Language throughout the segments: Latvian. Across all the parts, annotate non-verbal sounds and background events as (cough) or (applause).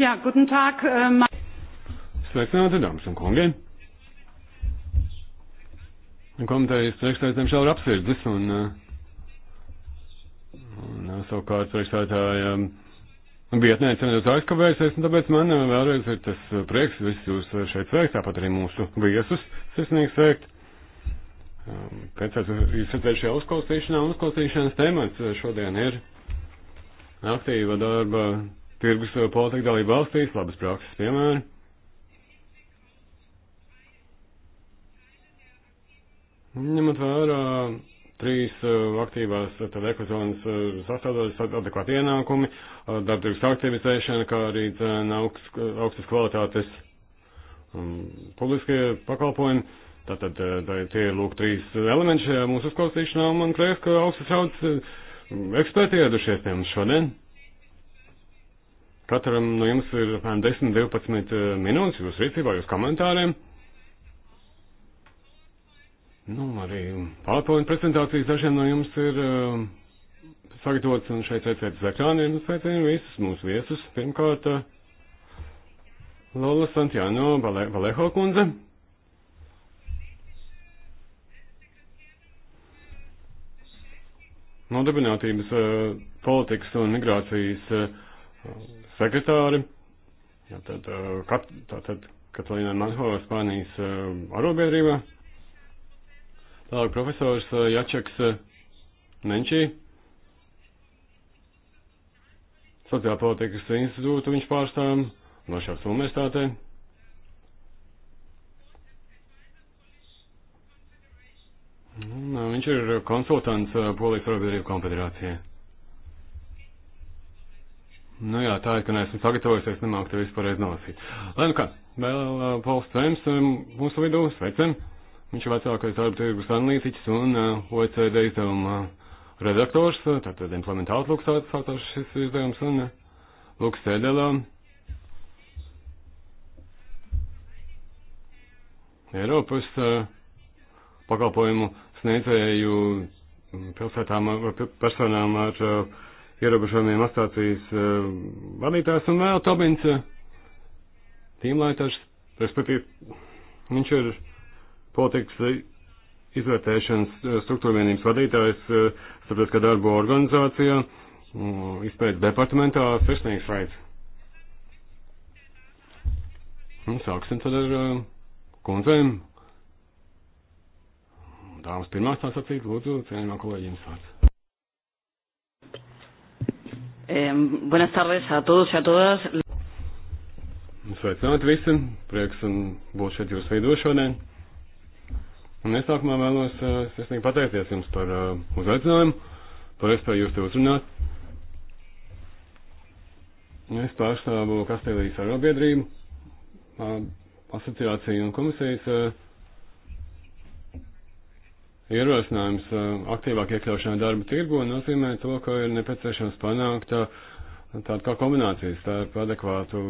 Jā, guten tag. Äh, man... Sveicināti, dāmas un kungi. Komitejas priekšstājs, diemžēl, ir apsirdzis, un, uh, un uh, savukārt priekšstājāja um, vietnē cenētos aizkavējusies, un tāpēc man uh, vēlreiz ir tas prieks visus jūs šeit sveikt, tāpat arī mūsu viesus sirsnīgi sveikt. Um, pēc tam jūs redzēju šajā uzklausīšanā, un uzklausīšanas temats šodien ir aktīva darba tirgus eh, politika dalība valstīs, labas prakses piemēri. Ņemot vērā trīs eh, aktīvās eh, tad ekozonas sastāvdaļas adekvāti ienākumi, darbtirgus aktivizēšana, kā arī augst, augstas kvalitātes um, publiskie pakalpojumi. Tātad tā, tie ir lūk trīs elementi šajā mūsu uzklausīšanā, un man prieks, ka augstas raudas eksperti ieradušies tiem šodien. Katram no jums ir apmēram 10-12 eh, minūtes jūs rīcībā, jūs komentāriem. Nu, arī PowerPoint prezentācijas dažiem no jums ir uh, eh, sagatavots un šeit redzēt uz ekrāniem. Nu, Sveicinu visus mūsu viesus. Pirmkārt, uh, Lola Santiano Vale Valeho kundze. nodarbinātības politikas un migrācijas sekretāri. Jā, tad, kat, tātad Katalīna Manhova Spānijas arobiedrībā. Tālāk profesors Jačeks Nenčī. Sociālpolitikas institūtu viņš pārstāv Varšavas universitātē. Un, viņš ir konsultants Polijas arobiedrību konfederācijai. Nu jā, tā ir, ka neesmu sagatavojusies, nemāk te vispārreiz nolasīt. Lai nu kā, vēl uh, Pols Trems um, uh, mūsu vidū, sveicam. Viņš ir vecākais darba tirgus analītiķis un uh, OECD izdevuma uh, redaktors, uh, tātad Implement Outlook saucās šis izdevums, un uh, Luks Sēdelā. Eiropas uh, pakalpojumu sniedzēju mm, pilsētām, personām ar uh, ierobežojumiem asociācijas eh, vadītājs un vēl Tobins eh, tīmlaitājs, respektīvi, viņš ir politikas eh, izvērtēšanas struktūrvienības vadītājs starptautiskā darba organizācijā, mm, izpēt departamentā, svešnieks raids. Nu, sāksim tad ar kundzēm. Dāmas pirmās tā sacīt, lūdzu, cienījumā kolēģiem sāc. Eh, buenas tardes a todos y a todas. Sveicināti visi, prieks un būs šeit jūs veido šodien. Un es sākumā vēlos eh, sirsnīgi pateikties jums par uh, uzaicinājumu, par iespēju jūs te uzrunāt. Es pārstāvu Kastīlijas arotbiedrību, uh, asociāciju un komisijas uh, ierosinājums uh, aktīvāk iekļaušanai darba tirgu nozīmē to, ka ir nepieciešams panākt uh, tādu kā kombinācijas starp adekvātu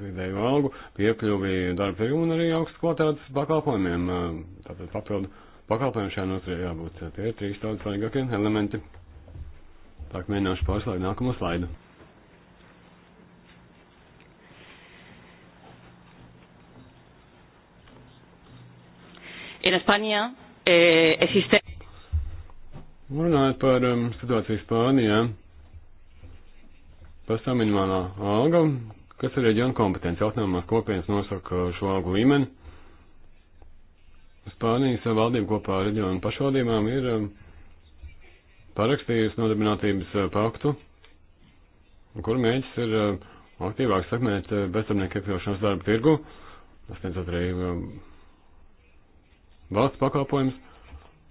vidēju algu, piekļuvi darba tirgu un arī augstu kvalitātes pakalpojumiem. Uh, tātad papildu pakalpojumu šajā nozarē jābūt. Tie ir trīs tādi svarīgākie elementi. Tā kā mēģināšu pārslēgt nākamo slaidu. En España E, existen. Runājot par um, situāciju Spānijā, pastāv minimālā alga, kas ir reģiona kompetence. Autonomās kopienas nosaka šo algu līmeni. Spānijas valdība kopā ar reģionu pašvaldībām ir um, parakstījusi nodarbinātības uh, paktu, kur mēģis ir um, aktīvāk sakmēt uh, bezdarbnieku iekļaušanos darba tirgu, sniedzot arī um, valsts pakalpojumus.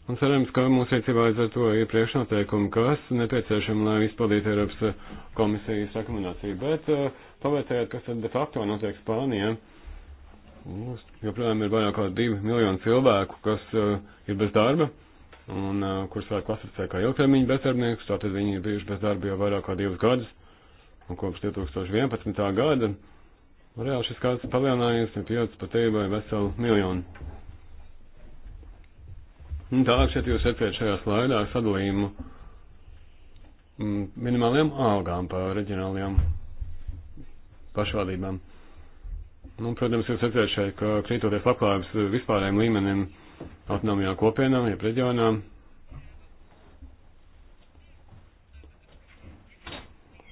Un cerams, ka mūsu rīcībā līdz ar to ir priekšnoteikumi, kas nepieciešami, lai izpildītu Eiropas eh, komisijas rekomendāciju. Bet eh, pavērtējot, kas tad de facto notiek Spānijā, mums joprojām ir vairāk kā divi miljoni cilvēku, kas eh, ir bez darba un kurus vēl klasificē kā ilgtermiņa bezdarbniekus, tātad viņi ir bijuši bez darba jau vairāk kā divus gadus, un kopš 2011. gada reāli šis skaits palielinājies un pieaudzis pat tevi vai veselu miljonu. Un tālāk šeit jūs redzat šajā slaidā sadalījumu minimālajām algām par reģionālajām pašvaldībām. Nu, protams, jūs redzat šeit, ka krītoties labklājības vispārējiem līmenim autonomijā kopienā, jeb reģionā,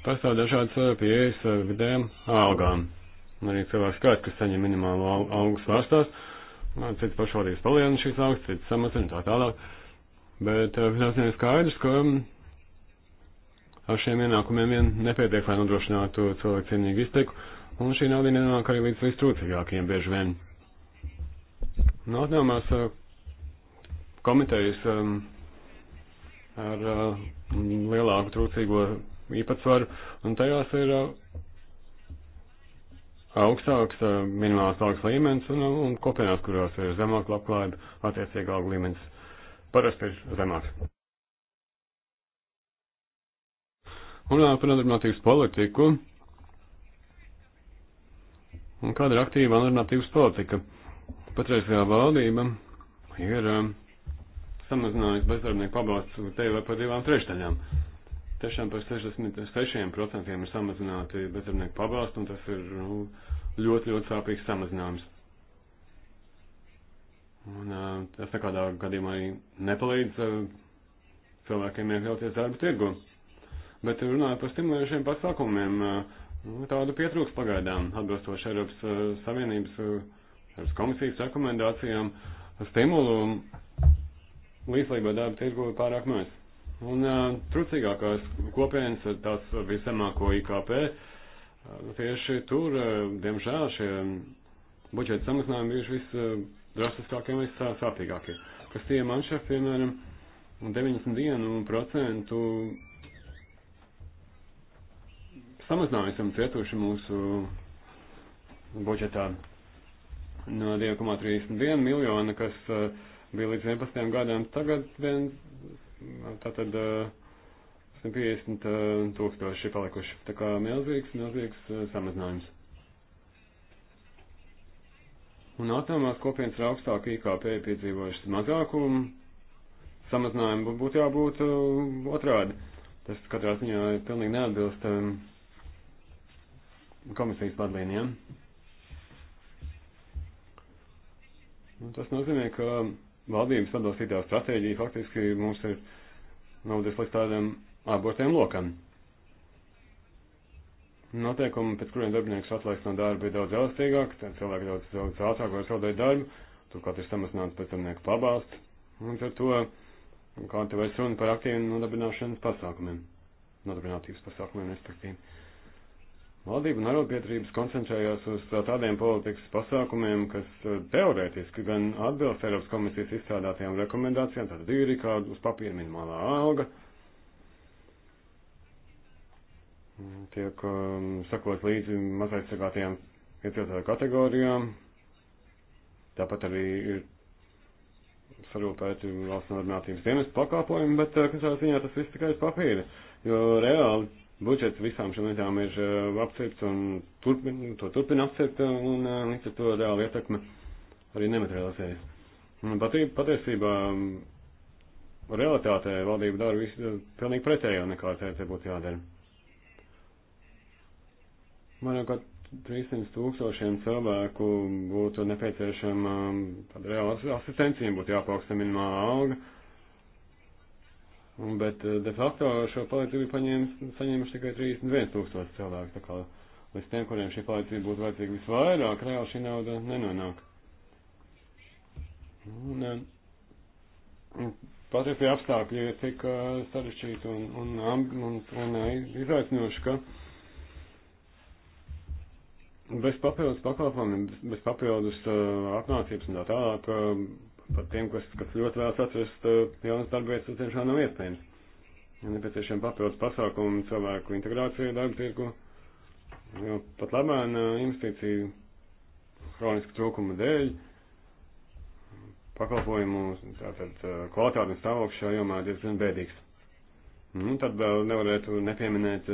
pastāv dažādas uh, pieejas uh, vidējām algām. Arī cilvēks skaits, kas saņem minimālo algu svārstās, Cits pašvaldības palielina šīs augstas, cits samazina tā tālāk. Bet eh, visās dienas skaidrs, ka mm, ar šiem ienākumiem vien nepietiek, lai nodrošinātu cilvēku cienīgu izteiku, un šī nauda nenonāk arī līdz vistrūcīgākajiem bieži vien. No nu, atņēmās eh, komitejas mm, ar eh, lielāku trūcīgo īpatsvaru, un tajās ir augstāks eh, minimālās algas līmenis un, un kopienās, kurās ir zemāka labklājība, attiecīgi alga līmenis parasti ir zemāks. Un eh, par nodarbinātības politiku. Un kāda ir aktīva nodarbinātības politika? Patreizajā valdība ir um, samazinājusi bezdarbnieku pabalstu tevi par divām trešdaļām tiešām par 66% ir samazināti bezdarbnieku pabalstu, un tas ir nu, ļoti, ļoti sāpīgs samazinājums. Un tas nekādā gadījumā arī nepalīdz cilvēkiem iekļauties darba tirgu. Bet runājot par stimulējušiem pasākumiem, nu, tādu pietrūks pagaidām, atbilstoši Eiropas Savienības Eiropas komisijas rekomendācijām, stimulu līdzlībā darba tirgu ir pārāk mēs. Un uh, trūcīgākās kopienas ir tās visamāko IKP. Uh, tieši tur, uh, diemžēl, šie budžeta samazinājumi bijuši visdrastiskākie uh, un vissāpīgākie. Uh, kas tie man šeit, piemēram, 91% samazinājumu esam cietuši mūsu budžetā no 2,31 miljona, kas uh, bija līdz 11 gadiem, tagad vien tātad 150 tūkstoši palikuši. Tā kā milzīgs, milzīgs samazinājums. Un autonomās kopienas ar augstāku IKP piedzīvojušas mazākumu samazinājumu būtu jābūt otrādi. Tas katrā ziņā pilnīgi neatbilst komisijas vadlīnijām. Tas nozīmē, ka valdības atbalstītā stratēģija faktiski mums ir novadis līdz tādam ārbortiem lokam. Noteikumi, pēc kuriem darbinieks atlaist no darba, ir daudz elastīgāk, tad cilvēki daudz, daudz ātrāk var zaudēt darbu, turklāt ir samazināts pēc darbinieku pabalsts, un ar to, kā te vairs runa par aktīvu nodarbināšanas pasākumiem, nodarbinātības pasākumiem, respektīvi. Valdība un arotbiedrības koncentrējās uz uh, tādiem politikas pasākumiem, kas uh, teorētiski gan atbilst Eiropas komisijas izstrādātajām rekomendācijām, tātad ir kāda uz papīra minimālā alga, mm, tiek um, sakot līdzi mazaizsargātajām iedzīvotāju kategorijām, tāpat arī ir sarūpēti valsts nodarbinātības dienas pakāpojumi, bet, uh, kas ziņā, tas viss tikai uz papīra, jo reāli budžets visām šīm lietām ir eh, apcirpts un turpin, to turpina apcirpt, eh, un eh, līdz ar to reāli ietekme arī nematerializējas. Patiesībā realitātē valdība dara visu pilnīgi pretējo nekā tā te būtu jādara. Man jau kā 300 tūkstošiem cilvēku būtu nepieciešama um, tāda reāla asistencija, būtu jāpaukstina minimāla alga. Uh, Bet eh, de facto šo palīdzību paņēmis, saņēmuši tikai 31 tūkstoši cilvēku. Tā kā līdz tiem, kuriem šī palīdzība būtu vajadzīga visvairāk, reāli šī nauda nenonāk. Un, eh, Patiesi apstākļi ir tik uh, sarežģīti un, un, un, un, un izaicinoši, ka bez papildus pakalpojumiem, bez papildus uh, apmācības un tā tālāk, uh, par tiem, kas, kas ļoti vēlas atrast uh, jaunas darbvietas, tas tiešām nav iespējams. Ir nepieciešami papildus pasākumi cilvēku integrācijai darba tirgu, jo pat labāk uh, investīciju hroniska trūkuma dēļ pakalpojumu tātad uh, kvalitāti un stāvokļu šajā jomā diezgan bēdīgs. Nu, tad vēl nevarētu nepieminēt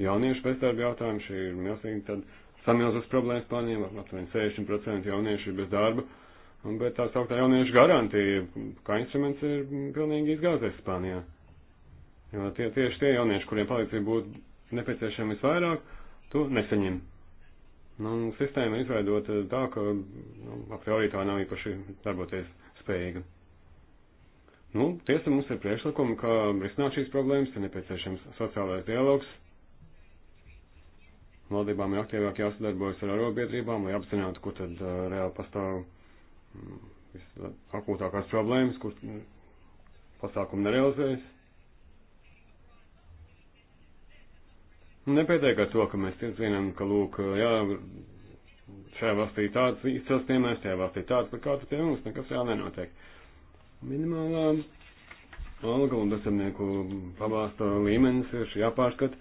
jauniešu bezdarba jautājumu, šī ir milzīgi, tad samilzas problēmas pārņēma, apmēram 60% jaunieši ir bez darba. Uh, Un, bet tā sauktā jauniešu garantija, kā instruments, ir pilnīgi izgāzies Spānijā. Jo tie tieši tie jaunieši, kuriem palīdzība būtu nepieciešama visvairāk, to neseņem. Nu, sistēma izveidota tā, ka nu, a priori tā nav īpaši darboties spējīga. Nu, tiesa mums ir priekšlikumi, kā risināt šīs problēmas, ir nepieciešams sociālais dialogs. Valdībām ir aktīvāk jāsadarbojas ar arobiedrībām, lai apzinātu, kur tad uh, reāli pastāv uh, akūtākās problēmas, kuras pasākumu nerealizējas. Nepietiek ar to, ka mēs zinām, ka, lūk, jā, šajā valstī tāds izcels piemērs, šajā valstī tāds, bet kā tad pie mums nekas reāli nenotiek. Minimālā alga un bezdarbnieku pabalsta līmenis ir jāpārskat.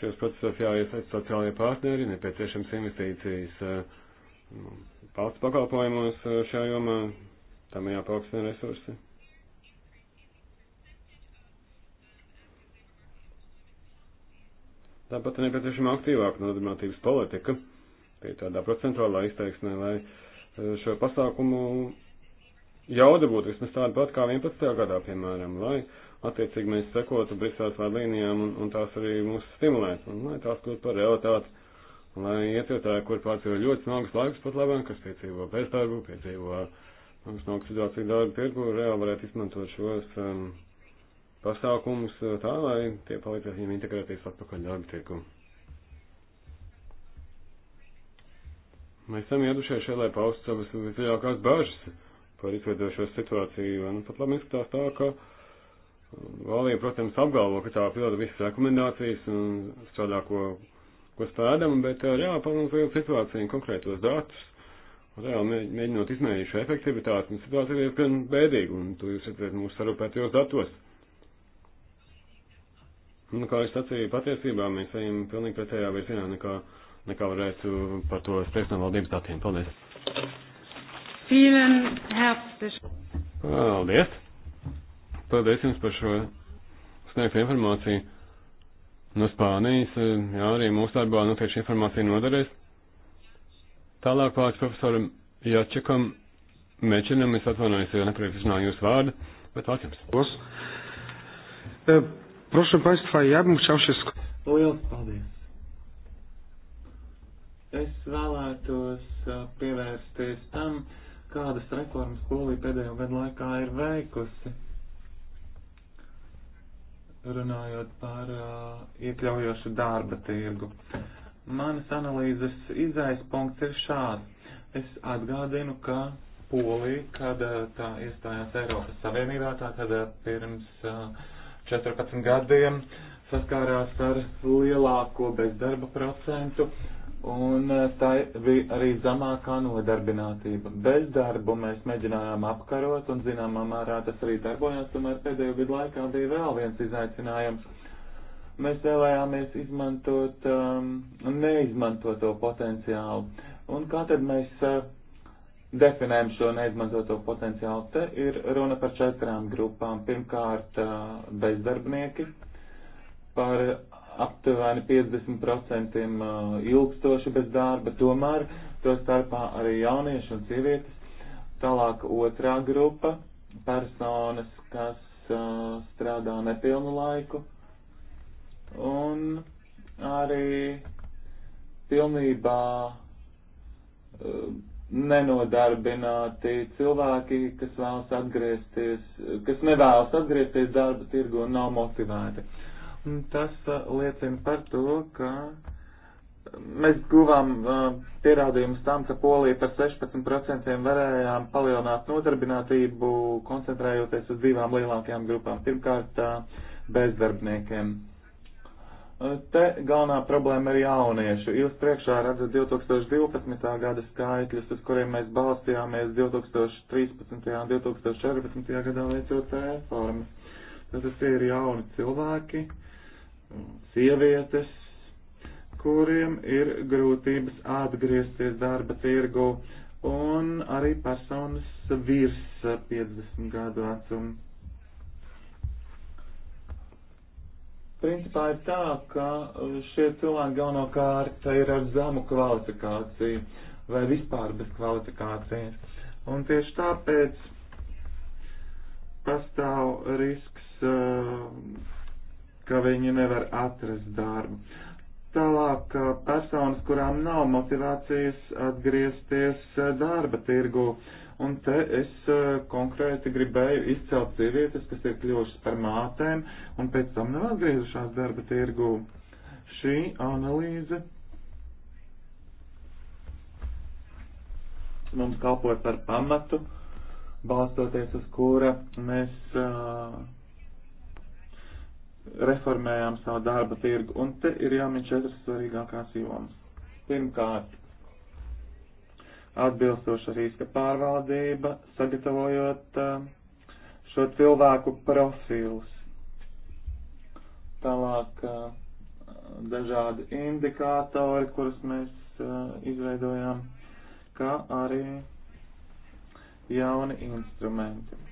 Šajos procesos jāiesaist sociālajie partneri, nepieciešams investīcijas. Uh, valsts pakalpojumos eh, šajā jomā, tam ir jāpaukstina resursi. Tāpat ir nepieciešama aktīvāka nodarbinātības politika, pie tādā procentuālā izteiksmē, lai eh, šo pasākumu jauda būtu vismaz tāda pat kā 11. gadā, piemēram, lai attiecīgi mēs sekotu Briseles vadlīnijām un, un tās arī mūs stimulētu, un lai tās kļūtu par realitāti lai ietietēji, kur pārdzīvo ļoti smagus laikus pat labāk, kas piedzīvo bezdarbu, piedzīvo smagu situāciju darba tirgu, reāli varētu izmantot šos um, pasākumus uh, tā, lai tie palīdzētu viņiem integrēties atpakaļ darba tirgu. Mēs esam ieradušies šeit, lai paustu savas visdziļākās bažas par izveidošo situāciju. Un pat labi izskatās tā, ka um, valdība, protams, apgalvo, ka tā pilda visas rekomendācijas un strādā, ko ko spēdam, bet jāpanalizē situāciju konkrētos datus. Reāli mēģinot izmērīt šo efektivitāti, un situācija ir diezgan bēdīga, un to jūs redzat mūsu sarūpētajos datos. Nu, kā es sacīju, patiesībā mēs ejam pilnīgi pretējā virzienā, nekā, nekā varētu par to spriest no valdības datiem. Paldies! Vielen herzlichen Paldies! Paldies jums par šo sniegtu informāciju no Spānijas, eh, jā, arī mūsu darbā noteikti nu, informācija noderēs. Tālāk vārds profesoram Jačekam Mečinam, es atvainojos, ja nepareizi izrunāju jūsu vārdu, bet vārds jums. Eh, Proszę Państwa, ja bym chciał się skupić. Lielas paldies! Es vēlētos eh, pievērsties tam, kādas reformas skolī pēdējo gadu laikā ir veikusi runājot par uh, iekļaujošu darba tirgu. Manas analīzes izaisa punkts ir šāds. Es atgādinu, ka Polija, kad uh, tā iestājās Eiropas Savienībā, tā kad uh, pirms uh, 14 gadiem saskārās ar lielāko bezdarba procentu un eh, tā bija arī zemākā nodarbinātība. Bezdarbu mēs mēģinājām apkarot, un zināmā mērā tas arī darbojās, tomēr pēdējo gadu laikā bija vēl viens izaicinājums. Mēs vēlējāmies izmantot um, neizmantoto potenciālu. Un kā tad mēs uh, definējam šo neizmantoto potenciālu? Te ir runa par četrām grupām. Pirmkārt, uh, bezdarbnieki, par aptuveni 50% ilgstoši bez darba, tomēr to starpā arī jaunieši un sievietes. Tālāk otrā grupa - personas, kas uh, strādā nepilnu laiku un arī pilnībā uh, nenodarbināti cilvēki, kas vēlas atgriezties, kas nevēlas atgriezties darba tirgu un nav motivēti. Uh, Tas uh, liecina par to, ka mēs guvām uh, pierādījumus tam, ka Polija par 16% varējām palielināt nodarbinātību, koncentrējoties uz divām lielākajām grupām. Pirmkārt, uh, bezdarbniekiem. Uh, te galvenā problēma ir jauniešu. Jūs priekšā redzat 2012. gada skaitļus, uz kuriem mēs balstījāmies 2013. un 2014. gadā veicot reformas. Tātad tie ir jauni cilvēki, sievietes, kuriem ir grūtības atgriezties darba tirgu, un arī personas virs 50 gadu vecuma. Principā ir tā, ka šie cilvēki galvenokārt ir ar zemu kvalifikāciju vai vispār bez kvalifikācijas. Un tieši tāpēc pastāv risks uh, ka viņi nevar atrast darbu. Tālāk personas, kurām nav motivācijas atgriezties eh, darba tirgu, un te es eh, konkrēti gribēju izcelt sievietes, kas ir kļuvušas par mātēm un pēc tam nav atgriezušās darba tirgu. Šī analīze mums kalpoja par pamatu, balstoties uz kura mēs uh, reformējām savu darba tirgu, un te ir jāmin četras svarīgākās jomas. Pirmkārt, atbilstoša riska pārvaldība, sagatavojot eh, šo cilvēku profilus. Tālāk eh, dažādi indikātori, kurus mēs eh, izveidojām, kā arī jauni instrumenti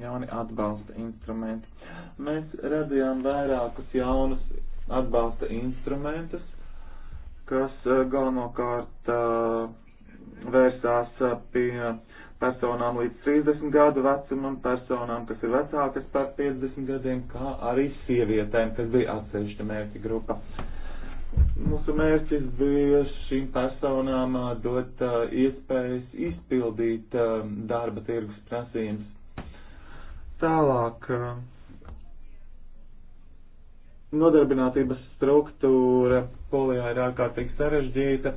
jauni atbalsta instrumenti. Mēs redzējām vairākus jaunus atbalsta instrumentus, kas eh, galvenokārt eh, vērsās eh, pie personām līdz 30 gadu vecumam, personām, kas ir vecākas par 50 gadiem, kā arī sievietēm, kas bija atsevišķa mērķa grupa. Mūsu mērķis bija šīm personām dot iespējas izpildīt darba tirgus prasības Tālāk. Eh, nodarbinātības struktūra polijā ir ārkārtīgi sarežģīta,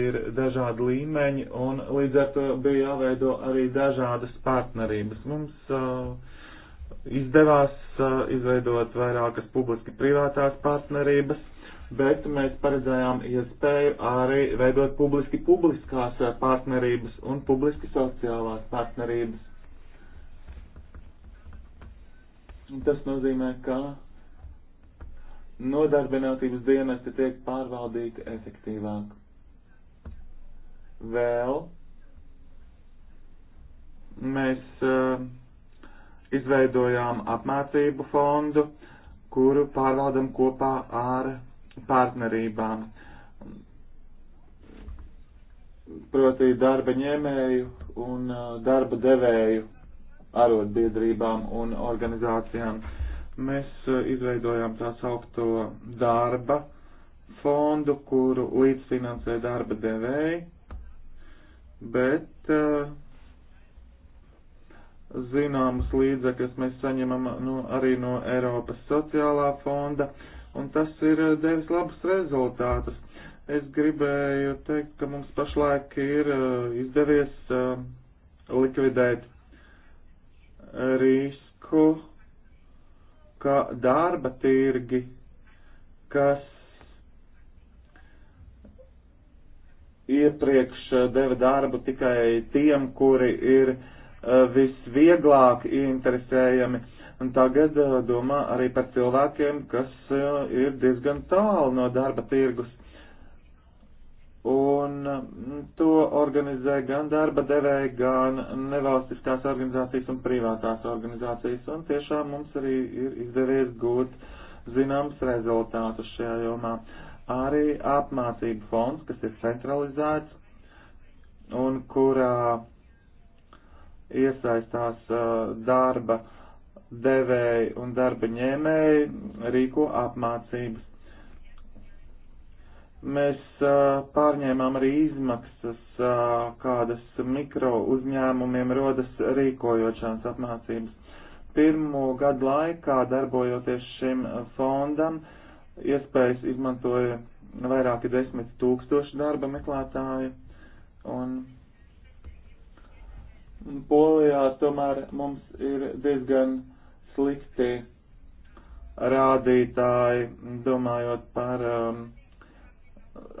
ir dažādi līmeņi un līdz ar to bija jāveido arī dažādas partnerības. Mums uh, izdevās uh, izveidot vairākas publiski privātās partnerības, bet mēs paredzējām iespēju arī veidot publiski publiskās partnerības un publiski sociālās partnerības Tas nozīmē, ka nodarbinātības dienesti tiek pārvaldīti efektīvāk. Vēl mēs uh, izveidojām apmācību fondu, kuru pārvaldam kopā ar partnerībām. Proti darba ņēmēju un uh, darba devēju arotbiedrībām un organizācijām. Mēs uh, izveidojām tā saukto darba fondu, kuru līdzfinansē darba devēji, bet uh, zināmas līdzekļas mēs saņemam no, arī no Eiropas sociālā fonda, un tas ir uh, devis labus rezultātus. Es gribēju teikt, ka mums pašlaik ir izdevies likvidēt risku, ka darba tirgi, kas iepriekš eh, deva darbu tikai tiem, kuri ir eh, visvieglāk interesējami, un tagad eh, domā arī par cilvēkiem, kas ir diezgan tālu no darba tirgus un mm, to organizē gan darba devēja, gan nevalstiskās organizācijas un privātās organizācijas, un tiešām mums arī ir izdevies gūt zināms rezultātus šajā jomā. Arī apmācību fonds, kas ir centralizēts un kurā iesaistās uh, darba devēji un darba ņēmēji, rīko apmācības Mēs pārņēmām arī izmaksas, kādas mikro uzņēmumiem rodas rīkojot šādas apmācības. Pirmo gadu laikā, darbojoties šim fondam, iespējas izmantoja vairāki desmit tūkstoši darba meklētāju. Un Polijā tomēr mums ir diezgan slikti rādītāji, domājot par um,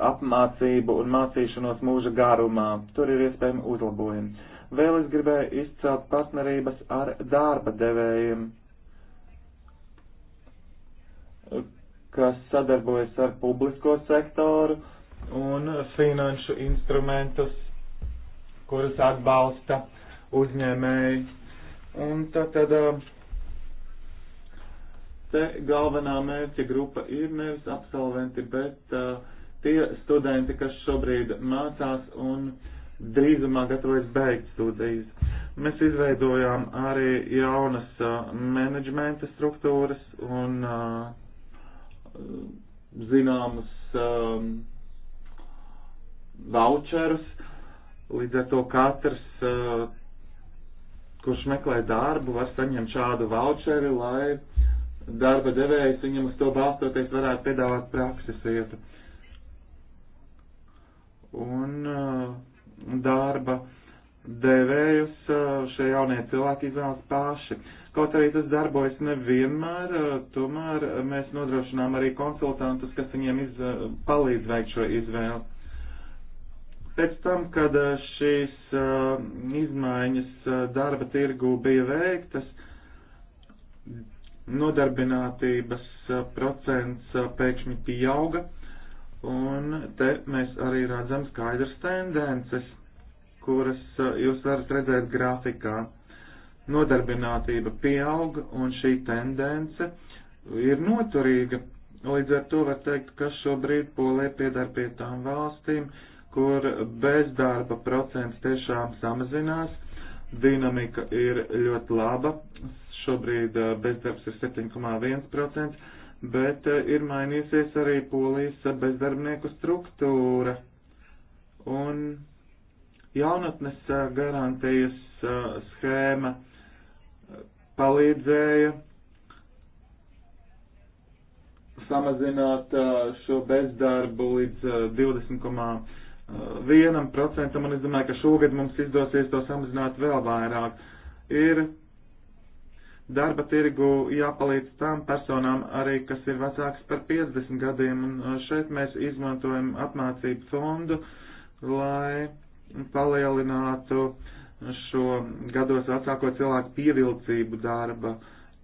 apmācību un mācīšanos mūža garumā. Tur ir iespējami uzlabojumi. Vēl es gribēju izcelt partnerības ar darba devējiem, kas sadarbojas ar publisko sektoru un finanšu instrumentus, kurus atbalsta uzņēmēji. Un tad, tad te galvenā mērķa grupa ir nevis absolventi, bet uh, tie studenti, kas šobrīd mācās un drīzumā gatavojas beigt studijas. Mēs izveidojām arī jaunas uh, menedžmenta struktūras un uh, zināmus um, voucherus. Līdz ar to katrs, uh, kurš meklē darbu, var saņemt šādu voucheri, lai darba devējs viņam uz to balstoties varētu piedāvāt prakses vietu. Uh, un uh, darba devējus uh, šie jaunie cilvēki izvēlas paši. Kaut arī tas darbojas nevienmēr, uh, tomēr mēs nodrošinām arī konsultantus, kas viņiem iz, palīdz veikt šo izvēli. Pēc tam, kad šīs izmaiņas darba tirgū bija veiktas, nodarbinātības procents pēkšņi pieauga Un te mēs arī redzam skaidrs tendences, kuras eh, jūs varat redzēt grafikā. Nodarbinātība pieaug un šī tendence ir noturīga. Līdz ar to var teikt, ka šobrīd Polija piedar pie tām valstīm, kur bezdarba procents tiešām samazinās, dinamika ir ļoti laba, šobrīd eh, bezdarbs ir 7,1%, bet eh, ir mainījusies arī polijas bezdarbnieku struktūra. Un jaunatnes eh, garantijas eh, schēma palīdzēja samazināt šo bezdarbu līdz 20,1%, un es domāju, ka šogad mums izdosies to samazināt vēl vairāk. Ir darba tirgu jāpalīdz tām personām arī, kas ir vecāks par 50 gadiem, un uh, šeit mēs izmantojam apmācību fondu, lai palielinātu šo gados vecāko cilvēku pievilcību darba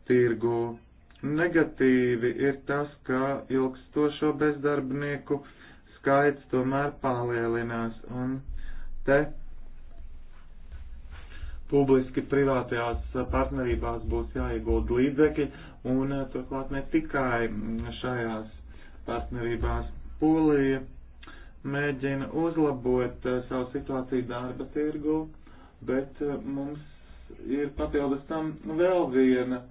tirgu. Negatīvi ir tas, ka ilgstošo bezdarbnieku skaits tomēr palielinās, un te publiski privātajās partnerībās būs jāiegūt līdzekļi un eh, turklāt ne tikai šajās partnerībās Polija mēģina uzlabot eh, savu situāciju darba tirgu, bet eh, mums ir papildus tam vēl viena,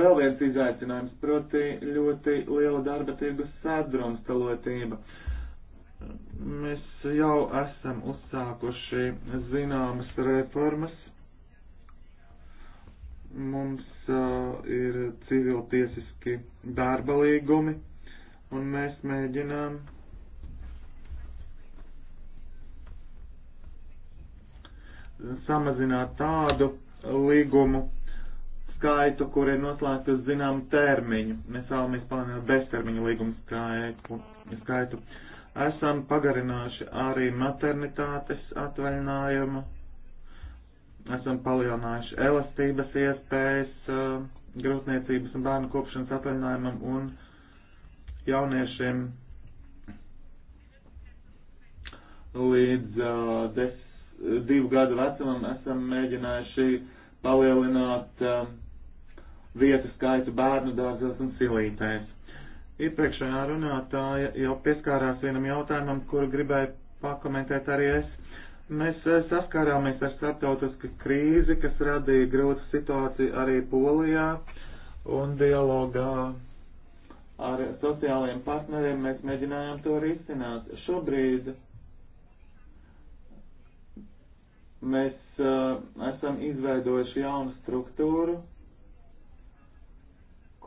vēl viens izaicinājums, proti ļoti liela darba tirgus sadrumstalotība. Uh, Mēs jau esam uzsākuši zināmas reformas. Mums uh, ir civiltiesiski darba līgumi, un mēs mēģinām samazināt tādu līgumu skaitu, kur ir noslēgts uz zināmu termiņu. Mēs vēlamies palielināt beztermiņu līgumu skaitu. skaitu esam pagarinājuši arī maternitātes atvaļinājumu, esam palielinājuši elastības iespējas eh, grūtniecības un bērnu kopšanas atvaļinājumam un jauniešiem līdz uh, des, divu gadu vecumam esam mēģinājuši palielināt uh, vietu skaitu bērnu dārzos un silītēs. Iepriekšējā runātāja jau pieskārās vienam jautājumam, kuru gribēju pakomentēt arī es. Mēs eh, saskārāmies ar starptautisku krīzi, kas radīja grūtu situāciju arī Polijā un dialogā ar sociālajiem partneriem mēs mēģinājām to risināt. Šobrīd mēs uh, esam izveidojuši jaunu struktūru,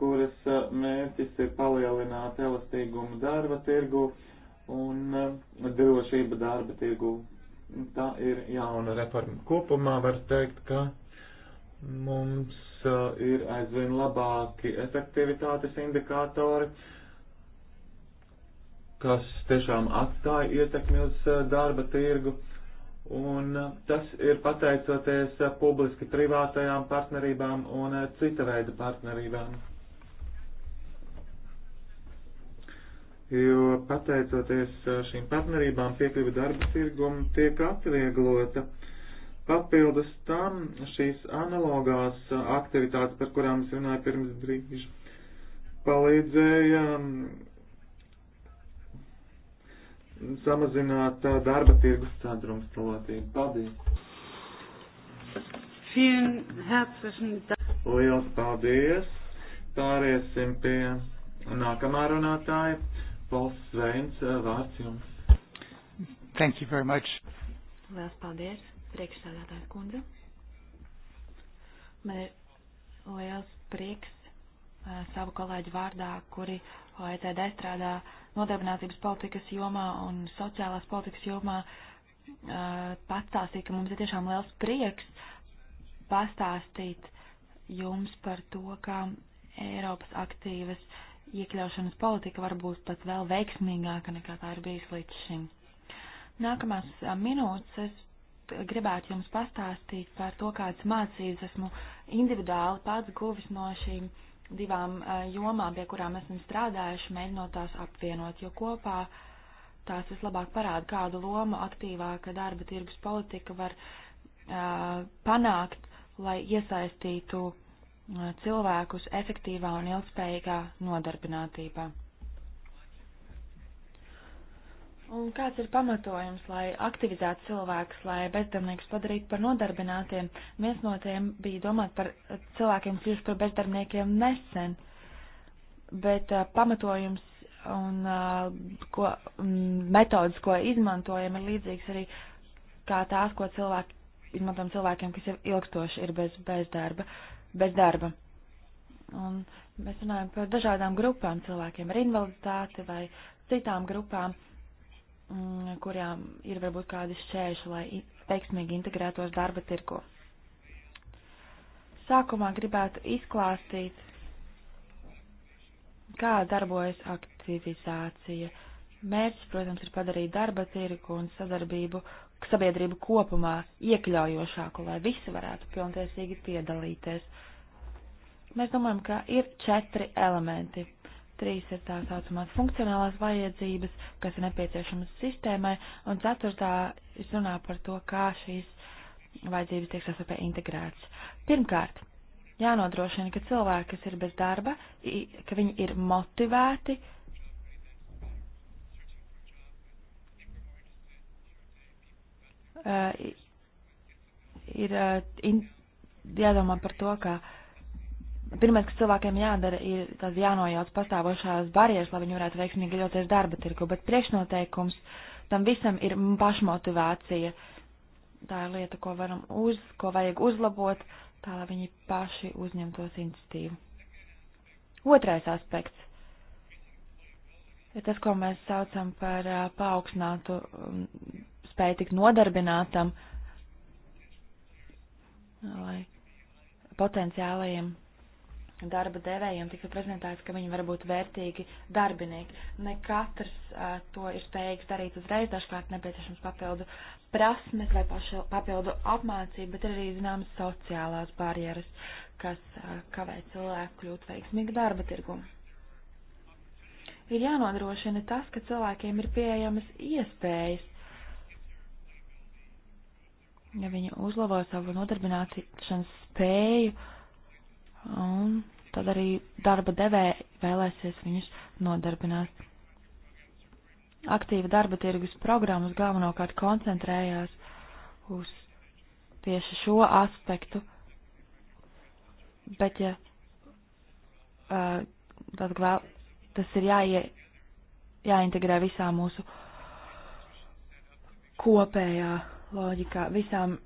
kuras mērķis ir palielināt elastīgumu darba tirgu un drošību darba tirgu. Tā ir jauna reforma. Kopumā var teikt, ka mums ir aizvien labāki efektivitātes indikātori, kas tiešām atstāja ietekmi uz darba tirgu. Un tas ir pateicoties publiski privātajām partnerībām un cita veida partnerībām. jo pateicoties šīm partnerībām piekļuva darba tirgumu tiek atvieglota. Papildus tam šīs analogās aktivitātes, par kurām es runāju pirms brīža, palīdzēja samazināt darba tirgus sadrumstalotību. Paldies! Liels paldies! Pāriesim pie nākamā runātāja. Pols Sveins, eh, vārds jums. Thank you very much. Lielas paldies, priekšsādātājs kundze. Man ir liels prieks eh, savu kolēģu vārdā, kuri OECD strādā nodarbinātības politikas jomā un sociālās politikas jomā, eh, pastāstīt, ka mums ir tiešām liels prieks pastāstīt jums par to, kā Eiropas aktīvas uh, iekļaušanas politika var būt pat vēl veiksmīgāka nekā tā ir bijis līdz šim. Nākamās minūtes es gribētu jums pastāstīt par to, kādas mācības esmu individuāli pats guvis no šīm divām jomām, pie kurām esmu strādājuši, mēģinot tās apvienot, jo kopā tās vislabāk parāda, kādu lomu aktīvāka darba tirgus politika var uh, panākt, lai iesaistītu Uh, cilvēkus efektīvā un ilgspējīgā nodarbinātībā. Un kāds ir pamatojums, lai aktivizētu cilvēkus, lai bezdarbniekus padarītu par nodarbinātiem? Viens no tiem bija domāt par cilvēkiem, kas kļūst par bezdarbniekiem nesen, bet uh, pamatojums un uh, ko, metodas, ko izmantojam, ir līdzīgs arī kā tās, ko cilvēki izmantojam cilvēkiem, kas jau ilgstoši ir bez bezdarba. Uh, bez darba. Un mēs runājam par dažādām grupām, cilvēkiem ar invaliditāti vai citām grupām, m, mm, kurām ir varbūt kādi šķēršļi, lai veiksmīgi integrētos darba tirko. Sākumā gribētu izklāstīt, kā darbojas aktivizācija. Mērķis, protams, ir padarīt darba tirgu un sadarbību sabiedrību kopumā iekļaujošāku, lai visi varētu pilntiesīgi piedalīties. Mēs domājam, ka ir četri elementi. Trīs ir tā saucamās funkcionālās vajadzības, kas ir nepieciešamas sistēmai, un ceturtā es runāju par to, kā šīs vajadzības tiek sasapē integrētas. Pirmkārt, jānodrošina, ka cilvēki, kas ir bez darba, ka viņi ir motivēti Eh, ir eh, in, jādomā par to, ka pirmais, kas cilvēkiem jādara, ir tās jānojauc pastāvošās barjeras, lai viņi varētu veiksmīgi ļauties darba tirgu, bet priekšnoteikums tam visam ir pašmotivācija. Tā ir lieta, ko varam uz, ko vajag uzlabot, tā lai viņi paši uzņemtos iniciatīvu. Otrais aspekts ir tas, ko mēs saucam par eh, paaugstinātu spēja tikt nodarbinātam lai potenciālajiem darba devējiem tika prezentēts, ka viņi var būt vērtīgi darbinieki. Ne katrs uh, to ir spējīgs darīt uzreiz, dažkārt nepieciešams papildu prasmes vai pašu, papildu apmācību, bet ir arī zināmas sociālās barjeras, kas uh, kavē cilvēku kļūt veiksmīgi darba tirgu. Ir jānodrošina tas, ka cilvēkiem ir pieejamas iespējas ja viņi uzlabo savu nodarbināšanas spēju, un tad arī darba devēja vēlēsies viņus nodarbināt. Aktīva darba tirgus programmas galvenokārt koncentrējās uz tieši šo aspektu, bet ja tad vēl tas ir jāie, jāintegrē visā mūsu kopējā loģikā visām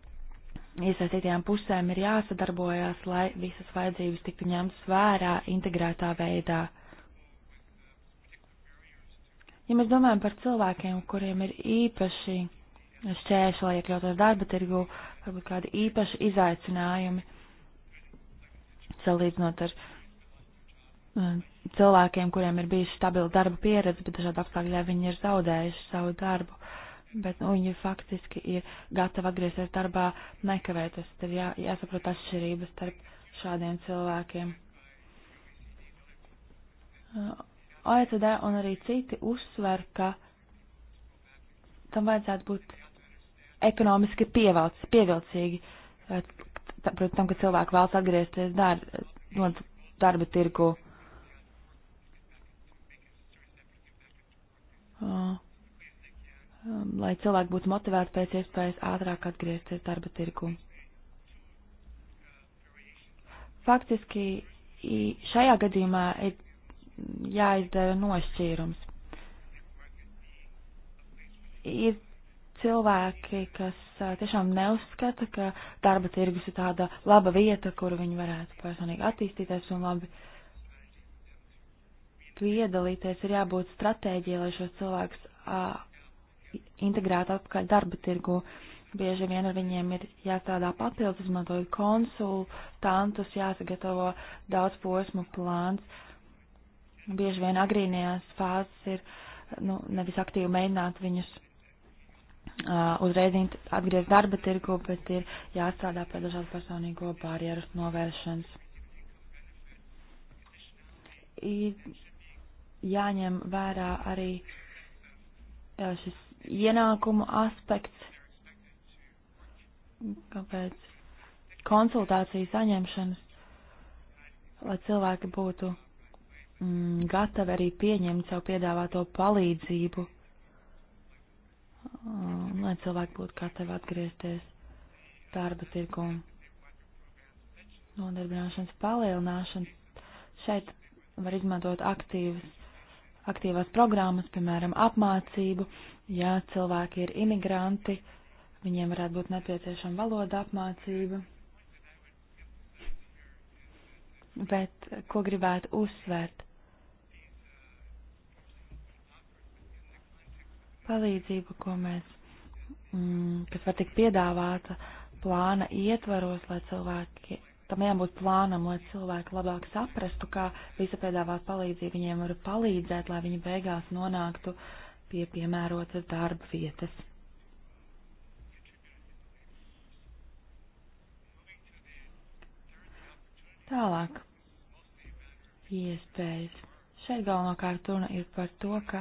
(clears throat) iesaistītajām pusēm ir jāsadarbojās, lai visas vajadzības tiktu ņemtas vērā integrētā veidā. Ja mēs domājam par cilvēkiem, kuriem ir īpaši šķēršļi, lai iekļautos darba tirgu, varbūt kādi īpaši izaicinājumi, salīdzinot ar um, cilvēkiem, kuriem ir bijusi stabila darba pieredze, bet dažādi apstākļi viņi ir zaudējuši savu darbu. Uh, bet nu, viņa faktiski ir gatava atgriezties darbā nekavētas. Tad jā, jāsaprot atšķirības starp šādiem cilvēkiem. OECD un arī citi uzsver, ka tam vajadzētu būt ekonomiski pievalc, pievilcīgi, protams, tam, ka cilvēki vēlas atgriezties dar, no darba tirgu. Uh. Um, lai cilvēki būtu motivēti pēc iespējas ātrāk atgriezties darba tirgu. Faktiski šajā gadījumā ir jāizdara nošķīrums. Ir cilvēki, kas uh, tiešām neuzskata, ka darba tirgus ir tāda laba vieta, kur viņi varētu personīgi attīstīties un labi piedalīties. Ir jābūt stratēģijai, lai šos cilvēkus uh, integrēti atpakaļ darba tirgu. Bieži vien ar viņiem ir jāstrādā papildus, izmantojot konsultantus, jāsagatavo daudz posmu plāns. Bieži vien agrīnajās fāzes ir nu, nevis aktīvi mēģināt viņus uh, uzreiz atgriezt darba tirgu, bet ir jāstrādā pie dažādu personīgo barjeru novēršanas. I, jāņem vērā arī šis ienākumu aspekts, kāpēc konsultāciju saņemšanas, lai cilvēki būtu mm, gatavi arī pieņemt savu piedāvāto palīdzību, um, lai cilvēki būtu gatavi atgriezties darba tirgu un nodarbināšanas palielināšanu. Šeit var izmantot aktīvas aktīvās programmas, piemēram, apmācību. Ja cilvēki ir imigranti, viņiem varētu būt nepieciešama valoda apmācība. Bet ko gribētu uzsvērt? Palīdzība, ko mēs, mm, kas var tikt piedāvāta plāna ietvaros, lai cilvēki tam jābūt plānam, lai cilvēki labāk saprastu, kā visa piedāvāt palīdzību viņiem var palīdzēt, lai viņi beigās nonāktu pie piemērotas darba vietas. Tālāk. Iespējas. Šeit galvenokārt runa ir par to, ka,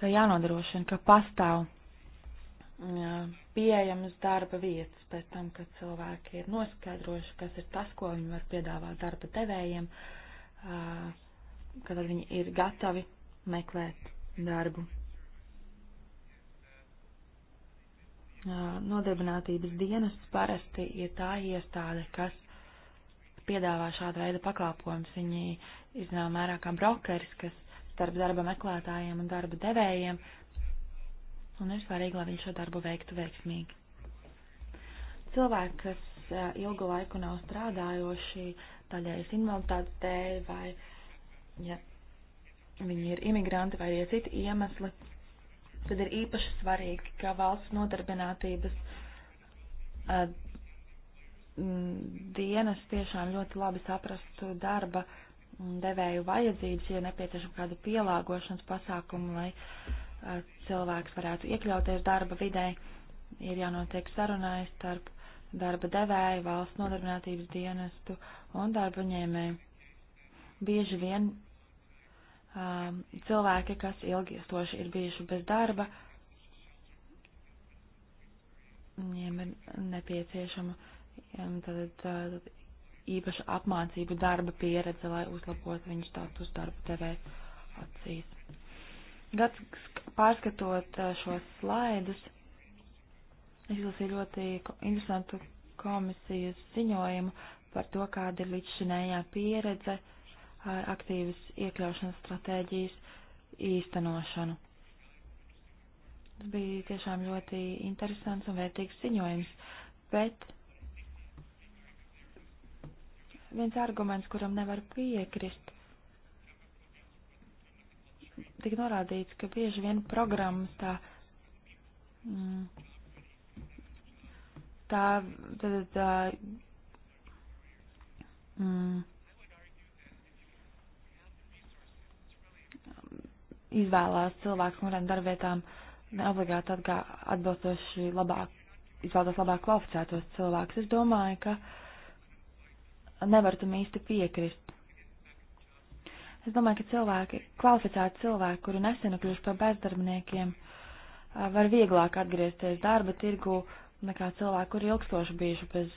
ka jānodrošina, ka pastāv pieejamas darba vietas pēc tam, kad cilvēki ir noskaidrojuši, kas ir tas, ko viņi var piedāvāt darba devējiem, kad viņi ir gatavi meklēt darbu. Nodarbinātības dienests parasti ir tā iestāde, kas piedāvā šādu veidu pakāpojumus. Viņi ir zināmā mērā kā brokeris, kas starp darba meklētājiem un darba devējiem uh, un ir svarīgi, lai viņi šo darbu veiktu veiksmīgi. Cilvēki, kas eh, ilgu laiku nav strādājoši, daļējas invaliditātes dēļ, vai ja viņi ir imigranti vai ir citi iemesli, tad ir īpaši svarīgi, ka valsts nodarbinātības a, eh, dienas tiešām ļoti labi saprastu darba devēju vajadzības, ja nepieciešama kāda pielāgošanas pasākuma, lai cilvēks varētu iekļauties darba vidē, ir jānotiek sarunai starp darba devēju, valsts nodarbinātības dienestu un darba ņēmēju. Bieži vien um, cilvēki, kas ilgstoši ir bijuši bez darba, viņiem ir nepieciešama um, tad, tad, īpaša apmācību darba pieredze, lai uzlabotu viņu status darba devēju acīs. Gads pārskatot eh, šos slaidus, es izlasīju ļoti interesantu komisijas ziņojumu par to, kāda ir līdzšinējā pieredze ar eh, aktīvas iekļaušanas stratēģijas īstenošanu. Tas bija tiešām ļoti interesants un vērtīgs ziņojums, bet viens arguments, kuram nevar piekrist, tika norādīts, ka bieži vien programmas tā, mm, tā, tā, tā, tā mm, izvēlās cilvēks no darbvietām neobligāti atgā, atbilstoši labāk, izvēlētos labāk kvalificētos cilvēkus. Es domāju, ka nevar tam īsti piekrist. Es domāju, ka cilvēki, kvalificēti cilvēki, kuri nesen kļuvuši par bezdarbniekiem, var vieglāk atgriezties darba tirgu nekā cilvēki, kuri ilgstoši bijuši bez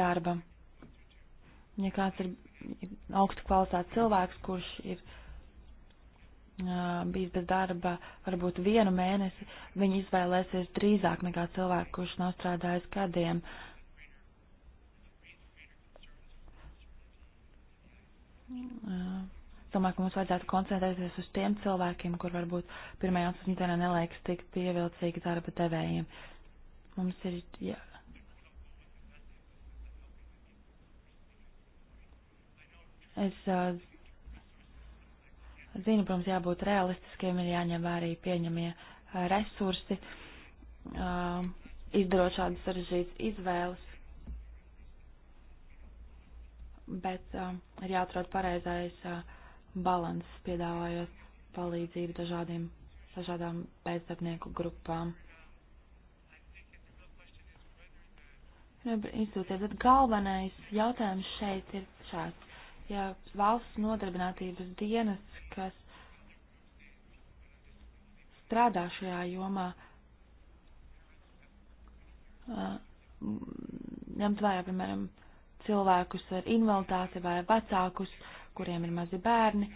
darba. Ja kāds ir augstu kvalificēts cilvēks, kurš ir bijis bez darba varbūt vienu mēnesi, viņi izvēlēsies drīzāk nekā cilvēku, kurš nav strādājis gadiem. Uh, Domāju, ka mums vajadzētu koncentrēties uz tiem cilvēkiem, kur varbūt pirmajā un ceturtajā nelaiks tik pievilcīgi darba devējiem. Mums ir jā, Es zinu, protams, jābūt realistiskiem, ir jāņem vērā pieņemie resursi, izdarot šādas sarežģītas izvēles bet uh, ir jāatrod pareizais uh, balans, piedāvājot palīdzību dažādiem, dažādām pēcdarbnieku grupām. Institūcija, tad galvenais jautājums šeit ir šāds. Ja valsts nodarbinātības dienas, kas strādā šajā jomā, uh, ņemt vērā, piemēram, uh, cilvēkus ar invaliditāti vai vecākus, kuriem ir mazi bērni.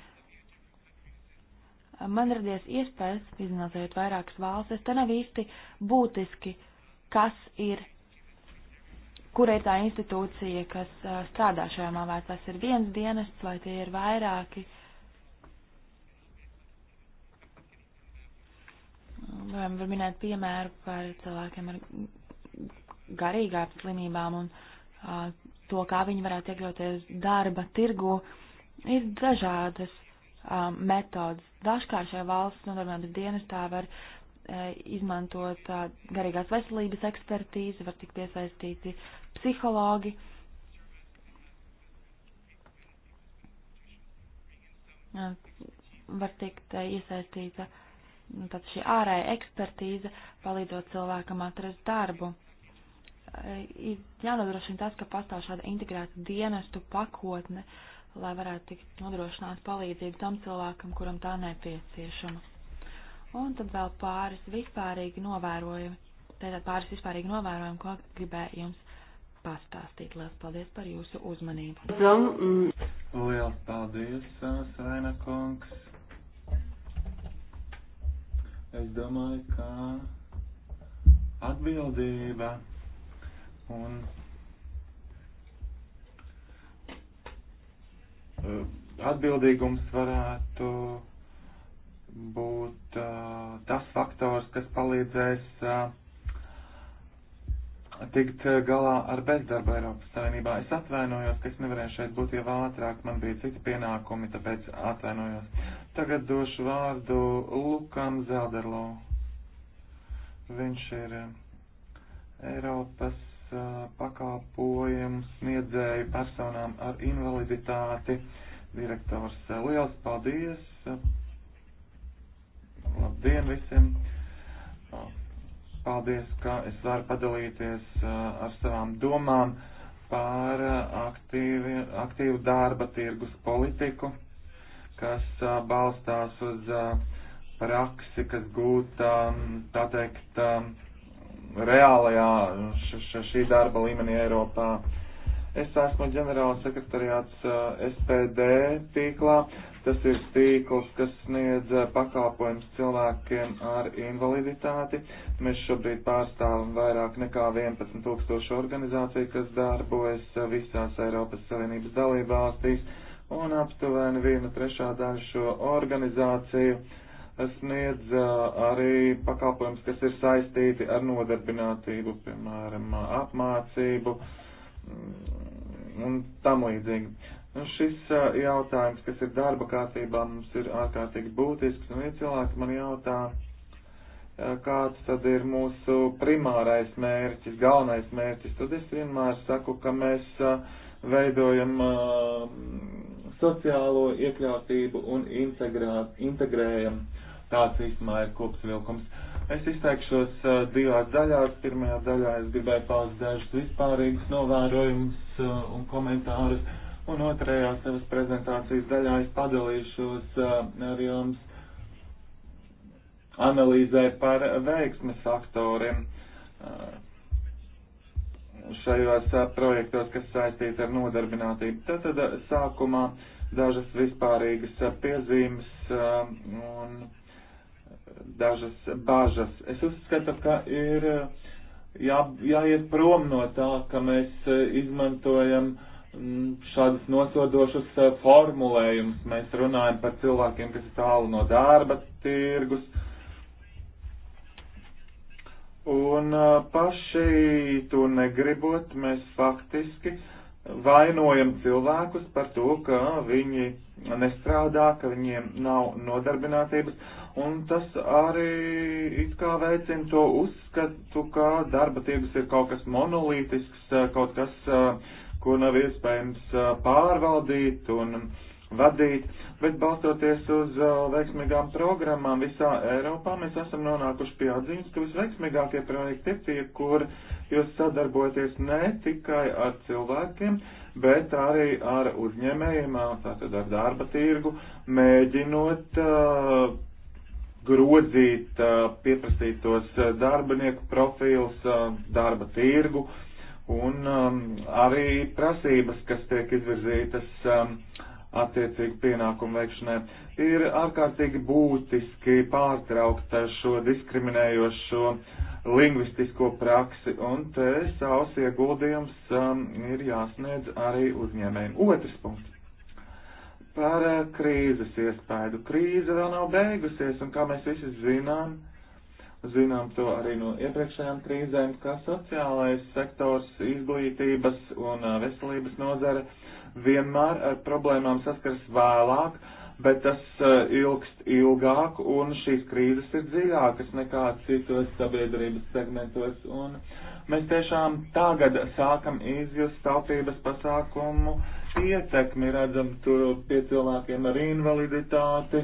Man radies iespējas, izanalizējot vairākas valstis, te nav īsti būtiski, kas ir, kura ir tā institūcija, kas strādā šajā māvē, tas ir viens dienests vai tie ir vairāki. Varam var minēt piemēru par cilvēkiem ar garīgām slimībām un uh, to, kā viņi varētu iekļauties darba tirgu, ir dažādas um, metodas. Dažkārt šajā valsts nodarbinātības dienestā var e, izmantot uh, garīgās veselības ekspertīzi, var tikt piesaistīti psihologi. Var tikt e, iesaistīta nu, tad šī ārēja ekspertīze, palīdzot cilvēkam atrast darbu jānodrošina tas, ka pastāv šāda integrēta dienestu pakotne, lai varētu tikt nodrošināt palīdzību tam cilvēkam, kuram tā nepieciešama. Un tad vēl pāris vispārīgi novērojumi, tātad pāris vispārīgi novērojumi, ko gribēju jums pastāstīt. Lielas paldies par jūsu uzmanību. Mm. Lielas paldies, Svaina kungs. Es domāju, ka atbildība Un eh, atbildīgums varētu būt uh, tas faktors, kas palīdzēs uh, tikt galā ar bezdarbu Eiropas Savienībā. Es atvainojos, ka es nevarēju šeit būt jau ātrāk, man bija citi pienākumi, tāpēc atvainojos. Tagad došu vārdu Lukam Zelderlo. Viņš ir Eiropas pakāpojumu sniedzēju personām ar invaliditāti. Direktors, liels paldies! Labdien visiem! Paldies, ka es varu padalīties ar savām domām par aktīvi, aktīvu darba tirgus politiku, kas balstās uz praksi, kas gūta, tā teikt, reālajā šī darba līmenī Eiropā. Es esmu ģenerāla sekretariāts SPD tīklā. Tas ir tīkls, kas sniedz pakalpojums cilvēkiem ar invaliditāti. Mēs šobrīd pārstāvam vairāk nekā 11 tūkstošu organizāciju, kas darbojas visās Eiropas Savienības dalībvalstīs, un aptuveni viena trešā daļa šo organizāciju uh, sniedz uh, arī pakalpojums, kas ir saistīti ar nodarbinātību, piemēram, apmācību mm, un tam līdzīgi. Un šis uh, jautājums, kas ir darba kārtībā, mums ir ārkārtīgi būtisks, un ja cilvēki man jautā, uh, kāds tad ir mūsu primārais mērķis, galvenais mērķis, tad es vienmēr saku, ka mēs veidojam sociālo iekļautību un integrējam Tāds īstenībā ir kopsvilkums. Es izteikšos uh, divās daļās. Pirmajā daļā es gribēju paust dažus vispārīgus novērojumus uh, un komentārus, un otrajā savas prezentācijas daļā es padalīšos uh, ar jums analīzē par veiksmes faktoriem uh, šajos uh, projektos, kas saistīti ar nodarbinātību. Tātad uh, sākumā dažas vispārīgas uh, piezīmes uh, un dažas bažas. Es uzskatu, ka ir uh, jā, jāiet prom no tā, ka mēs uh, izmantojam mm, šādus nosodošus uh, formulējumus. Mēs runājam par cilvēkiem, kas ir tālu no darba tirgus. Un paši to negribot, mēs faktiski vainojam cilvēkus par to, ka viņi nestrādā, ka viņiem nav nodarbinātības un tas arī it kā veicina to uzskatu, ka darba tirgus ir kaut kas monolītisks, eh, kaut kas, eh, ko nav iespējams eh, pārvaldīt un vadīt, bet balstoties uz veiksmīgām programmām visā Eiropā, mēs esam nonākuši pie atziņas, ka visveiksmīgākie projekti ir tie, kur jūs sadarbojaties ne tikai ar cilvēkiem, bet arī ar uzņēmējiem, tātad ar darba tirgu, mēģinot uh, grozīt pieprasītos darbinieku profils, darba tirgu un arī prasības, kas tiek izvirzītas attiecīgu pienākumu veikšanai. Ir ārkārtīgi būtiski pārtraukt šo diskriminējošo lingvistisko praksi, un te savs ieguldījums um, ir jāsniedz arī uzņēmējiem. Otrs punkts par eh, krīzes iespēju. Krīze vēl nav beigusies, un kā mēs visi zinām, zinām to arī no iepriekšējām krīzēm, ka sociālais sektors, izglītības un eh, veselības nozare vienmēr ar problēmām saskars vēlāk, bet tas eh, ilgst ilgāk, un šīs krīzes ir dziļākas nekā citos sabiedrības segmentos. Un mēs tiešām tagad sākam izjust taupības pasākumu uh, ietekmi redzam tur pie cilvēkiem ar invaliditāti.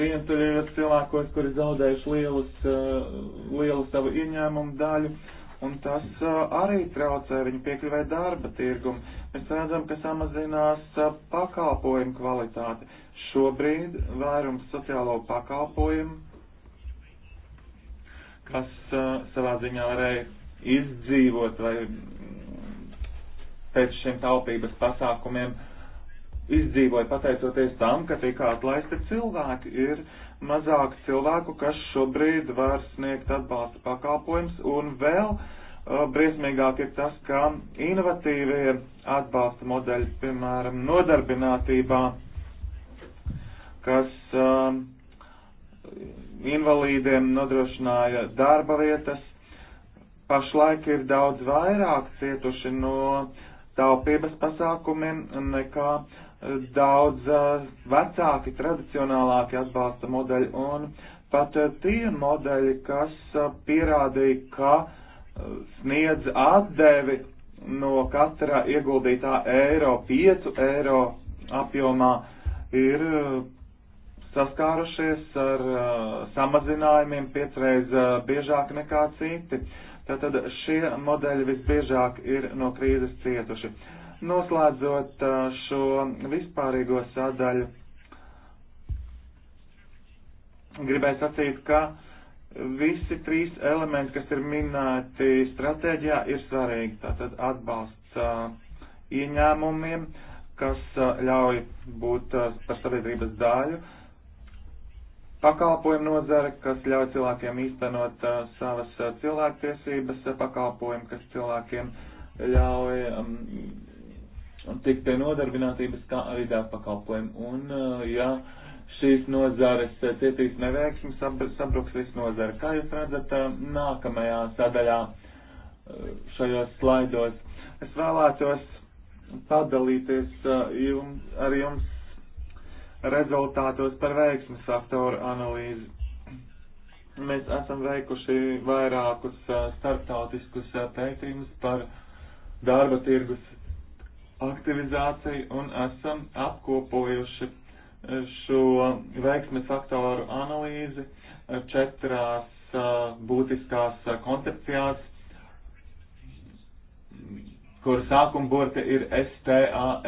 Vien tur ir cilvēkos, kuri zaudējuši lielus, eh, lielu savu ieņēmumu daļu, un tas eh, arī traucē viņu piekļuvē darba tirgumu. Mēs redzam, ka samazinās eh, pakalpojumu kvalitāte. Šobrīd vairums sociālo pakalpojumu, kas savā ziņā varēja izdzīvot vai pēc šiem taupības pasākumiem izdzīvoja pateicoties tam, ka tika atlaisti cilvēki. Ir mazāk cilvēku, kas šobrīd var sniegt atbalsta pakalpojums, un vēl uh, briesmīgāk ir tas, ka inovatīvie atbalsta modeļi, piemēram, nodarbinātībā, kas uh, invalīdiem nodrošināja darba vietas, pašlaik ir daudz vairāk cietuši no uh, taupības pasākumiem nekā eh, daudz eh, vecāki, tradicionālāki atbalsta modeļi un pat eh, tie modeļi, kas pierādīja, ka sniedz atdevi no katra ieguldītā eiro, 5 eiro apjomā, ir saskārušies ar samazinājumiem piecreiz biežāk nekā citi. Uh, Tātad šie modeļi visbiežāk ir no krīzes cietuši. Noslēdzot šo vispārīgo sadaļu, gribēju sacīt, ka visi trīs elementi, kas ir minēti stratēģijā, ir svarīgi. Tātad atbalsts ieņēmumiem, kas ļauj būt par sabiedrības daļu, pakalpojumu nozare, kas ļauj cilvēkiem īstenot uh, savas uh, cilvēktiesības, uh, pakalpojumu, kas cilvēkiem ļauj um, tikt pie nodarbinātības, kā arī dārpakalpojumu. Un, uh, ja šīs nozares uh, cietīs neveiksmi, sabr sabruks viss nozare. Kā jūs redzat uh, nākamajā sadaļā uh, šajos slaidos? Es vēlētos padalīties uh, jums, ar jums rezultātos par veiksmes faktoru analīzi. Mēs esam veikuši vairākus starptautiskus pētījumus par darba tirgus aktivizāciju un esam apkopojuši šo veiksmes faktoru analīzi četrās būtiskās koncepcijās, kuru sākumburte ir STAR.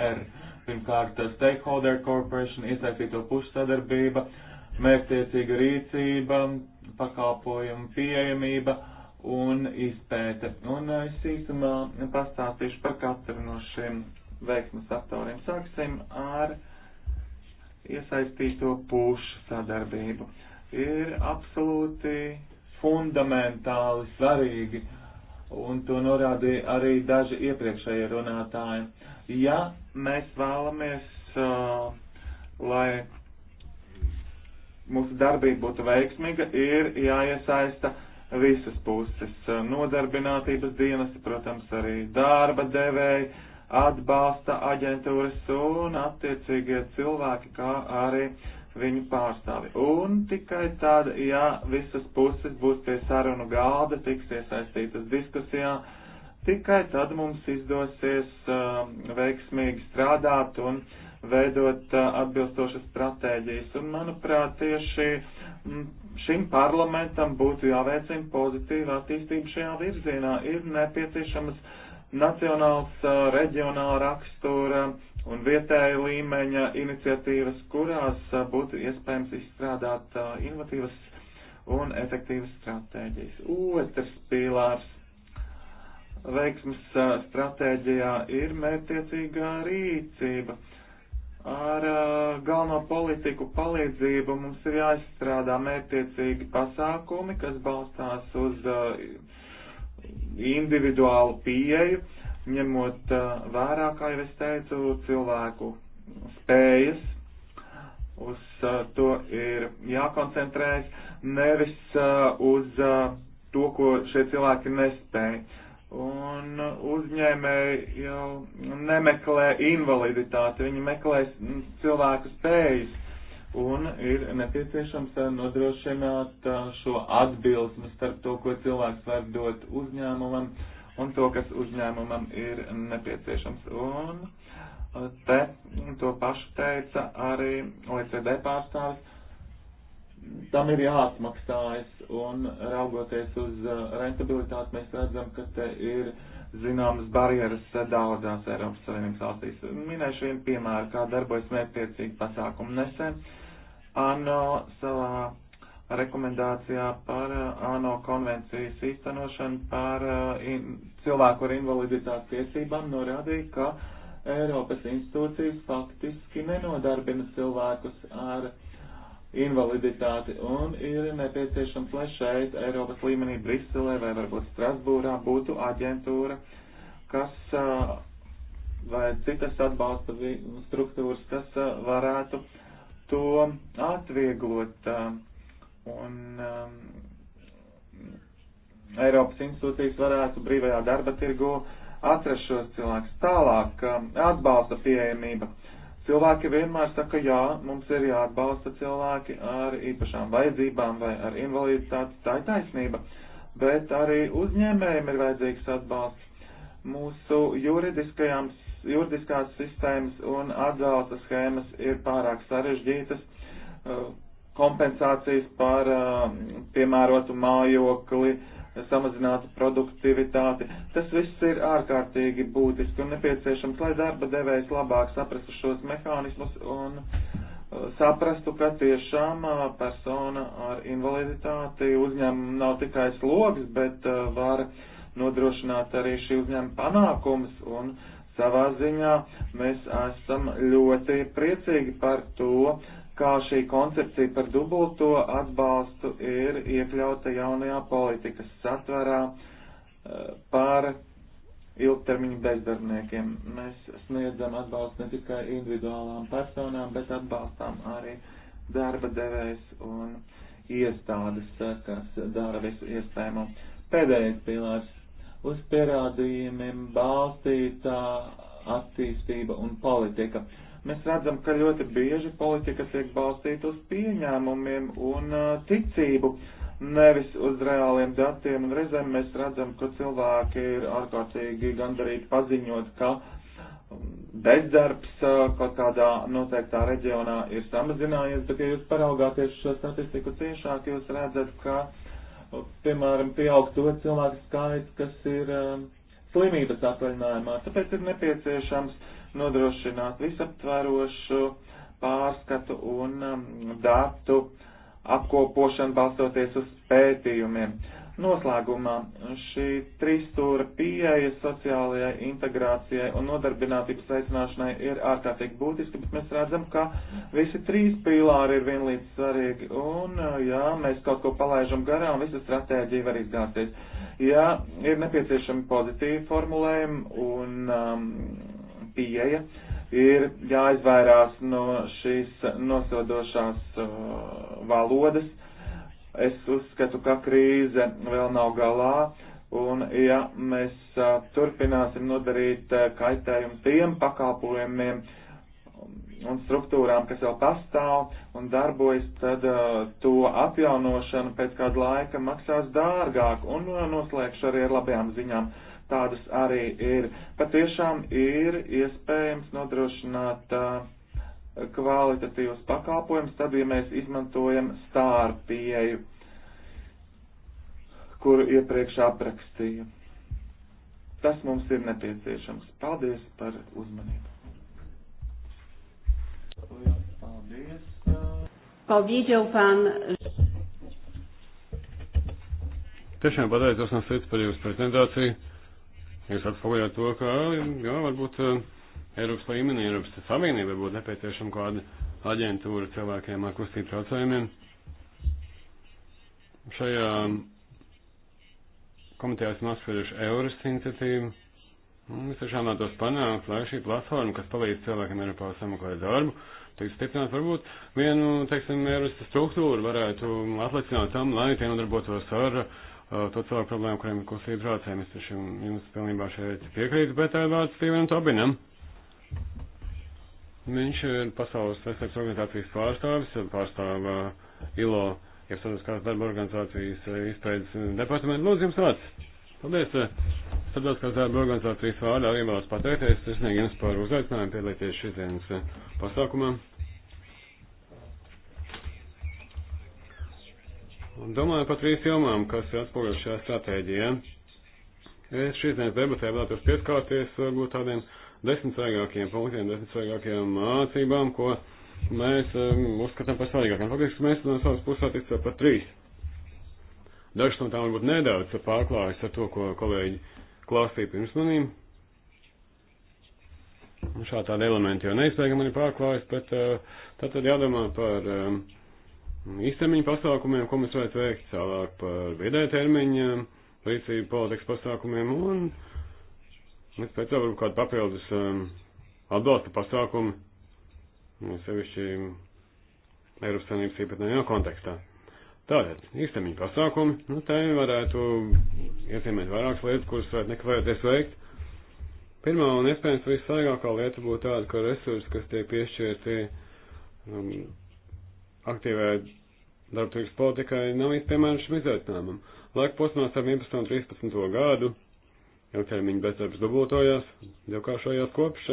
Pirmkārt, stakeholder corporation, iesaistīto pušu sadarbība, mērķtiecīga rīcība, pakalpojumu pieejamība un izpēte. Un uh, es īsumā pastāstīšu par katru no šiem veiksmes faktoriem. Sāksim ar iesaistīto pušu sadarbību. Ir absolūti fundamentāli svarīgi, un to norādīja arī daži iepriekšējie runātāji. Ja mēs vēlamies, uh, lai mūsu darbība būtu veiksmīga, ir jāiesaista visas puses. Uh, nodarbinātības dienas, protams, arī darba devēji, atbalsta aģentūras un attiecīgie cilvēki, kā arī viņu pārstāvi. Un tikai tad, ja visas puses būs pie sarunu galda, tiks iesaistītas diskusijā, uh, Tikai tad mums izdosies uh, veiksmīgi strādāt un veidot uh, atbilstošas stratēģijas. Un, manuprāt, tieši m, mm, šim parlamentam būtu jāveicina pozitīva attīstība šajā virzienā. Ir nepieciešamas nacionāls uh, reģionāla rakstura un vietēja līmeņa iniciatīvas, kurās uh, būtu iespējams izstrādāt uh, innovatīvas un efektīvas stratēģijas. Otrs pīlārs veiksmes stratēģijā ir mērķtiecīgā rīcība. Ar galveno politiku palīdzību mums ir jāizstrādā mērķtiecīgi pasākumi, kas balstās uz individuālu pieeju, ņemot vērā, kā jau es teicu, cilvēku spējas. Uz to ir jākoncentrējas, nevis uz to, ko šie cilvēki nespēja un uzņēmēji jau nemeklē invaliditāti, viņi meklē cilvēku spējas, un ir nepieciešams nodrošināt uh, šo atbilsmi starp to, ko cilvēks var dot uzņēmumam, un to, kas uzņēmumam ir nepieciešams. Un uh, te to pašu teica arī OECD pārstāvis, tam ir jāatmaksājas, un raugoties uz uh, rentabilitāti, mēs redzam, ka te ir zināmas barjeras daudzās Eiropas Savienības valstīs. Minēšu vienu piemēru, kā darbojas mērķtiecīgi pasākumu nesen. ANO savā rekomendācijā par uh, ANO konvencijas īstenošanu par uh, in, cilvēku ar invaliditātes tiesībām norādīja, ka Eiropas institūcijas faktiski nenodarbina cilvēkus ar invaliditāti un ir nepieciešams, lai šeit Eiropas līmenī Briselē vai varbūt Strasbūrā būtu aģentūra, kas vai citas atbalsta struktūras, kas varētu to atvieglot un Eiropas institūcijas varētu brīvajā darba tirgu atrast šos cilvēkus. Tālāk atbalsta pieejamība Cilvēki vienmēr saka, jā, mums ir jāatbalsta cilvēki ar īpašām vajadzībām vai ar invaliditāti, tā ir taisnība, bet arī uzņēmējiem ir vajadzīgs atbalsts. Mūsu juridiskās sistēmas un atbalsta schēmas ir pārāk sarežģītas, kompensācijas par piemērotu mājokli, uh, samazinātu produktivitāti. Tas viss ir ārkārtīgi būtiski un nepieciešams, lai darba devējs labāk saprastu šos mehānismus un uh, saprastu, ka tiešām uh, persona ar invaliditāti uzņēmumu nav tikai slogs, bet uh, var nodrošināt arī šī uzņēmuma panākumus un savā ziņā mēs esam ļoti priecīgi par to, kā šī koncepcija par dubulto atbalstu ir iekļauta jaunajā politikas satverā eh, par ilgtermiņu bezdarbniekiem. Mēs sniedzam atbalstu ne tikai individuālām personām, bet atbalstām arī darba devējs un iestādes, eh, kas dara visu iespējamo. Pēdējais pilārs - uz pierādījumiem balstītā attīstība un politika. Uh, mēs redzam, ka ļoti bieži politika tiek balstīta uz pieņēmumiem un ticību, nevis uz reāliem datiem, un reizēm mēs redzam, ka cilvēki ir ārkārtīgi gandarīti paziņot, ka um, bezdarbs kaut kādā noteiktā reģionā ir samazinājies, bet ja jūs paraugāties šo statistiku ciešāk, jūs redzat, ka, piemēram, pieaug to cilvēku skaits, kas ir slimības atvaļinājumā, tāpēc ir nepieciešams nodrošināt visaptvarošu pārskatu un um, datu apkopošanu balstoties uz pētījumiem. Noslēgumā šī trīsstūra pieeja sociālajai integrācijai un nodarbinātības aicināšanai ir ārkārtīgi būtiska, bet mēs redzam, ka visi trīs pīlāri ir vienlīdz svarīgi un, uh, jā, mēs kaut ko palaidām garām, visa stratēģija var izgāzties. Jā, ir nepieciešami pozitīvi formulējumi un um, pieeja, ir jāizvairās no šīs nosodošās uh, valodas. Es uzskatu, ka krīze vēl nav galā, un ja mēs uh, turpināsim nodarīt uh, kaitējumu tiem pakalpojumiem un struktūrām, kas jau pastāv un darbojas, tad to apjaunošana pēc kāda laika maksās dārgāk, un noslēgšu arī ar labajām ziņām tādas arī ir. Patiešām ir iespējams nodrošināt kvalitatīvus pakalpojumus, tad, ja mēs izmantojam stāru pieeju, kuru iepriekš aprakstīju. Tas mums ir nepieciešams. Paldies par uzmanību. Paldies. Powiedział Pan. Tiešām pateicos no sirds par jūsu prezentāciju. Jūs atspoguļot to, ka, jā, varbūt eh, Eiropas līmenī, Eiropas Savienība būtu nepieciešama kāda aģentūra cilvēkiem ar kustību traucējumiem. Šajā komitejā esam apsvērši Euras iniciatīvu. Mēs tiešām vēlētos panākt, lai šī platforma, kas palīdz cilvēkiem Eiropā sameklēt darbu, tiek stiprināta varbūt vienu, teiksim, Euras struktūru varētu atlicināt tam, lai tie nodarbotos ar uh, Uh, to cilvēku problēmu, kuriem ir klusība braucējiem. Es taču jums pilnībā šeit piekrītu, bet uh, vārds Stīvenam Tobinam. Viņš ir Pasaules veselības organizācijas pārstāvis, pārstāv uh, ILO, jeb Sadarbskās darba organizācijas izpējas departamentu. Lūdzu, jums vārds. Paldies. Sadarbskās darba organizācijas vārdā arī vēlos pateikties. Es nezinu jums par uzaicinājumu piedalīties šīs dienas pasākumā. Un domāju par trīs jomām, kas ir atspoguļot šajā stratēģijā. Es šīs dienas debatē vēlētos pieskārties varbūt tādiem desmit svarīgākiem punktiem, desmit svarīgākajām mācībām, ko mēs um, uzskatām par svarīgākiem. Faktiski mēs no savas puses attiecam par trīs. Dažas no tām varbūt nedaudz pārklājas ar to, ko kolēģi klāstīja pirms manīm. Un šā tāda elementa jau neizbēgami ir pārklājas, bet uh, tad jādomā par. Um, īstermiņa pasākumiem, ko mēs varētu veikt, tālāk par vidē termiņa rīcību politikas pasākumiem un mēs pēc tam varam kādu papildus um, atbalsta pasākumu, sevišķi Eiropas Savienības īpatnējā kontekstā. Tātad, īstermiņa pasākumi, nu, te varētu iezīmēt vairākas lietas, kuras varētu nekavēties veikt. Pirmā un iespējams vissvaigākā lieta būtu tāda, ka resursi, kas tiek piešķirti um, aktīvai darba tirgus politikai nav īsti piemēram šim izaicinājumam. Laika posmā starp 11 un 13 gadu ilgtermiņa bezdarbs dubultojās, divkāršojās kopš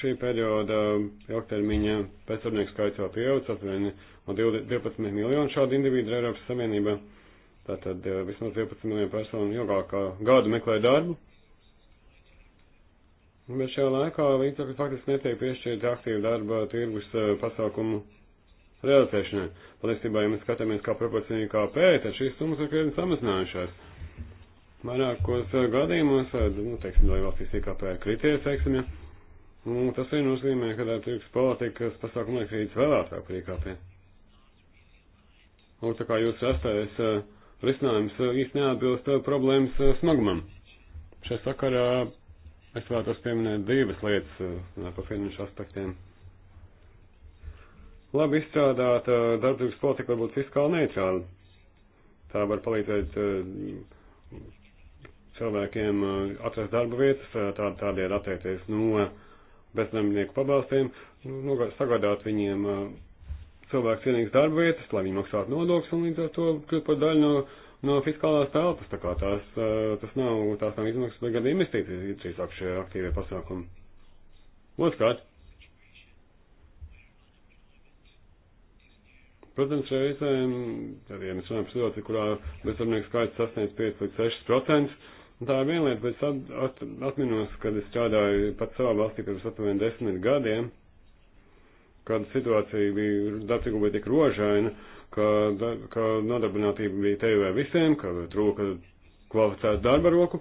šī perioda ilgtermiņa bezdarbnieku skaits jau pieauga, apmēram no 12 miljonu šādu individu Eiropas Savienībā. Tātad vismaz 12 miljonu personu ilgākā gadu meklē darbu, Bet šajā laikā līdzekļi faktiski netiek piešķirti aktīvu darba tirgus eh, pasākumu realizēšanai. Patiesībā, ja mēs skatāmies kā proporcija IKP, tad šīs summas ir krietni samazinājušās. Vairākos eh, gadījumos, eh, nu, teiksim, lai valstīs IKP krities, teiksim, ja, nu, tas arī nozīmē, ka darba tirgus politikas pasākumu liek rīts vēl ātrāk par IKP. Un nu, tā kā jūs rastais risinājums īsti neatbilst problēmas smagumam. Šajā sakarā Es vēlētos pieminēt divas lietas eh, par finanšu aspektiem. Labi izstrādāta eh, darbības politika var būt fiskāli neitrāla. Tā var palīdzēt eh, cilvēkiem atrast darba vietas, tā, tādēļ atteikties no bezdarbnieku pabalstiem, nu, sagādāt viņiem cilvēku cienīgas darba vietas, lai viņi maksātu nodokļus un līdz ar to kļūt par daļu no no fiskālās telpas, tā kā tās, eh, tas nav, tās nav izmaksas, bet gan investīcijas, ir drīzāk šie aktīvie pasākumi. Otrkārt, protams, reizēm, tad, ja mēs runājam par situāciju, kurā bezdarbnieku skaits sasniedz 5 līdz 6 procentus, tā ir viena lieta, bet es at, at, atminos, kad es strādāju pat savā valstī pirms aptuveni desmit gadiem, kad situācija bija darbtīgumā tik rožaina, ka, ka nodarbinātība bija te vai visiem, ka trūka kvalificētu darba roku.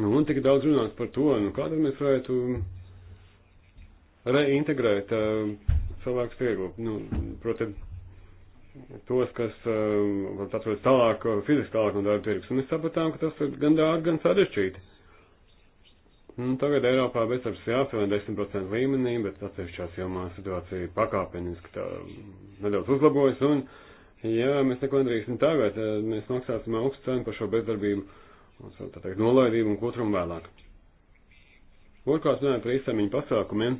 Nu, un tik daudz runāts par to, nu, kādā mēs varētu reintegrēt uh, eh, cilvēkus viegli. Nu, protams, tos, kas uh, atrodas tālāk, fiziski tālāk no darba tirgus. Un mēs sapratām, ka tas ir gan dārgi, gan sarežģīti. Un nu, tagad Eiropā bezdarbs jāsavien 10% līmenī, bet atsevišķās jomā situācija pakāpeniski tā mm, nedaudz uzlabojas, un, ja mēs neko nedarīsim tagad, eh, mēs maksāsim augstu cenu par šo bezdarbību, un, tā teikt, nolaidību un kutrumu vēlāk. Otrkārt, runājot par īstermiņu pasākumiem,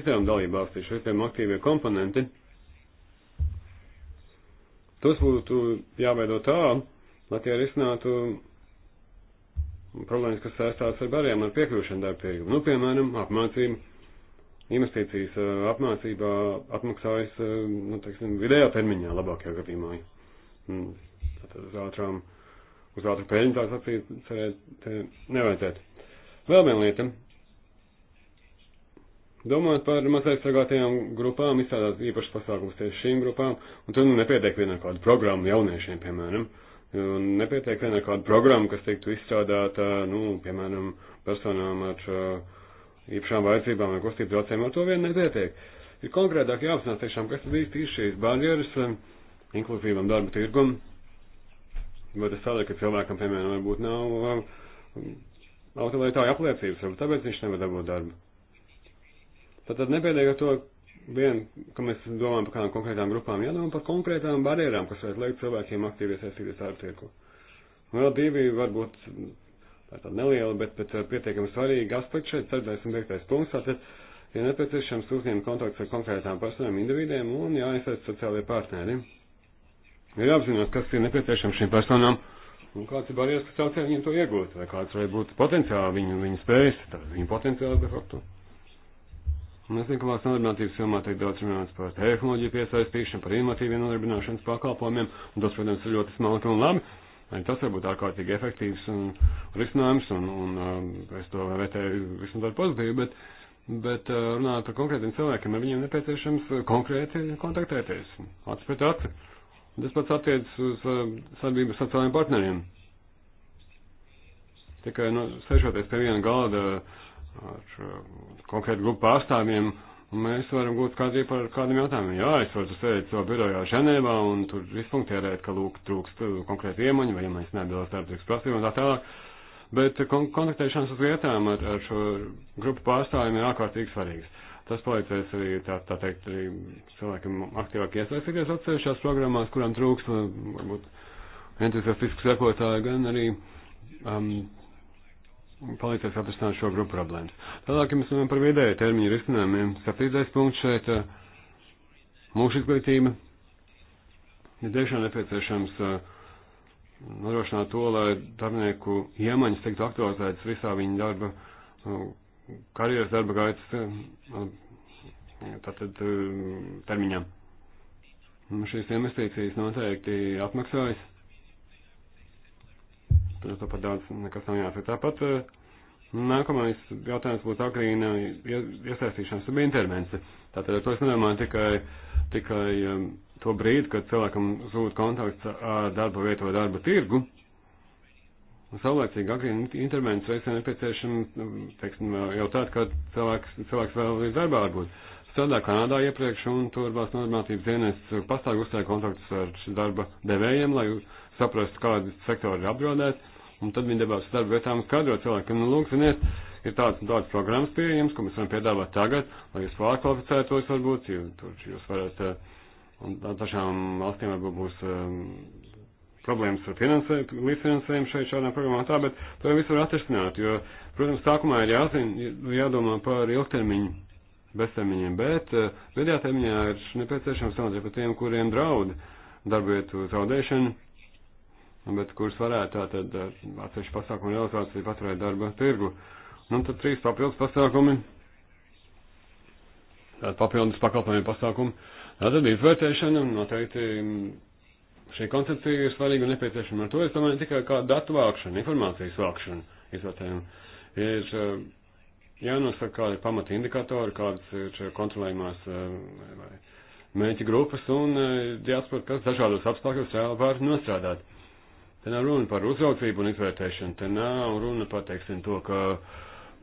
izdevuma dalībvalstī šie aktīvie komponenti. Tos būtu jāveido tā, lai tie risinātu problēmas, kas saistās ar bariem, ar piekļūšanu darba tirgu. Nu, piemēram, apmācība, investīcijas apmācībā atmaksājas, nu, teiksim, vidējā termiņā labākajā gadījumā. Mm, tātad uz ātrām, uz ātru peļņu tā sacīt, cerēt, nevajadzētu. Vēl viena lieta Domājot par mazliet sagātajām grupām, izstrādāt īpašas pasākumus tieši šīm grupām, un tur nu nepietiek vienā kādu programmu jauniešiem, piemēram. Un nepietiek vienā kādu programmu, kas tiktu izstrādāta, nu, piemēram, personām ar uh, īpašām vajadzībām vai kustību traucējumiem, ar to vien nepietiek. Ir konkrētāk jāapzinās tiešām, kas tad īsti ir šīs barjeras um, inkluzīvam darba tirgum. Vai tas tādēļ, ka cilvēkam, piemēram, varbūt nav um, autovaitāja apliecības, varbūt tāpēc viņš nevar dabūt darbu. Tad, tad nebēdēja ar to vien, ka mēs domājam par kādām konkrētām grupām, jādomā par konkrētām barjerām, kas varētu liekt cilvēkiem aktīvi iesaistīties darba tirku. Un vēl divi varbūt tā tāda neliela, bet, bet uh, pietiekami svarīga aspekta šeit, 75. punkts, tātad ir ja nepieciešams uzņemt kontakts ar konkrētām personām, individiem un jāiesaist sociālajie partneri. Ir jāapzinās, kas ir nepieciešams šīm personām un kāds ir barjeras, kas traucē viņiem to iegūt, vai kāds varētu būt potenciāli viņu, viņu spējas, viņu potenciāli de facto. Nu, Mēs likumās nodarbinātības filmā tiek daudz runāts par tehnoloģiju piesaistīšanu, par inovatīviem nodarbināšanas pakalpojumiem, un tas, protams, ir ļoti smalki un labi. Arī tas var būt ārkārtīgi efektīvs un risinājums, un, un um, es to vērtēju visam tādu pozitīvu, bet, bet uh, runājot par konkrētiem cilvēkiem, ar viņiem nepieciešams konkrēti kontaktēties, acis pret aci. Tas pats attiecas uz uh, sadarbību sociālajiem partneriem. Tikai, nu, sešoties pie viena galda, uh, ar uh, konkrētu grupu pārstāvjiem, un mēs varam gūt skatību par kādiem jautājumiem. Jā, es varu sēdēt savā birojā Ženēvā un tur izpunktierēt, ka lūk, trūkst uh, konkrēti iemaņi, vai iemaņas neatbilst starptautiskas prasībām un tā tālāk. Bet uh, kon kontaktēšanās uz vietām ar, ar šo grupu pārstāvjiem ir ārkārtīgi svarīgs. Tas palīdzēs arī, tā, tā teikt, arī cilvēkiem aktīvāk iesaistīties atsevišķās programmās, kurām trūkst, varbūt, entuziastisku sekotāju, gan arī um, palīdzēs atrisināt šo grupu problēmas. Tālāk, ja mēs runājam par vidēju termiņu risinājumiem, septītais punkts šeit eh, - mūža izglītība. Ir tiešām nepieciešams eh, nodrošināt to, lai darbinieku iemaņas tiktu aktualizētas visā viņa darba, eh, karjeras darba gaitas tātad termiņā. Šīs investīcijas noteikti atmaksājas. Tur to par daudz nekas nav jāsaka. Tāpat eh, nākamais jautājums būs agrīna iesaistīšanās un intervence. Tātad ar to es nedomāju tikai, tikai um, to brīdi, kad cilvēkam zūd kontakts ar darba vietu vai darba tirgu. Saulēcīgi agrīna intervence reizē nepieciešama, nu, teiksim, jau tāda, ka cilvēks, cilvēks vēl ir darbā varbūt strādāju Kanādā iepriekš, un tur valsts normatīvas dienas pastāvīgi uzstāja kontaktus ar darba devējiem, lai saprast, kādi sektori ir apdraudēti, un tad viņi devās darba vietām kadro cilvēkiem, nu, lūk, ziniet, ir tāds un tāds programmas pieejams, ko mēs varam piedāvāt tagad, lai jūs pārkvalificētos varbūt, jo tur jūs varat, eh, un tašām valstīm varbūt būs um, problēmas ar finansējumu, līdzfinansējumu šeit šādā programmā tā, bet to visu var atrisināt, jo, protams, sākumā ir jāzina, jādomā par ilgtermiņu beztermiņiem, bet eh, vidējā termiņā ir nepieciešams strādāt par tiem, kuriem draud darbvietu zaudēšanu bet kuras varētu tātad eh, atsevišķu pasākumu realizāciju paturēt darba tirgu. Nu, tad trīs papildus pasākumi, tātad papildus pakalpojumu pasākumi. Tātad izvērtēšana noteikti mm, šī koncepcija ir svarīga un nepieciešama. Ar to es domāju tikai kā datu vākšana, informācijas vākšana izvērtējumu. Ir eh, jānosaka kādi pamata indikatori, kādas ir eh, kontrolējumās vai mēķi grupas un jāsaprot, kas dažādos apstākļos reāli var nostrādāt. Te nav runa par uzraudzību un izvērtēšanu, te nav runa par, teiksim, to, ka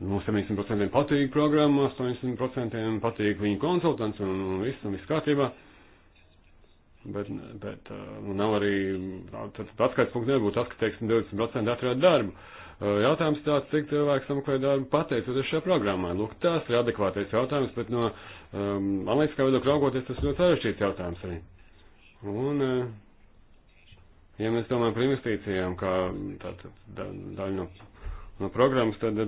nu, 70% patīk programma, 80% patīk viņu konsultants un, un viss, un viss kārtībā. Bet, bet nu, nav arī, uh, tad atskaits punkts nebūtu tas, ka, teiksim, 20% atrod darbu. Uh, jautājums tāds, cik cilvēks sameklē darbu pateicoties šajā programmā. Lūk, tas ir adekvātais jautājums, bet no um, analītiskā viedokļa raugoties, tas ļoti sarežģīts jautājums arī. Un uh, Ja mēs domājam par investīcijām, kā tāda daļa da, no, no programmas, tad da,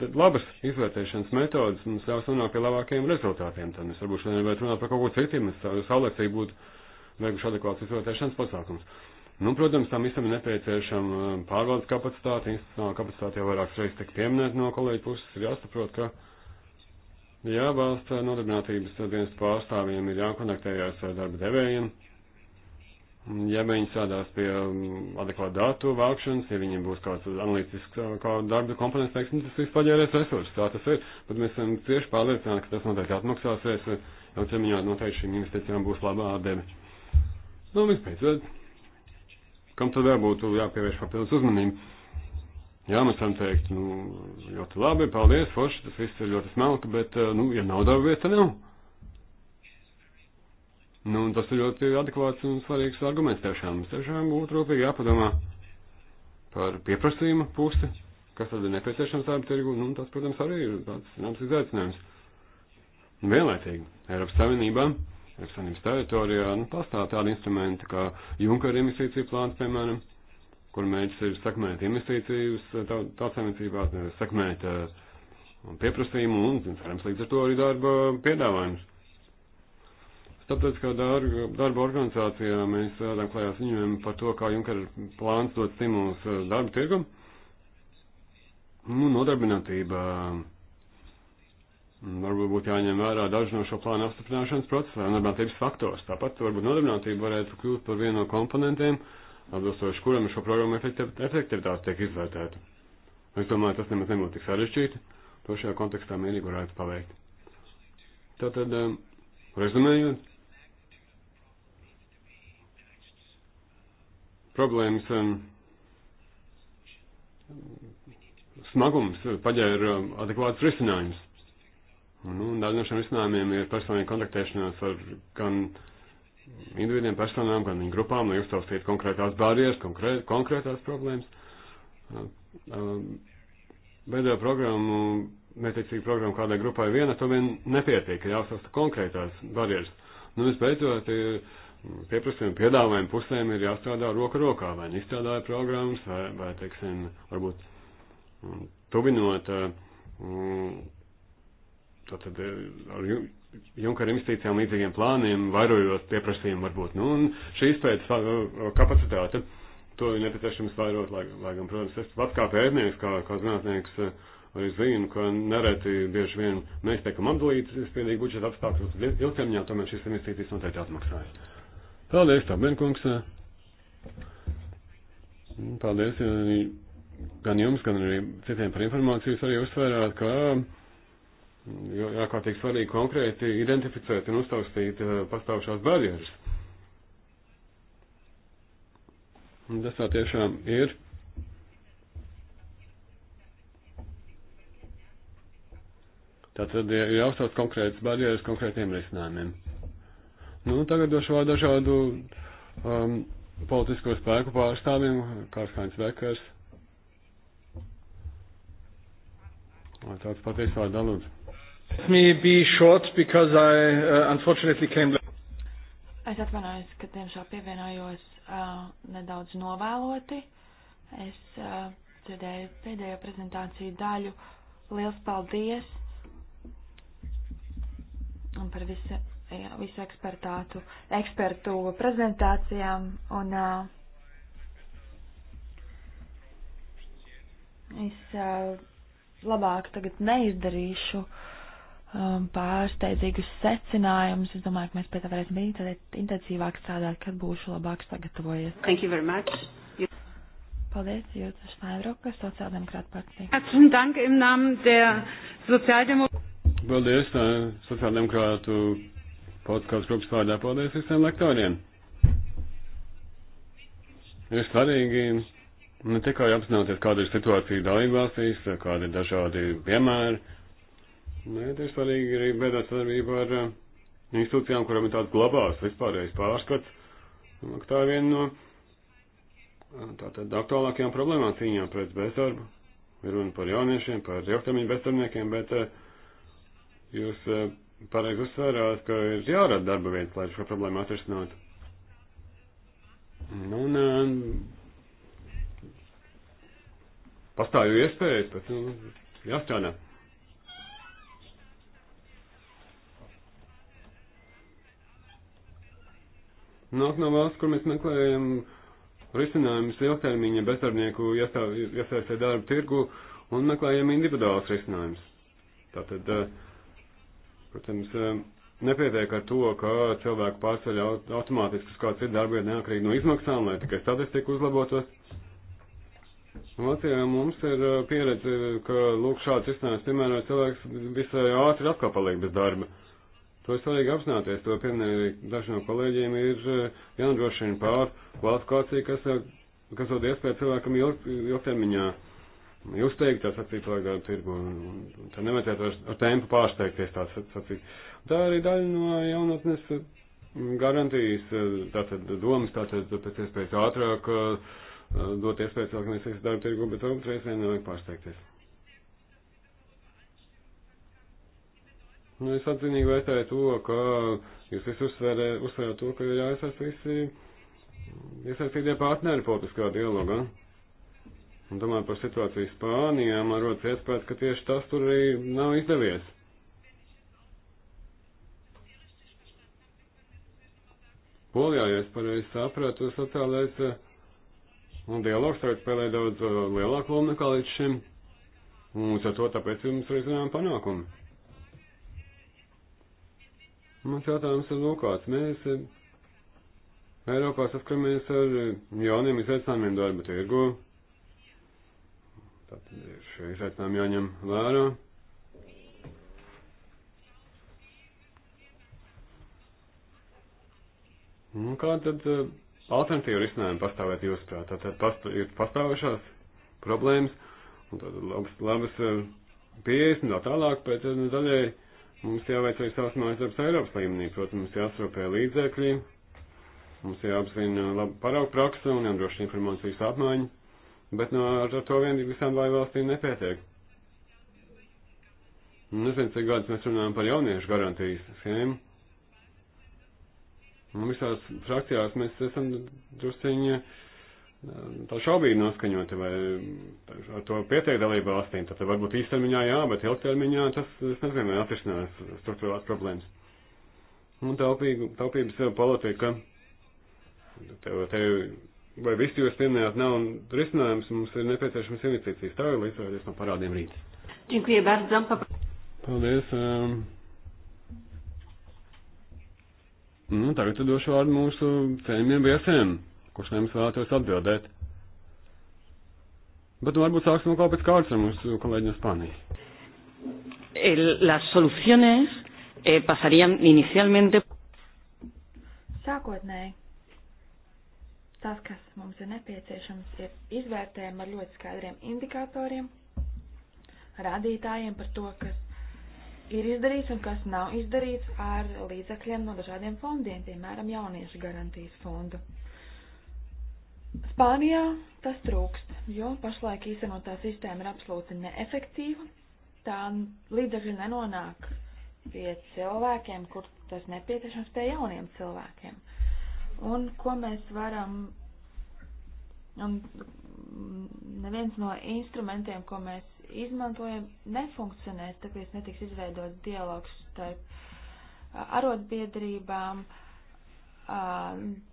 da, labas izvērtēšanas metodas mums ļaus nonākt pie labākiem rezultātiem. Tad mēs varbūt šodien varētu runāt par kaut ko citu, mēs saulēcīgi būtu veikuši adekvāts izvērtēšanas pasākums. Nu, protams, tam visam ir nepieciešama um, pārvaldes kapacitāte, institucionāla kapacitāte jau vairākas reizes tiek pieminēta no kolēģa puses, ir jāsaprot, ka jābalsta nodarbinātības dienas pārstāvjiem ir jākonektējās ar darba devējiem, Ja viņi strādās pie um, adekvāta datu vākšanas, ja viņiem būs kāds analītisks uh, kā darba komponents, teiksim, tas viss paģērēs resursus, tā tas ir. Bet mēs esam cieši pārliecināti, ka tas noteikti atmaksāsies, jau uh, cemiņā noteikti šīm investīcijām būs labā atdeve. Nu, vispēc, kam tad vēl būtu jāpievērš papildus uzmanību? Jā, mēs varam teikt, nu, ļoti labi, paldies, forši, tas viss ir ļoti smalki, bet, uh, nu, ja nav darba vieta, nav. Nu, tas ir ļoti adekvāts un svarīgs arguments tiešām. Mums tiešām būtu rūpīgi jāpadomā par pieprasījuma pusi, kas tad ir nepieciešams darba tirgu, nu, tas, protams, arī ir tāds zināms izaicinājums. Vienlaicīgi Eiropas Savienībā, Eiropas Savienības teritorijā, nu, pastāv tādi instrumenti kā Junkara investīcija plāns, piemēram, kur mērķis ir sekmēt investīcijas tautsēmniecībās, sekmēt uh, pieprasījumu un, cerams, līdz ar to arī darba piedāvājums. Tāpēc, kā darba, darba organizācijā mēs strādājam klājās viņiem par to, kā Junker plāns dot stimulus eh, darba tirgum. Nu, nodarbinātība. Mm, varbūt būtu jāņem vērā daži no šo plānu apstiprināšanas procesā, nodarbinātības faktors. Tāpat varbūt nodarbinātība varētu kļūt par vienu no komponentiem, atbilstoši kuram šo programmu efektivitāte tiek izvērtēta. Es domāju, tas nemaz nebūtu tik sarežģīti. To šajā kontekstā mierīgi varētu paveikt. Tātad, eh, rezumējot, problēmas um, smagums paģēra um, adekvātus risinājumus. Nu, daļa no šiem risinājumiem ir personīga kontaktēšanās ar gan individiem, personām, gan viņu grupām, lai uztaustītu konkrētās barjeras, konkrē, konkrētās problēmas. Uh, um, Beidzot programmu, mētiecīgu programmu kādai grupai viena, to vien nepietiek, ir jāuztausta konkrētās barjeras. Nu, visbeidzot, ir pieprasījumu piedāvājumu pusēm ir jāstrādā roka rokā, vai nu izstrādāja programmas, vai, vai, teiksim, varbūt mm, tuvinot eh, mm, tātad eh, ar Junkara investīcijām līdzīgiem plāniem, vairojot pieprasījumu varbūt. Nu, un šī izpētes eh, kapacitāte, to ir nepieciešams vairot, lai, lai gan, protams, es pats kā pētnieks, kā, kā zinātnieks, arī zinu, ka nereti bieži vien mēs tiekam apdalīti spiedīgi budžeta apstākļus, ilgtermiņā tomēr šīs investīcijas noteikti atmaksājas. Paldies, Tabenkungs. Paldies gan jums, gan arī citiem par informāciju. Jūs arī uzsvērāt, ka ārkārtīgi svarīgi konkrēti identificēt un uztaustīt eh, pastāvušās barjeras. Tas tā tiešām ir. Tātad ir jāuzstāst konkrētas barjeras konkrētiem risinājumiem. Nu, tagad došu vēl dažādu um, politisko spēku pārstāvjiem, kāds kāds vekars. Tāds pateiks vārdā lūdzu. Let me be short because I uh, unfortunately came late. Es atvainojos, ka tiemžēl pievienojos uh, nedaudz novēloti. Es uh, dzirdēju pēdējo prezentāciju daļu. Liels paldies! Un par visu jā, visu ekspertātu, ekspertu prezentācijām un uh, es uh, labāk tagad neizdarīšu um, pārsteidzīgus secinājumus. Es domāju, ka mēs pēc tam varēsim būt intensīvāk strādāt, kad būšu labāk sagatavojies. Thank you very much. You... Paldies, Jūtas Šnaidroka, sociāldemokrāta partija. Herzlichen Dank im Namen der Sozialdemokratie. Paldies, sociāldemokrātu politiskās grupas vārdā paldies visiem lektoriem. Ir svarīgi ne tikai apzināties, kāda ir situācija dalībvalstīs, kādi ir dažādi piemēri, bet ir svarīgi arī veidot sadarbību ar eh, institūcijām, kurām ir tāds globāls vispārējais pārskats. Tā ir viena no eh, tātad aktuālākajām problēmām cīņā pret bezdarbu. Ir runa par jauniešiem, par jauktamību bezdarbniekiem, bet eh, jūs pareizi uzsvērāt, ka ir jārada darba vietas, lai šo problēmu atrisinātu. Nu, un, un eh, pastāv jau iespējas, bet nu, jāstrādā. Nāk no valsts, kur mēs meklējam risinājumus ilgtermiņa bezdarbnieku iesaistē darba tirgu un meklējam individuālus risinājumus. Tātad uh, Protams, nepietiek ar to, ka cilvēku pārceļ automātiski uz kādu citu darbu, neatkarīgi no izmaksām, lai tikai statistika uzlabotos. Vācijā mums ir uh, pieredze, ka lūk šāds risinājums, piemēram, cilvēks visai ātri atkal paliek bez darba. To ir svarīgi apzināties, to pieminēja daži no kolēģiem, ir uh, jānodrošina pār kvalifikācija, kas, uh, kas dod iespēju cilvēkam ilg, ilgtermiņā. Ilg jūs teikt, tā sacīt, lai gan tirgu, un, un, un tā nevajadzētu ar, ar tempu pārsteigties, tā sacīt. Tā arī daļa no jaunatnes mm, garantijas, tātad domas, tātad pēc iespējas ātrāk dot iespēju cilvēkiem iesaistīt darba tirgu, bet varbūt reizēm nevajag pārsteigties. Nu, es atzinīgi vērtēju to, ka jūs visi uzsverējāt to, ka ir jāiesaist visi iesaistītie partneri politiskā dialogā. Ja? Un domāju par situāciju Spānijā, man rodas iespējas, ka tieši tas tur arī nav izdevies. Polijā, ja es pareizi sapratu, sociālais eh, un dialogs tagad spēlē daudz eh, lielāku lomu nekā līdz šim. Un līdz ar to tāpēc jums arī zinām panākumi. Mans jautājums ir lūkāts. Mēs eh, Eiropā saskaramies ar jauniem izaicinājumiem darba tirgu. Tātad ir šie izaicinājumi jāņem vērā. Nu, kā tad uh, alternatīva risinājuma pastāvēt jūsuprāt? Tātad past, ir pastāvošās problēmas, un tad labas, labas uh, pieejas un tā tālāk, bet eh, uh, nu, daļai mums jāveic arī savs mājas darbs Eiropas līmenī, protams, mums jāsropē līdzekļi, mums jāapzina laba paraugu praksa un jānodrošina informācijas apmaiņa bet no, nu, ar, ar to vien visām valstīm nepietiek. Nu, zinu, cik gadus mēs runājam par jauniešu garantijas schēmu. Un nu, visās frakcijās mēs esam drusciņi eh, tā šaubīgi noskaņoti, vai ar to pietiek dalību valstīm. Tad varbūt īstermiņā jā, bet ilgtermiņā tas, es nezinu, vai atrisinās struktūrās problēmas. Un nu, taupīgu, taupības politika, te, te vai visi jūs pieminējāt, nav risinājums, mums ir nepieciešams investīcijas. Tā ir līdzvērties no parādiem rīt. Dziękuję bardzo. Paldies. Um, nu, tagad došu vārdu mūsu cienījumiem viesiem, kurš no jums vēlētos atbildēt. Bet nu, varbūt sāksim kaut pēc kārtas ar mūsu kolēģi no Spānijas. Las soluciones eh, pasarían inicialmente. Sākotnēji tas, kas mums ir nepieciešams, ir izvērtējumi ar ļoti skaidriem indikatoriem, rādītājiem par to, kas ir izdarīts un kas nav izdarīts ar līdzekļiem no dažādiem fondiem, piemēram, jauniešu garantijas fondu. Spānijā tas trūkst, jo pašlaik īstenotā sistēma ir absolūti neefektīva. Tā līdzekļi nenonāk pie cilvēkiem, kur tas nepieciešams, pie jauniem cilvēkiem un ko mēs varam, un neviens no instrumentiem, ko mēs izmantojam, nefunkcionēs, tāpēc netiks izveidots dialogs starp arotbiedrībām,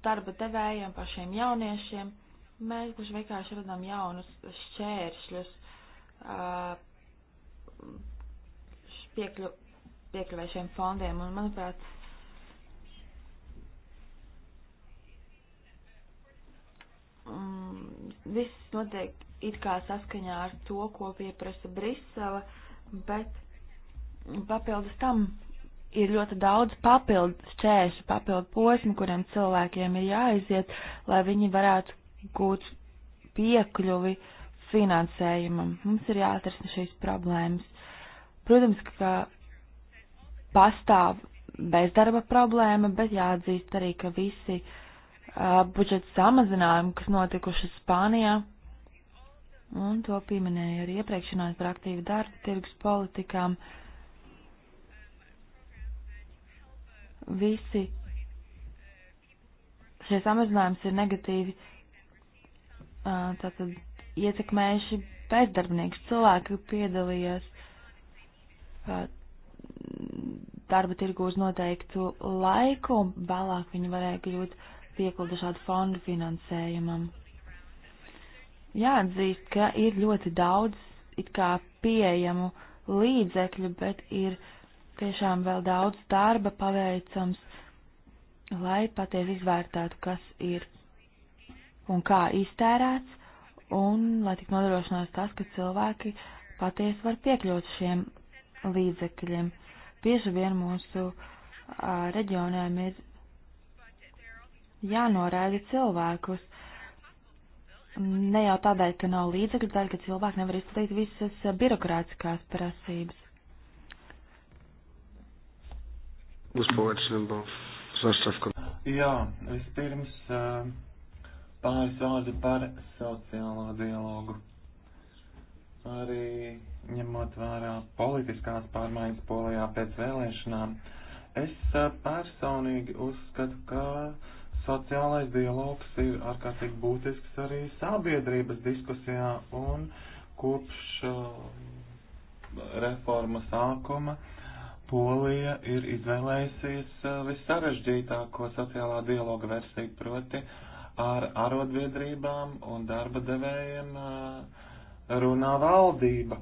darba devējiem, pašiem jauniešiem. Mēs gluži vienkārši redzam jaunus šķēršļus piekļu, piekļuvēšiem fondiem, un, manuprāt, um, viss notiek it kā saskaņā ar to, ko pieprasa Brisele, bet papildus tam ir ļoti daudz papildu šķēršu, papildu posmu, kuriem cilvēkiem ir jāiziet, lai viņi varētu gūt piekļuvi finansējumam. Mums ir jāatrisina šīs problēmas. Protams, ka pastāv bezdarba problēma, bet jāatzīst arī, ka visi uh, budžeta samazinājumu, kas notikuši Spānijā. Un to pieminēja arī iepriekšinās par aktīvu darba tirgus politikām. Visi šie samazinājums ir negatīvi tātad ietekmējuši bezdarbnieks. Cilvēki piedalījās darba tirgu uz noteiktu laiku, un vēlāk viņi varēja kļūt uh, piekļuvu dažādu fondu finansējumam. Jāatzīst, ka ir ļoti daudz it kā pieejamu līdzekļu, bet ir tiešām vēl daudz darba paveicams, lai patiesi izvērtētu, kas ir un kā iztērēts, un lai tik nodrošinās tas, ka cilvēki patiesi var piekļūt šiem līdzekļiem. Bieži vien mūsu a, reģioniem ir jānoraida cilvēkus. Ne jau tādēļ, ka nav līdzekļu, tādēļ, ka cilvēki nevar izpildīt visas birokrātiskās prasības. Jā, vispirms pāris vārdi par sociālo dialogu. Arī ņemot vērā politiskās pārmaiņas polijā pēc vēlēšanām, es personīgi uzskatu, ka sociālais dialogs ir ārkārtīgi būtisks arī sabiedrības diskusijā un kopš uh, reformas sākuma Polija ir izvēlējusies uh, vissarežģītāko sociālā dialoga versiju proti ar arotbiedrībām un darba devējiem uh, runā valdība.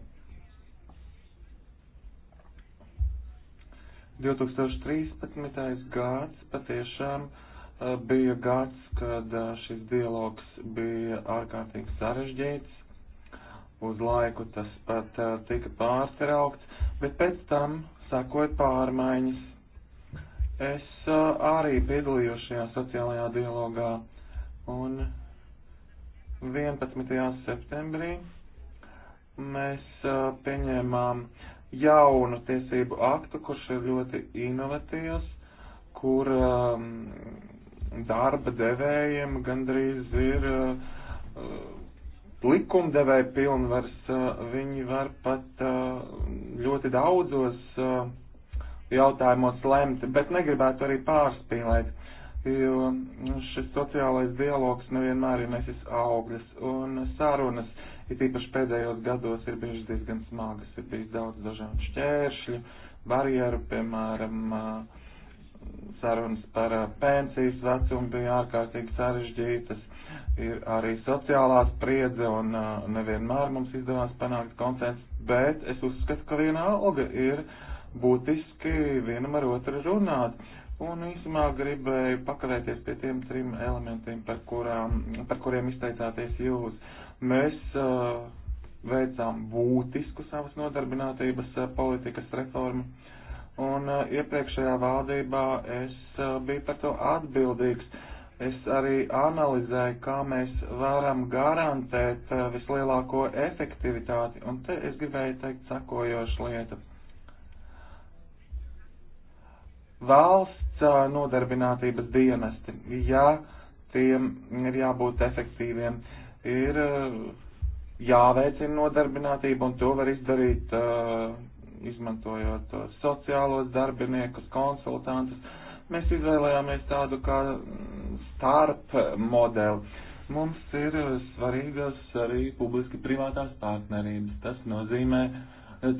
2013. gads patiešām uh, Eh, bija gads, kad eh, šis dialogs bija ārkārtīgi sarežģīts. Uz laiku tas pat eh, tika pārstraukts, bet pēc tam sakoja pārmaiņas. Es arī piedalījos šajā sociālajā dialogā un 11. septembrī mēs pieņēmām jaunu tiesību aktu, kurš ir ļoti inovatīvs, kur um, darba devējiem gandrīz ir uh, likumdevēja pilnvars. Uh, viņi var pat uh, ļoti daudzos jautājumos lemt, bet negribētu arī pārspīlēt, jo šis sociālais dialogs nevienmēr ir nesis augļas un sarunas. It īpaši pēdējos gados ir bijušas diezgan smagas, ir bijis daudz dažādu šķēršļu, barjeru, piemēram, uh, sarunas par uh, pensijas vecumu bija ārkārtīgi sarežģītas, ir arī sociālā spriedze un uh, nevienmēr mums izdevās panākt konsensus, bet es uzskatu, ka viena alga ir būtiski vienam ar otru runāt. Un īsumā gribēju pakavēties pie tiem trim elementiem, par, kurām, par kuriem izteicāties jūs. Mēs uh, veicām būtisku savas nodarbinātības uh, politikas reformu. Uh, un eh, iepriekšējā valdībā es eh, biju par to atbildīgs. Es arī analizēju, kā mēs varam garantēt eh, vislielāko efektivitāti, un te es gribēju teikt sakojošu lietu. Valsts nodarbinātības dienesti, ja tiem ir jābūt efektīviem, ir jāveicina nodarbinātība, un to var izdarīt uh, izmantojot sociālos darbiniekus, konsultantus. Mēs izvēlējāmies tādu kā starp modeli. Mums ir svarīgas arī publiski privātās partnerības. Tas nozīmē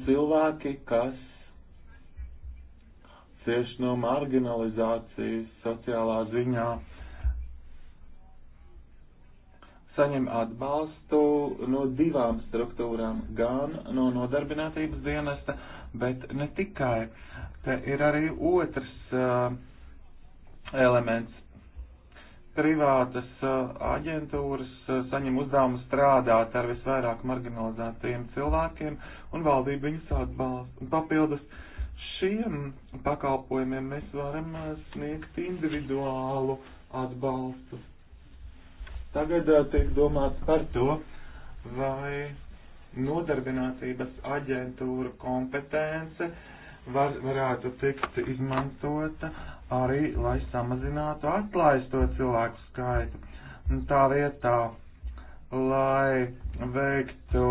cilvēki, kas cieš no marginalizācijas sociālā ziņā saņem atbalstu no divām struktūrām - gan no nodarbinātības dienesta, bet ne tikai. Te ir arī otrs uh, elements. Privātas uh, aģentūras uh, saņem uzdevumu strādāt ar visvairāk marginalizētajiem cilvēkiem un valdību viņus atbalsta. Papildus šiem pakalpojumiem mēs varam uh, sniegt individuālu atbalstu. Tagad uh, tiek domāts par to, vai nodarbinātības aģentūra kompetence var, varētu tikt izmantota arī, lai samazinātu atlaisto cilvēku skaitu. Tā vietā, lai veiktu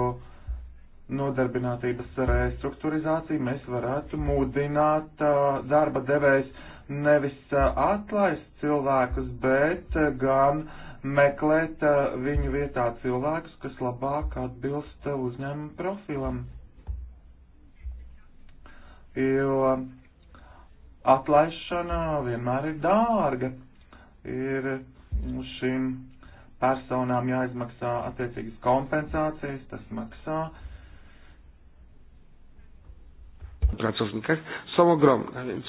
nodarbinātības restruktūrizāciju, mēs varētu mudināt darba devējs nevis atlaist cilvēkus, bet gan uh, meklēt uh, viņu vietā cilvēkus, kas labāk atbilst uh, uzņēmuma profilam. Jo atlaišana vienmēr ir dārga. Ir šīm personām jāizmaksā attiecīgas kompensācijas, tas maksā. Uh, pracownikach są ogromne, więc...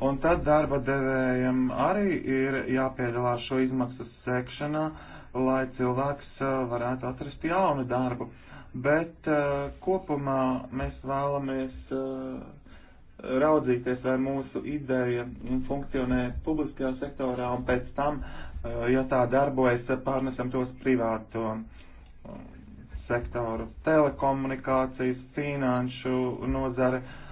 Un tad darba devējiem arī ir jāpiedalās šo izmaksu sekšanā, lai cilvēks eh, varētu atrast jaunu darbu. Bet uh, kopumā mēs vēlamies uh, raudzīties, vai mūsu ideja funkcionē publiskajā sektorā un pēc tam, uh, ja tā darbojas, pārnesam tos privāto sektoru, telekomunikācijas, finanšu nozare. Uh,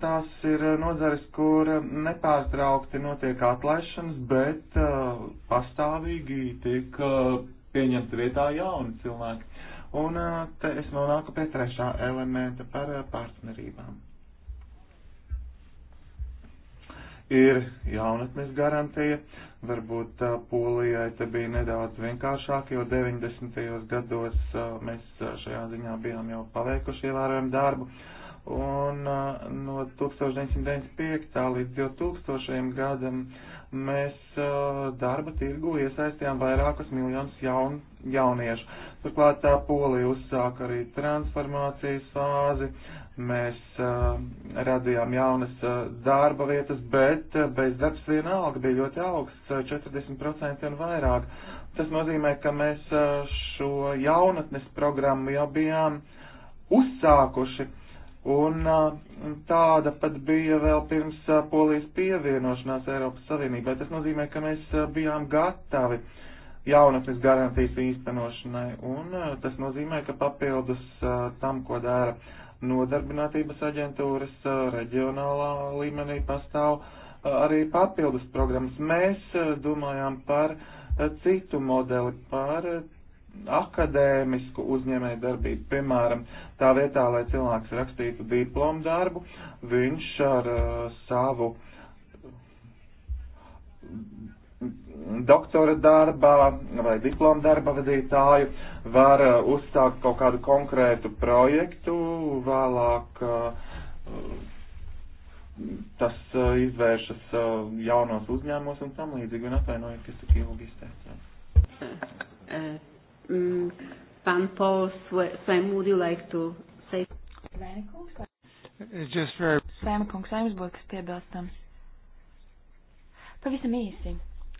Tās ir eh, nodzares, kur eh, nepārtraukti notiek atlaišanas, bet uh, pastāvīgi tiek uh, pieņemti vietā jauni cilvēki. Un uh, te es nonāku pie trešā elementa par uh, partnerībām. Ir jaunatnes garantija, varbūt uh, Polijai te bija nedaudz vienkāršāk, jo 90. gados uh, mēs uh, šajā ziņā bijām jau paveikuši ievērojumu darbu. Uh, un uh, no 1995. līdz 2000. gadam mēs uh, darba tirgu iesaistījām vairākus miljonus jaun, jauniešu. Turklāt tā Polija uzsāka arī transformācijas fāzi, mēs uh, radījām jaunas uh, darba vietas, bet uh, bezdarbs vienalga bija ļoti augsts, 40% uh, un vairāk. Tas nozīmē, ka mēs šo jaunatnes programmu jau bijām uzsākuši Uh, un tāda pat bija vēl pirms uh, Polijas pievienošanās Eiropas Savienībai. Tas nozīmē, ka mēs uh, bijām gatavi jaunatnes garantijas īstenošanai. Un tas nozīmē, ka papildus tam, ko dara nodarbinātības aģentūras reģionālā līmenī, pastāv arī papildus programmas. Mēs domājām par citu modeli, par akadēmisku uzņēmēju darbību. Piemēram, tā vietā, lai cilvēks rakstītu diplomu darbu, viņš ar uh, savu doktora darbā vai diplomu darba vadītāju var uh, uzsākt kaut kādu konkrētu projektu, vēlāk uh, tas uh, izvēršas uh, jaunos uzņēmumos un tam līdzīgi, un atvainojiet, kas tik ilgi izteicās. Uh, hm. uh. Hm. Mm, pan Pauls, Sam, would you like to say? Just very... Sēma kungs, vai jums būtu kas piebilstams? Pavisam īsi.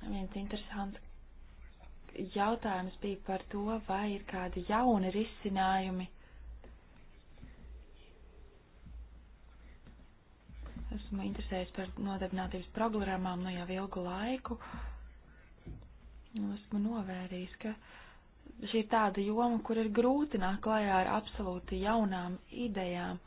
Viens interesants jautājums bija par to, vai ir kādi jauni risinājumi. Esmu interesējies par nodarbinātības programmām nu jau ilgu laiku. Esmu novērījis, ka uh, šī ir tāda joma, kur ir grūti nākt klajā ar absolūti jaunām idejām.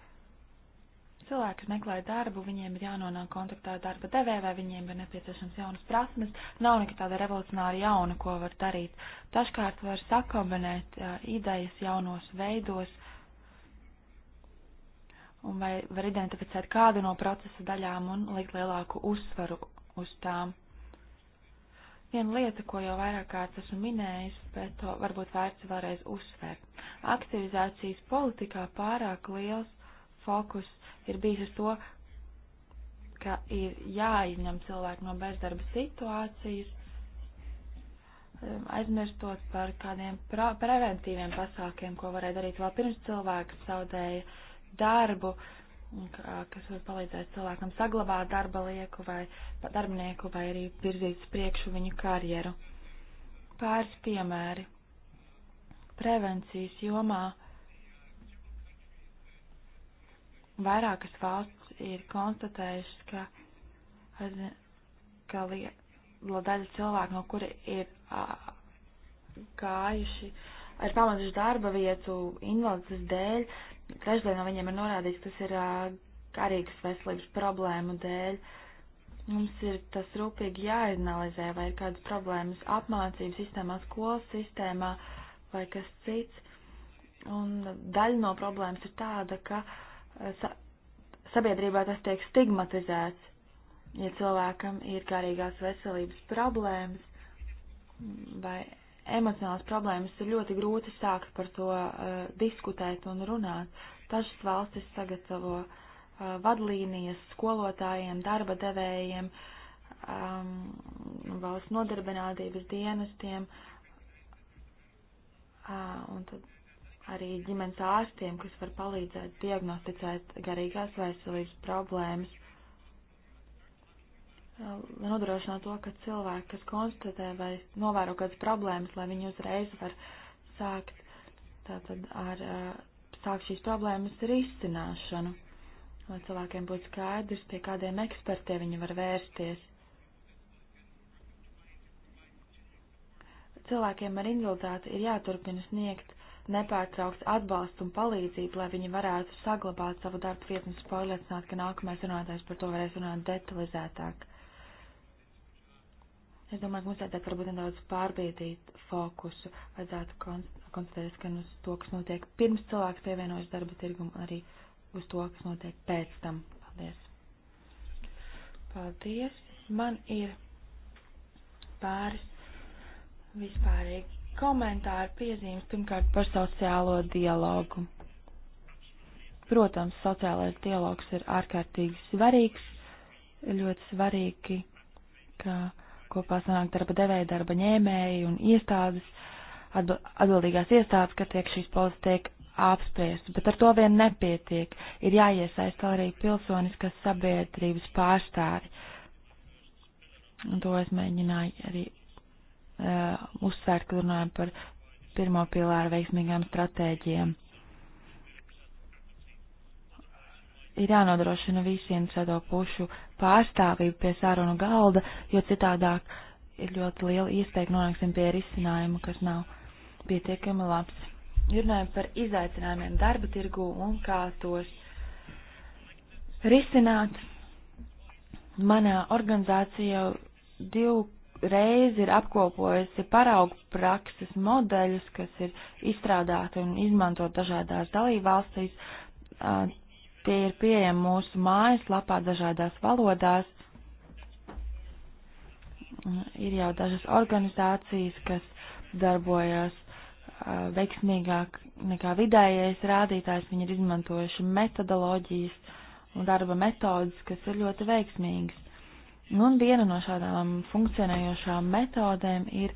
Cilvēki meklē darbu, viņiem ir jānonāk kontaktā ar darba devēju, vai viņiem ir nepieciešams jaunas prasmes. Nav nekā tāda revolucionāra jauna, ko var darīt. Dažkārt var sakombinēt jā, idejas jaunos veidos, un vai var identificēt kādu no procesa daļām un likt lielāku uzsvaru uz tām. Viena lieta, ko jau vairāk kāds esmu minējis, bet to varbūt vērts vēlreiz uzsvērt. Aktivizācijas politikā pārāk liels fokus ir bijis uz to, ka ir jāizņem cilvēki no bezdarba situācijas, um, aizmirstot par kādiem preventīviem pasākiem, ko varēja darīt vēl pirms cilvēks zaudēja darbu, uh, kā, kas var palīdzēt cilvēkam saglabāt darba lieku vai darbinieku vai arī virzīt uz priekšu viņu karjeru. Pāris piemēri. Prevencijas jomā vairākas valsts ir konstatējušas, ka, ka liela daļa cilvēku, no kuri ir a, gājuši, ir pametuši darba vietu invalidas dēļ, trešdien no viņiem ir norādīts, tas ir garīgas veselības problēmu dēļ. Mums ir tas rūpīgi jāanalizē, vai ir kādas problēmas apmācības sistēmā, skolas sistēmā vai kas cits. Un daļa no problēmas ir tāda, ka sa sabiedrībā tas tiek stigmatizēts. Ja cilvēkam ir garīgās veselības problēmas vai emocionāls problēmas ir ļoti grūti sākt par to uh, diskutēt un runāt. Dažas valstis sagatavo uh, vadlīnijas skolotājiem, darba devējiem, um, valsts nodarbinātības dienestiem uh, un tad arī ģimenes ārstiem, kas var palīdzēt diagnosticēt garīgās veselības problēmas lai nodrošinātu to, ka cilvēki, kas konstatē vai novēro kādas problēmas, lai viņi uzreiz var sākt tātad ar sākt šīs problēmas risināšanu, lai cilvēkiem būtu skaidrs, pie kādiem ekspertiem viņi var vērsties. Cilvēkiem ar invaliditāti ir jāturpina sniegt nepārtraukts atbalsts un palīdzību, lai viņi varētu saglabāt savu darbu vietu un pārliecināt, ka nākamais runātājs par to varēs runāt detalizētāk. Es domāju, ka mums vajadzētu varbūt nedaudz pārbīdīt fokusu, vajadzētu koncentrēties gan uz to, kas notiek pirms cilvēks pievienojas darba tirgumu, arī uz to, kas notiek pēc tam. Paldies! Paldies! Man ir pāris vispārīgi komentāri piezīmes pirmkārt par sociālo dialogu. Protams, sociālais dialogs ir ārkārtīgi svarīgs, ļoti svarīgi, ka kopā sanāk darba devēja, darba ņēmēji un iestādes, atbildīgās iestādes, ka tiek šīs polises tiek apspriestas, bet ar to vien nepietiek. Ir jāiesaist arī pilsoniskas sabiedrības pārstāvi. Un to es mēģināju arī uh, uzsvērt, kad runājam par pirmo pilāru veiksmīgām stratēģijām. ir jānodrošina visiem sado pušu pārstāvību pie sarunu galda, jo citādāk ir ļoti liela iespēja nonāksim pie risinājuma, kas nav pietiekami labs. Runājam par izaicinājumiem darba tirgu un kā tos risināt. Manā organizācijā divu reizi ir apkopojusi paraugu prakses modeļus, kas ir izstrādāti un izmantot dažādās dalībvalstīs Tie ir pieejami mūsu mājaslapā dažādās valodās. Ir jau dažas organizācijas, kas darbojas veiksmīgāk nekā vidējais rādītājs. Viņi ir izmantojuši metodoloģijas un darba metodas, kas ir ļoti veiksmīgas. Nu, un viena no šādām funkcionējošām metodēm ir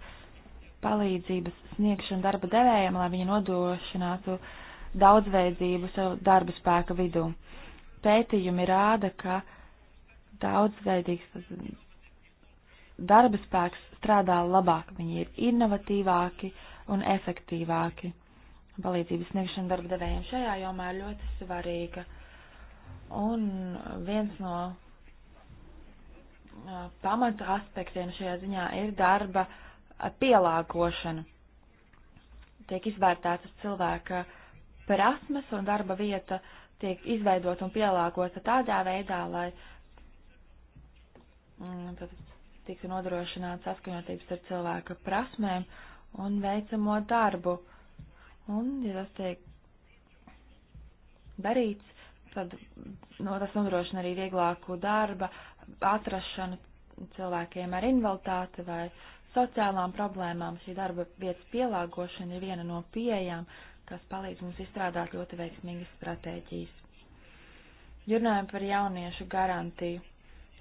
palīdzības sniegšana darba devējiem, lai viņi nodrošinātu uh, daudzveidzību savu darba spēka vidū. Pētījumi rāda, ka daudzveidīgs darba spēks strādā labāk, viņi ir innovatīvāki un efektīvāki. Palīdzības sniegšana darba devējiem šajā jomā ir ļoti svarīga. Un viens no pamatu aspektiem šajā ziņā ir darba pielāgošana. Tiek izvērtētas cilvēka uh, prasmes un darba vieta tiek izveidot un pielāgota tādā veidā, lai mm, tad tiktu nodrošināts saskaņotības ar cilvēka prasmēm un veicamo darbu. Un, ja tas tiek darīts, tad no, nu, tas nodrošina arī vieglāku darba atrašanu cilvēkiem ar invaliditāti vai sociālām problēmām. Šī darba vietas pielāgošana ir viena no pieejām, uh, kas palīdz mums izstrādāt ļoti veiksmīgas stratēģijas. Runājam par jauniešu garantiju,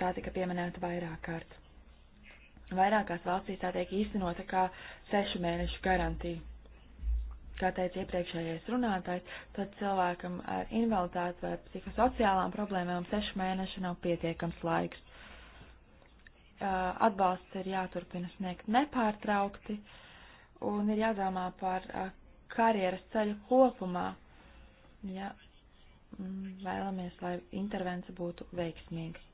tā tika pieminēta vairāk kārt. Vairākās valstīs tā tiek īstenota kā sešu mēnešu garantija. Kā teica iepriekšējais runātājs, tad cilvēkam ar invaliditāti vai psihosociālām problēmām sešu mēnešu nav pietiekams laiks. Atbalsts ir jāturpina sniegt nepārtraukti, un ir jādomā par karjeras ceļu kopumā, ja mm, vēlamies, lai intervence būtu veiksmīga.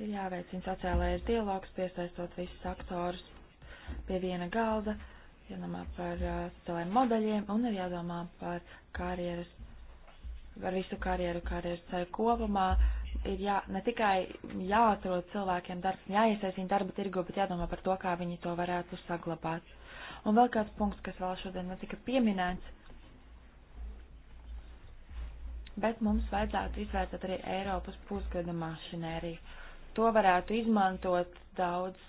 Ir jāveicina sociālais dialogs, piesaistot visus aktorus pie viena galda, jādomā par uh, saviem modeļiem un ir jādomā par karjeras, par visu karjeru, karjeras ceļu kopumā. Ir jā, ne tikai jāatrod cilvēkiem darbs, jāiesaist viņu darba tirgu, bet jādomā par to, kā viņi to varētu saglabāt Un vēl kāds punkts, kas vēl šodien netika pieminēts, bet mums vajadzētu izvērtēt arī Eiropas pusgada mašinēriju. To varētu izmantot daudz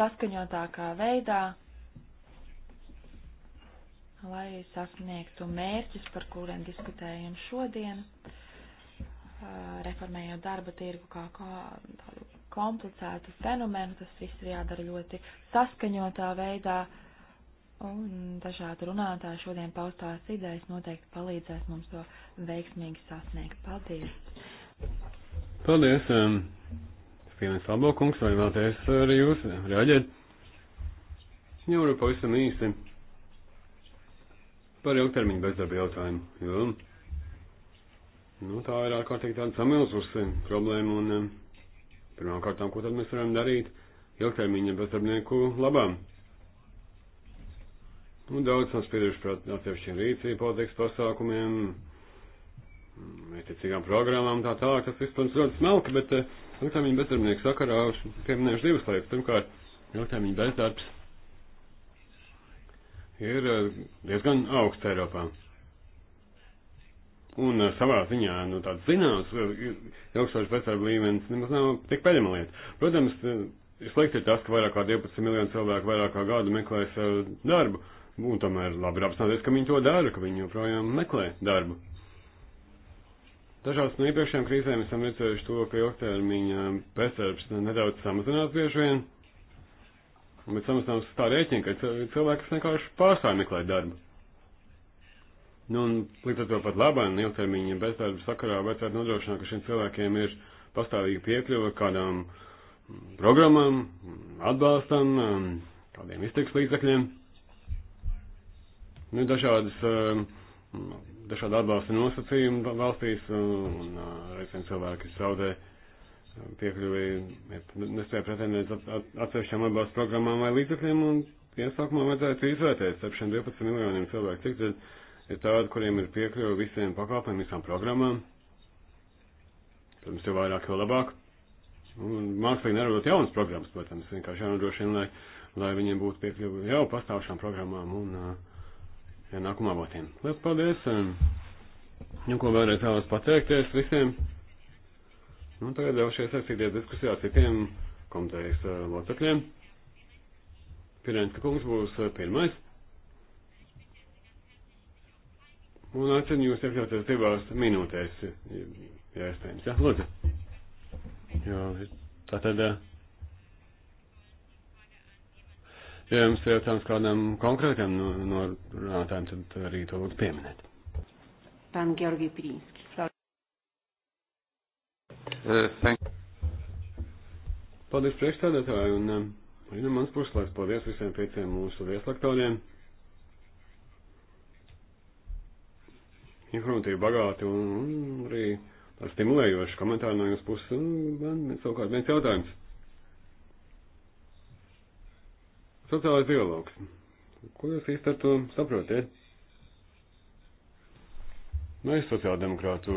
saskaņotākā veidā, lai sasniegtu mērķus, par kuriem diskutējam šodien. Uh, reformējot darba tirgu kā, kā tādu komplicētu fenomenu, tas viss ir jādara ļoti saskaņotā veidā, un dažādi runātāji šodien paustās idejas noteikti palīdzēs mums to veiksmīgi sasniegt. Paldies! Paldies! Um, Spīlēns Labokungs, vai vēlaties uh, arī jūs reaģēt? Jau ir pavisam īsi par ilgtermiņu bezdarba jautājumu. Jū. Nu, tā ir ārkārtīgi tāda samilzusi problēma, un pirmām kārtām, ko tad mēs varam darīt ilgtermiņa bezdarbnieku labām? Nu, daudz esam spīduši par atsevišķiem rīcību politikas pasākumiem, mērķiecīgām programmām, tā tālāk, tas viss, protams, ļoti smelki, bet eh, ilgtermiņa bezdarbnieku sakarā pieminējuši divas lietas. Pirmkārt, ilgtermiņa bezdarbs ir eh, diezgan augsts Eiropā. Un eh, savā ziņā, nu, tāds zināms, eh, ilgstošs bezdarba līmenis nemaz nav tik pēļama lieta. Protams, eh, slikti ir tas, ka vairāk kā 12 miljonu cilvēku vairāk kā gadu meklēs darbu, un tomēr labi ir apzināties, ka viņi to dara, ka viņi joprojām meklē darbu. Dažās no iepriekšējām krīzēm esam redzējuši to, ka ilgtermiņa bezdarbs nedaudz samazinās bieži vien, bet samazinās tā rēķina, ka cilvēks vienkārši pārstāj meklēt darbu. Nu, un līdz ar to pat labāk, ilgtermiņa bezdarba sakarā vajadzētu nodrošināt, ka šiem cilvēkiem ir pastāvīga piekļuva kādām programmām, atbalstam, um, kādiem iztiks līdzekļiem. Nu, dažādas, um, dažādi atbalsta nosacījumi valstīs, uh, un uh, reizēm cilvēki zaudē uh, piekļuvi, nespēja pretendēt atsevišķām atbalsta programmām vai līdzekļiem, un iesākumā vajadzētu izvērtēt starp šiem 12 miljoniem cilvēku, cik tad ir tādi, kuriem ir piekļuva visiem pakalpojumiem, visām programmām. Protams, jo vairāk, jo labāk. Un mākslīgi nerodot jaunas programmas, protams, vienkārši jānodrošina, lai, lai viņiem būtu piekļuva jau pastāvšām programmām un uh, ja nākamā votiem. Lielas paldies! Um, nu, ko vēlreiz vēlos pateikties visiem. Nu, tagad ļaušies aizsīties diskusijā ar citiem komitejas uh, locekļiem. Pirēnska kungs būs uh, pirmais. Un aicinu jūs iekļauties divās minūtēs, ja iespējams. Jā, lūdzu. Jo, tā tad, ja jums ir jautājums kādam konkrētam no, no runātājiem, tad arī to lūdzu pieminēt. Pan Georgi Prinski. Uh, paldies priekšstādātāju un, ja um, nu mans puslaiks, paldies visiem pieciem mūsu vieslektoriem. informatīvi, bagāti un, un arī ar stimulējošu komentāru no jūsu puses. Un man savukārt viens jautājums. Sociālais dialogs. Ko jūs īsti ar to saprotiet? Mēs sociāldemokrātu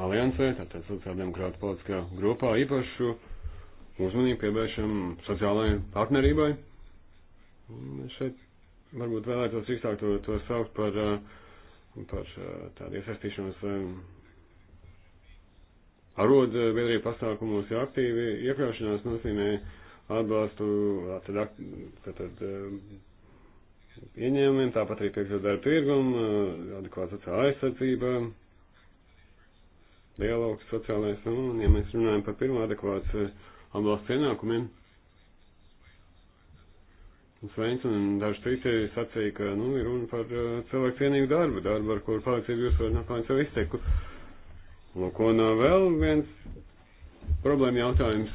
aliansē, tātad sociāldemokrātu politiskajā grupā īpašu uzmanību pievēršam sociālajai partnerībai. Mēs šeit varbūt vēlētos īstāk to, to saukt par uh, par eh, tādu iesaistīšanos eh, arotbiedrību eh, pasākumos, ja aktīvi iekļaušanās nozīmē atbalstu tad, tad, ieņēmumiem, tāpat arī piekļūt darba tirgumu, adekvāta sociāla aizsardzība, dialogs sociālais, nu, un, ja mēs runājam par pirmo adekvāts atbalstu ienākumiem, Sveins un daži trīsēji sacīja, ka, nu, ir runa par uh, cilvēku cienīgu darbu, darbu, ar kuru palīdzību jūs varat nopelnīt savu izteiku. Lūk, un uh, vēl viens problēma jautājums.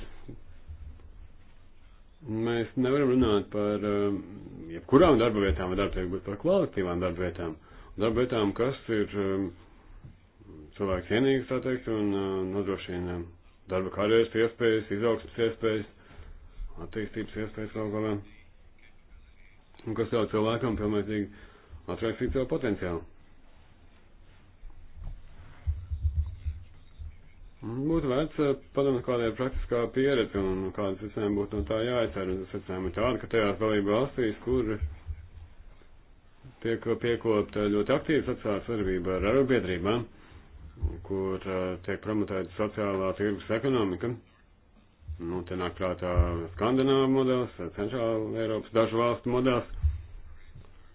Mēs nevaram runāt par uh, jebkurām darba vietām, darba tiek, bet par kvalitatīvām darba vietām. Darba vietām, kas ir um, cilvēku cienīgas, tā teikt, un uh, nodrošina darba karjeras iespējas, izaugsmas iespējas, attīstības iespējas vēl galā un kas ļauj cilvēkam pilnvērtīgi atraisīt savu potenciālu. Būtu vērts eh, padomāt, kāda ir praktiskā pieredze un kādas secinājumi būtu no tā jāizcer. Secinājumi tādi, ka tajās dalību valstīs, kur tiek piekopta ļoti aktīva sociālā sadarbība ar arotbiedrībām, kur uh, tiek promotēta sociālā tirgus ekonomika, nu, te nāk prātā Skandināva modelis, Centrāla Eiropas dažu valstu modelis,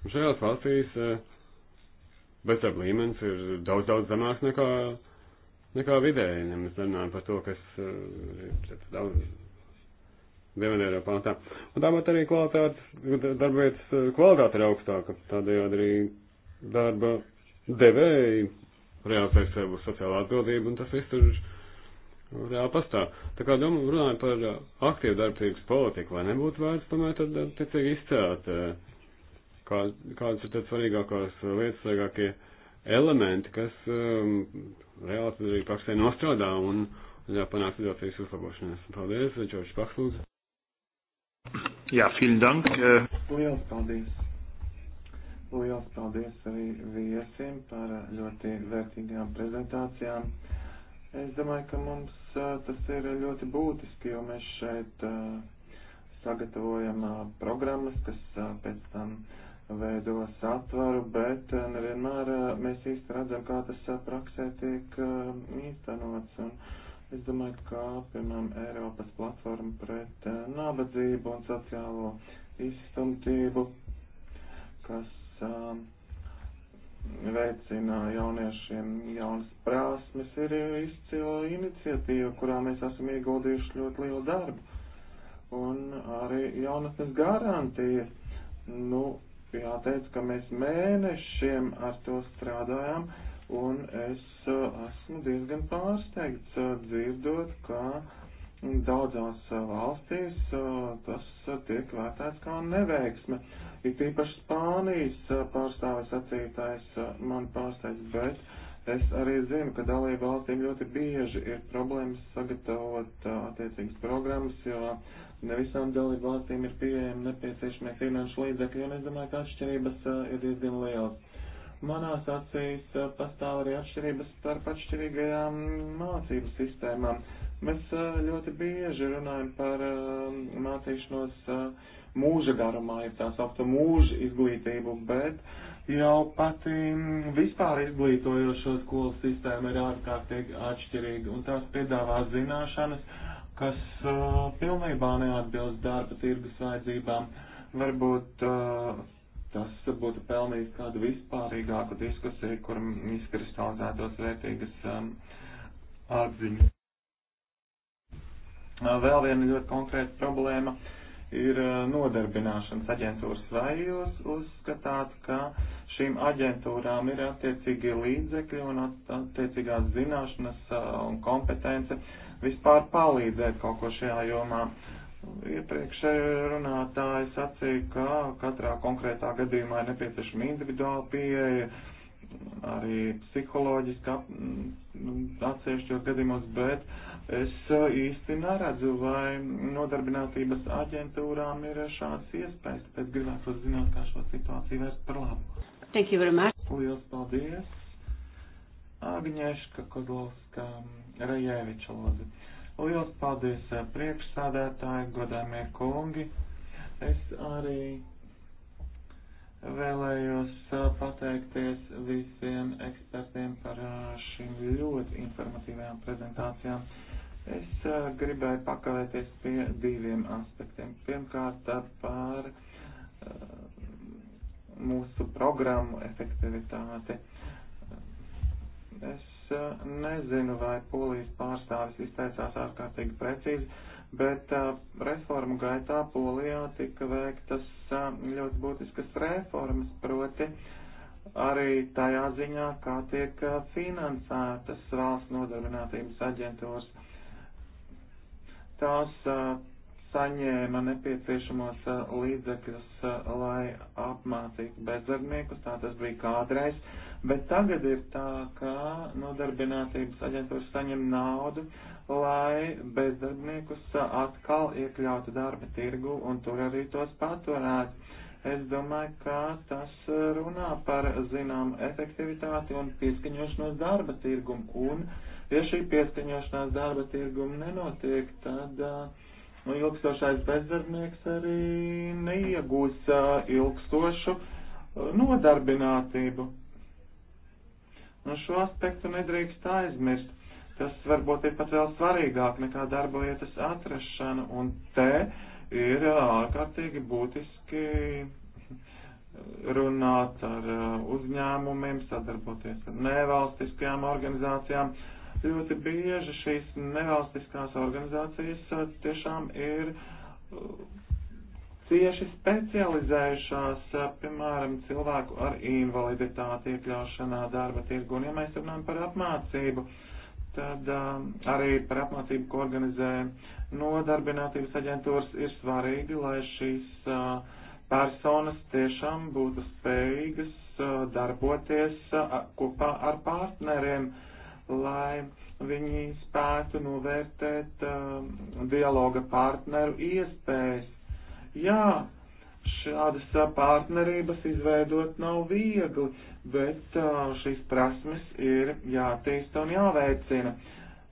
Un šajās valstīs eh, bezdarba līmenis ir daudz, daudz zemāks nekā, nekā vidēji, ja mēs runājam par to, kas eh, ir daudz Dienvidēropā un tā. Un tāpat arī kvalitātes, darba vietas eh, kvalitāte ir augstāka, tādējādi arī darba devēji realizē savu sociālo atbildību, un tas viss tur reāli pastāv. Tā kā domāju, runājot par aktīvu darbības politiku, vai nebūtu vērts, tomēr, tad, tiecīgi izcelt uh, kā, kādas ir tad svarīgākās eh, lietas, svarīgākie elementi, kas um, reāli arī praksē nostrādā un jāpanāk situācijas uzlabošanās. Paldies, Čorģis Pakslūdz. Jā, vielen dank. Eh. Lielas paldies. Lielas paldies arī viesim par eh, ļoti vērtīgām prezentācijām. Es domāju, ka mums tas ir ļoti būtiski, jo mēs šeit sagatavojam programmas, kas pēc tam uh, veido satvaru, bet eh, nevienmēr eh, mēs īsti redzam, kā tas eh, praksē tiek īstenots. Un es domāju, ka, piemēram, Eiropas platforma pret nabadzību un sociālo izstumtību, kas veicina jauniešiem jaunas prasmes, ir izcila iniciatīva, kurā mēs esam ieguldījuši ļoti lielu darbu. Un arī jaunatnes garantija. Nu, jāteic, ka mēs mēnešiem ar to strādājām, un es uh, esmu diezgan pārsteigts uh, dzirdot, ka daudzās uh, valstīs tas tiek vērtēts kā neveiksme. It īpaši Spānijas pārstāvis atcītājs man pārsteidz, bet es arī zinu, ka dalību valstīm ļoti bieži ir problēmas sagatavot attiecīgas programmas, jo Ne visām dalību valstīm ir pieejami nepieciešamie finanšu līdzekļi, un es domāju, ka atšķirības ir diezgan lielas. Manās acīs pastāv arī atšķirības starp atšķirīgajām mācību sistēmām. Mēs ļoti bieži runājam par mācīšanos mūža garumā, ja tā saukta mūža izglītību, bet jau pati vispār izglītojošo skolu sistēma ir ārkārtīgi atšķirīga, un tās piedāvā zināšanas kas uh, pilnībā neatbilst darba tirgus vajadzībām. Varbūt uh, tas būtu pelnījis kādu vispārīgāku diskusiju, kur izkristalizētos vērtīgas um, atziņas. Uh, vēl viena ļoti konkrēta problēma ir uh, nodarbināšanas aģentūras. Vai jūs uzskatāt, ka šīm aģentūrām ir attiecīgi līdzekļi un attiecīgās zināšanas uh, un kompetence? Uh, vispār palīdzēt kaut ko šajā jomā. Iepriekšējā runātāja sacīja, ka katrā konkrētā gadījumā ir nepieciešama individuāla pieeja, arī psiholoģiska nu, atsevišķos gadījumos, bet es īsti neredzu, vai nodarbinātības aģentūrām ir šādas iespējas, tāpēc gribētu zināt, kā šo situāciju vērst par labu. Thank you very much. Lielas paldies. Agnieszka Kozlovska, Rajeviča Lozi. Liels paldies eh, priekšsādātāji, godāmie kungi. Es arī vēlējos eh, pateikties visiem ekspertiem par eh, šīm ļoti informatīvajām prezentācijām. Es gribēju pakavēties pie diviem aspektiem. Pirmkārt, par mūsu programmu efektivitāti Es eh, nezinu, vai polijas pārstāvis izteicās ārkārtīgi precīzi, bet eh, reformu gaitā polijā tika veiktas eh, ļoti būtiskas reformas, proti arī tajā ziņā, kā tiek finansētas valsts nodarbinātības aģentūras. Tās saņēma nepieciešamos līdzekļus, lai apmācītu bezdarbniekus, tā tas bija kādreiz Bet tagad ir tā, ka nodarbinātības aģentūra saņem naudu, lai bezdarbniekus atkal iekļautu darba tirgu un tur arī tos paturētu. Es domāju, ka tas runā par zinām efektivitāti un pieskaņošanos darba tirgumu. Un, ja šī pieskaņošanās darba tirgumu nenotiek, tad uh, Nu, ilgstošais bezdarbnieks arī neiegūs uh, ilgstošu uh, nodarbinātību. Nu, šo aspektu nedrīkst aizmirst. Tas varbūt ir pat vēl svarīgāk nekā darba vietas atrašana, un te ir ārkārtīgi būtiski runāt ar uzņēmumiem, sadarboties ar nevalstiskajām organizācijām. Ļoti bieži šīs nevalstiskās organizācijas tiešām ir cieši specializējušās, piemēram, cilvēku ar invaliditāti iekļaušanā darba tirgu. Un, ja mēs runājam par apmācību, tad uh, arī par apmācību, ko organizē nodarbinātības aģentūras, ir svarīgi, lai šīs uh, personas tiešām būtu spējīgas uh, darboties uh, kopā ar partneriem, lai viņi spētu novērtēt uh, dialoga partneru iespējas Jā, šādas partnerības izveidot nav viegli, bet šīs prasmes ir jātīsta un jāveicina.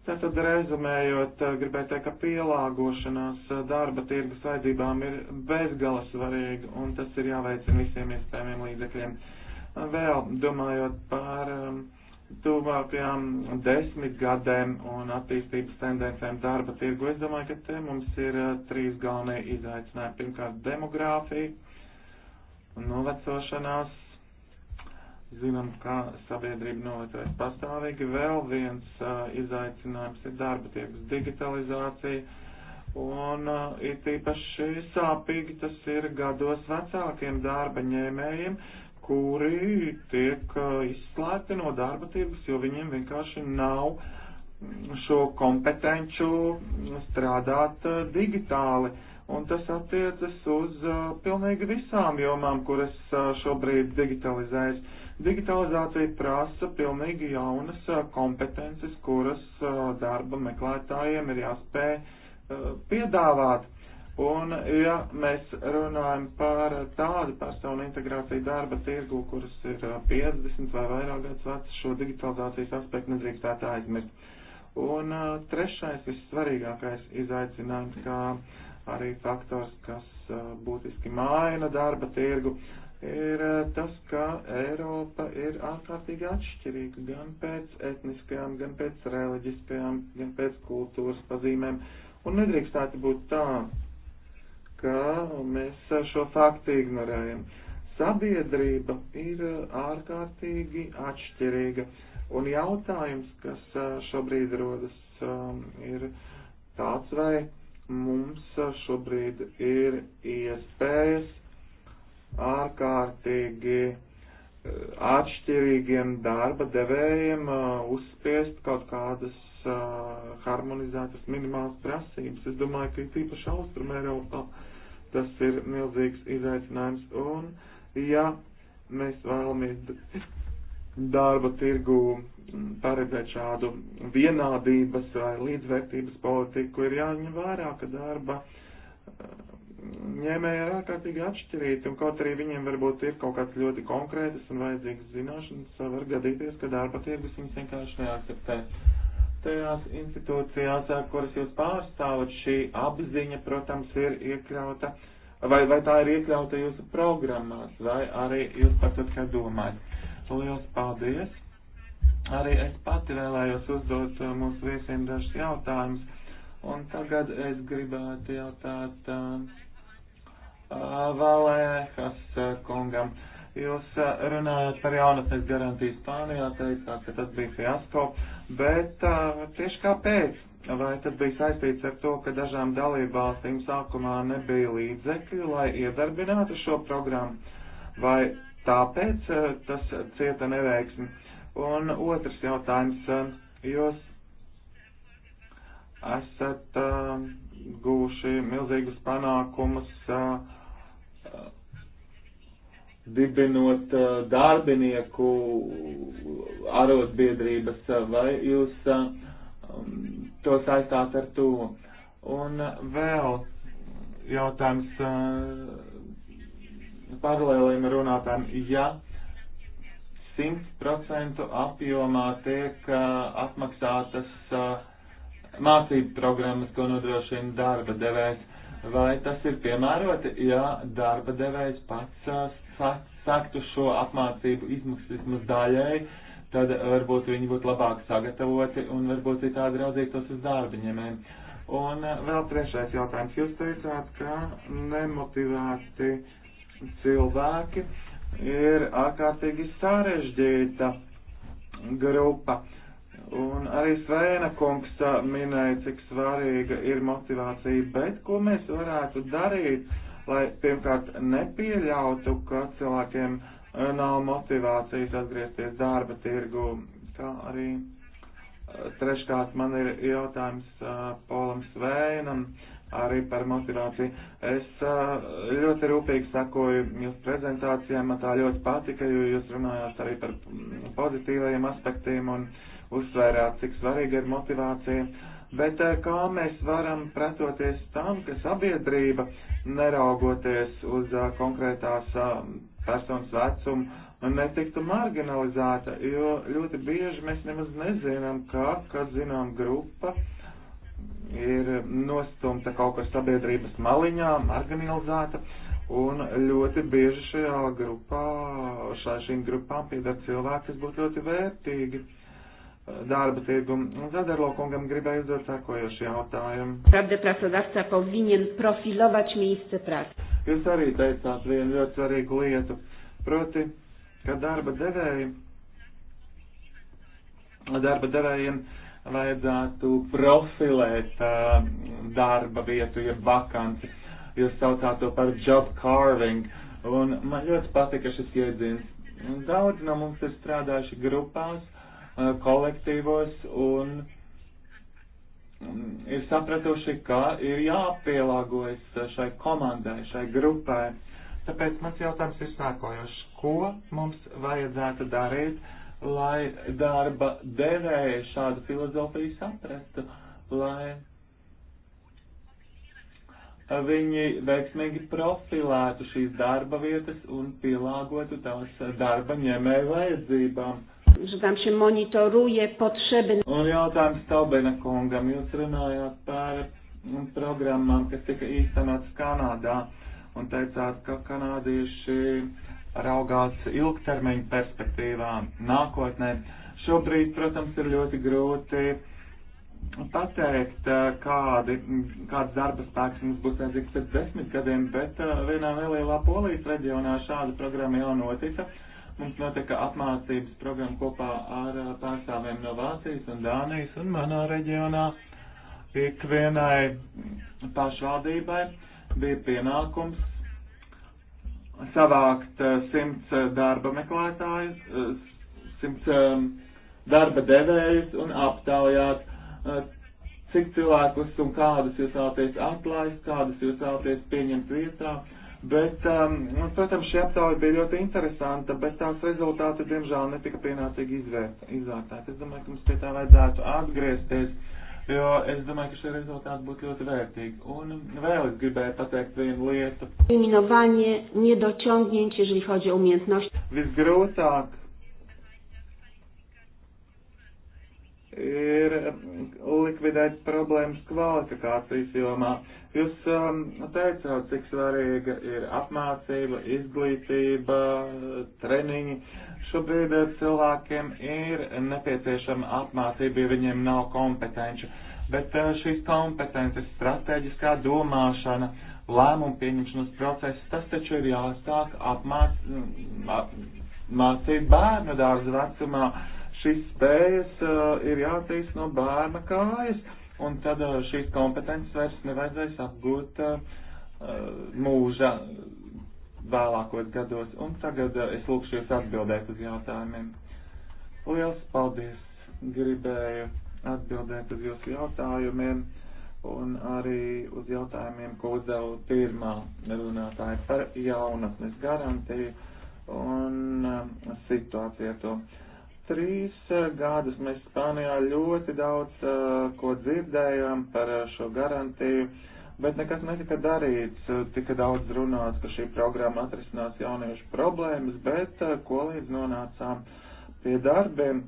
Tātad rezumējot, gribētu teikt, ka pielāgošanās darba tirgus vajadzībām ir bezgala svarīga un tas ir jāveicina visiem iespējamiem līdzekļiem. Vēl domājot par um, tuvākajām desmit gadēm un attīstības tendencēm darba tirgu. Es domāju, ka te mums ir trīs galvenie izaicinājumi. Pirmkārt, demogrāfija, novecošanās. Zinām, ka sabiedrība novecojas pastāvīgi. Vēl viens uh, izaicinājums ir darba tirgus digitalizācija. Un uh, it īpaši sāpīgi tas ir gados vecākiem darba ņēmējiem, uh, kuri tiek eh, izslēgti no darba tirgus, jo viņiem vienkārši nav mm, šo kompetenču strādāt eh, digitāli. Un tas attiecas uz eh, pilnīgi visām jomām, kuras šobrīd digitalizējas. Digitalizācija prasa pilnīgi jaunas kompetences, kuras darba meklētājiem ir jāspēj piedāvāt Un, ja mēs runājam par tādu personu integrāciju darba tirgu, kuras ir 50 uh, vai vairāk gadus vecas, šo digitalizācijas aspektu nedrīkstētu aizmirst. Un uh, trešais, vissvarīgākais izaicinājums, kā arī faktors, kas uh, būtiski maina darba tirgu, ir tas, ka Eiropa ir ārkārtīgi atšķirīga gan pēc etniskajām, gan pēc reliģiskajām, gan pēc kultūras pazīmēm. Un nedrīkstētu būt tā, ka mēs šo faktu ignorējam. Sabiedrība ir uh, ārkārtīgi atšķirīga, un jautājums, kas uh, šobrīd rodas, um, ir tāds, vai mums uh, šobrīd ir iespējas ārkārtīgi atšķirīgiem darba devējiem uzspiest kaut kādas harmonizētas minimālas prasības. Es domāju, ka īpaši Austrum Eiropā Tas ir milzīgs izaicinājums un, ja mēs vēlamies darba tirgu paredzēt šādu vienādības vai līdzvērtības politiku, ir jāņem vērā, ka darba ņēmēji ir ārkārtīgi atšķirīti, un kaut arī viņiem varbūt ir kaut kāds ļoti konkrētas un vajadzīgas zināšanas, var gadīties, ka darba tirgus viņus vienkārši neakceptē tajās institūcijās, kuras jūs pārstāvat, šī apziņa, protams, ir iekļauta, vai, vai tā ir iekļauta jūsu programmās, vai arī jūs par to kā domājat. Lielas paldies! Arī es pati vēlējos uzdot uh, mūsu viesiem dažus jautājumus, un tagad es gribētu jautāt uh, uh Valēkas uh, kungam. Uh, Jūs eh, runājat par jaunatnes garantiju Spānijā, teicāt, ka tas bija fiasko, bet eh, tieši kāpēc? Vai tas bija saistīts ar to, ka dažām dalībvalstīm sākumā nebija līdzekļi, lai iedarbinātu šo programmu, vai tāpēc eh, tas cieta neveiksmi? Un otrs jautājums, jūs esat uh, gūši milzīgus panākumus uh, dibinot uh, darbinieku uh, arotbiedrības, uh, vai jūs um, to saistāt ar to? Un vēl jautājums paralēliem runātājiem. Ja 100% apjomā tiek apmaksātas mācību programmas, ko nodrošina darba devējs, vai tas ir piemēroti, ja darba devējs pats sektu šo apmācību izmaksas vismaz daļēji, tad eh, varbūt viņi būtu labāk sagatavoti un varbūt citādi raudzītos uz darba ņemēm. Un eh, vēl trešais jautājums. Jūs teicāt, ka nemotivēti cilvēki ir ārkārtīgi sarežģīta grupa. Un arī Svēna kungs eh, minēja, cik svarīga ir motivācija, bet ko mēs varētu darīt, lai pirmkārt nepieļautu, ka cilvēkiem e, nav motivācijas atgriezties darba tirgu, kā arī e, treškārt man ir jautājums uh, Polam Sveinam arī par motivāciju. Es uh, ļoti rūpīgi sakoju jūsu prezentācijām, man tā ļoti patika, jo jūs runājāt arī par pozitīvajiem aspektiem un uzsvērāt, cik svarīga ir motivācija. Bet eh, kā mēs varam pretoties tam, ka sabiedrība, neraugoties uz eh, konkrētās eh, personas vecumu, netiktu marginalizēta, jo ļoti bieži mēs nemaz nezinām, kā, kad zinām, grupa ir nostumta kaut kur sabiedrības maliņā, marginalizēta, un ļoti bieži šajā grupā, šai šīm grupām piedar cilvēki, kas būtu ļoti vērtīgi darba tirgumu. Un Zadarlo kungam gribēju uzdot sakojuši jautājumu. Pravda pracodavca powinien profilować miejsce pracy. Jūs arī teicāt vienu ļoti svarīgu lietu, proti, ka darba devēji, darba devējiem vajadzētu profilēt uh, darba vietu, ja vakanci. Jūs saucāt to par job carving, un man ļoti patika šis jēdziens. Daudz no mums ir strādājuši grupās, Uh, kolektīvos un ir sapratuši, ka ir jāpielāgojas šai komandai, šai grupai. Tāpēc mans jautājums ir sākojošs. Ko mums vajadzētu darīt, lai darba devēja šādu filozofiju saprastu, lai viņi veiksmīgi profilētu šīs darba vietas un pielāgotu tās darba ņēmēju vajadzībām? že tam še monitoruje potrzeby. Un jautājums Taubena kungam, jūs runājāt par mm, programmām, kas tika īstenots Kanādā un teicāt, ka kanādieši raugās ilgtermiņu perspektīvā nākotnē. Šobrīd, protams, ir ļoti grūti pateikt, kādi, kāds darba spēks mums būs vajadzīgs pēc desmit gadiem, bet eh, vienā nelielā polijas reģionā šāda programma jau notika Mums notika apmācības programma kopā ar uh, pārstāvēm no Vācijas un Dānijas un manā reģionā. Ikvienai pašvaldībai bija pienākums savākt uh, simts uh, darba meklētājus, simts um, darba devējus un aptaujāt, cik cilvēkus un kādus jūs vēlaties atlaist, kādus jūs vēlaties pieņemt vietā Bet, um, nu, protams, šī aptaujā bija ļoti interesanta, bet tās rezultāti, diemžēl, netika pienācīgi izvērtēti. Es domāju, ka mums pie tā vajadzētu atgriezties, jo es domāju, ka šie rezultāti būtu ļoti vērtīgi. Un vēl es gribēju pateikt vienu lietu. Visgrūtāk ir likvidēt problēmas kvalifikācijas jomā. Jūs um, teicāt, cik svarīga ir apmācība, izglītība, treniņi. Šobrīd eh, cilvēkiem ir nepieciešama apmācība, ja viņiem nav kompetenci, bet uh, šīs kompetences, strateģiskā domāšana, lēmumu pieņemšanas process, tas taču ir jāsāk apmācīt ap, mācīt bērnu dārza vecumā. Uh, šīs spējas uh, ir jātīst no bērna kājas, un tad uh, šīs kompetences vairs nevajadzēs apgūt uh, uh, mūža vēlākos gados. Un tagad uh, es lūkšu jūs atbildēt uz jautājumiem. Liels paldies! Gribēju atbildēt uz jūsu jautājumiem un arī uz jautājumiem, ko uzdeva pirmā runātāja par jaunatnes garantiju un uh, situāciju ar to. Uh, trīs eh, gadus mēs Spānijā ļoti daudz uh, ko dzirdējām par uh, šo garantiju, bet nekas netika darīts. Tika daudz runāts, ka šī programma atrisinās jauniešu problēmas, bet uh, ko līdz nonācām pie darbiem,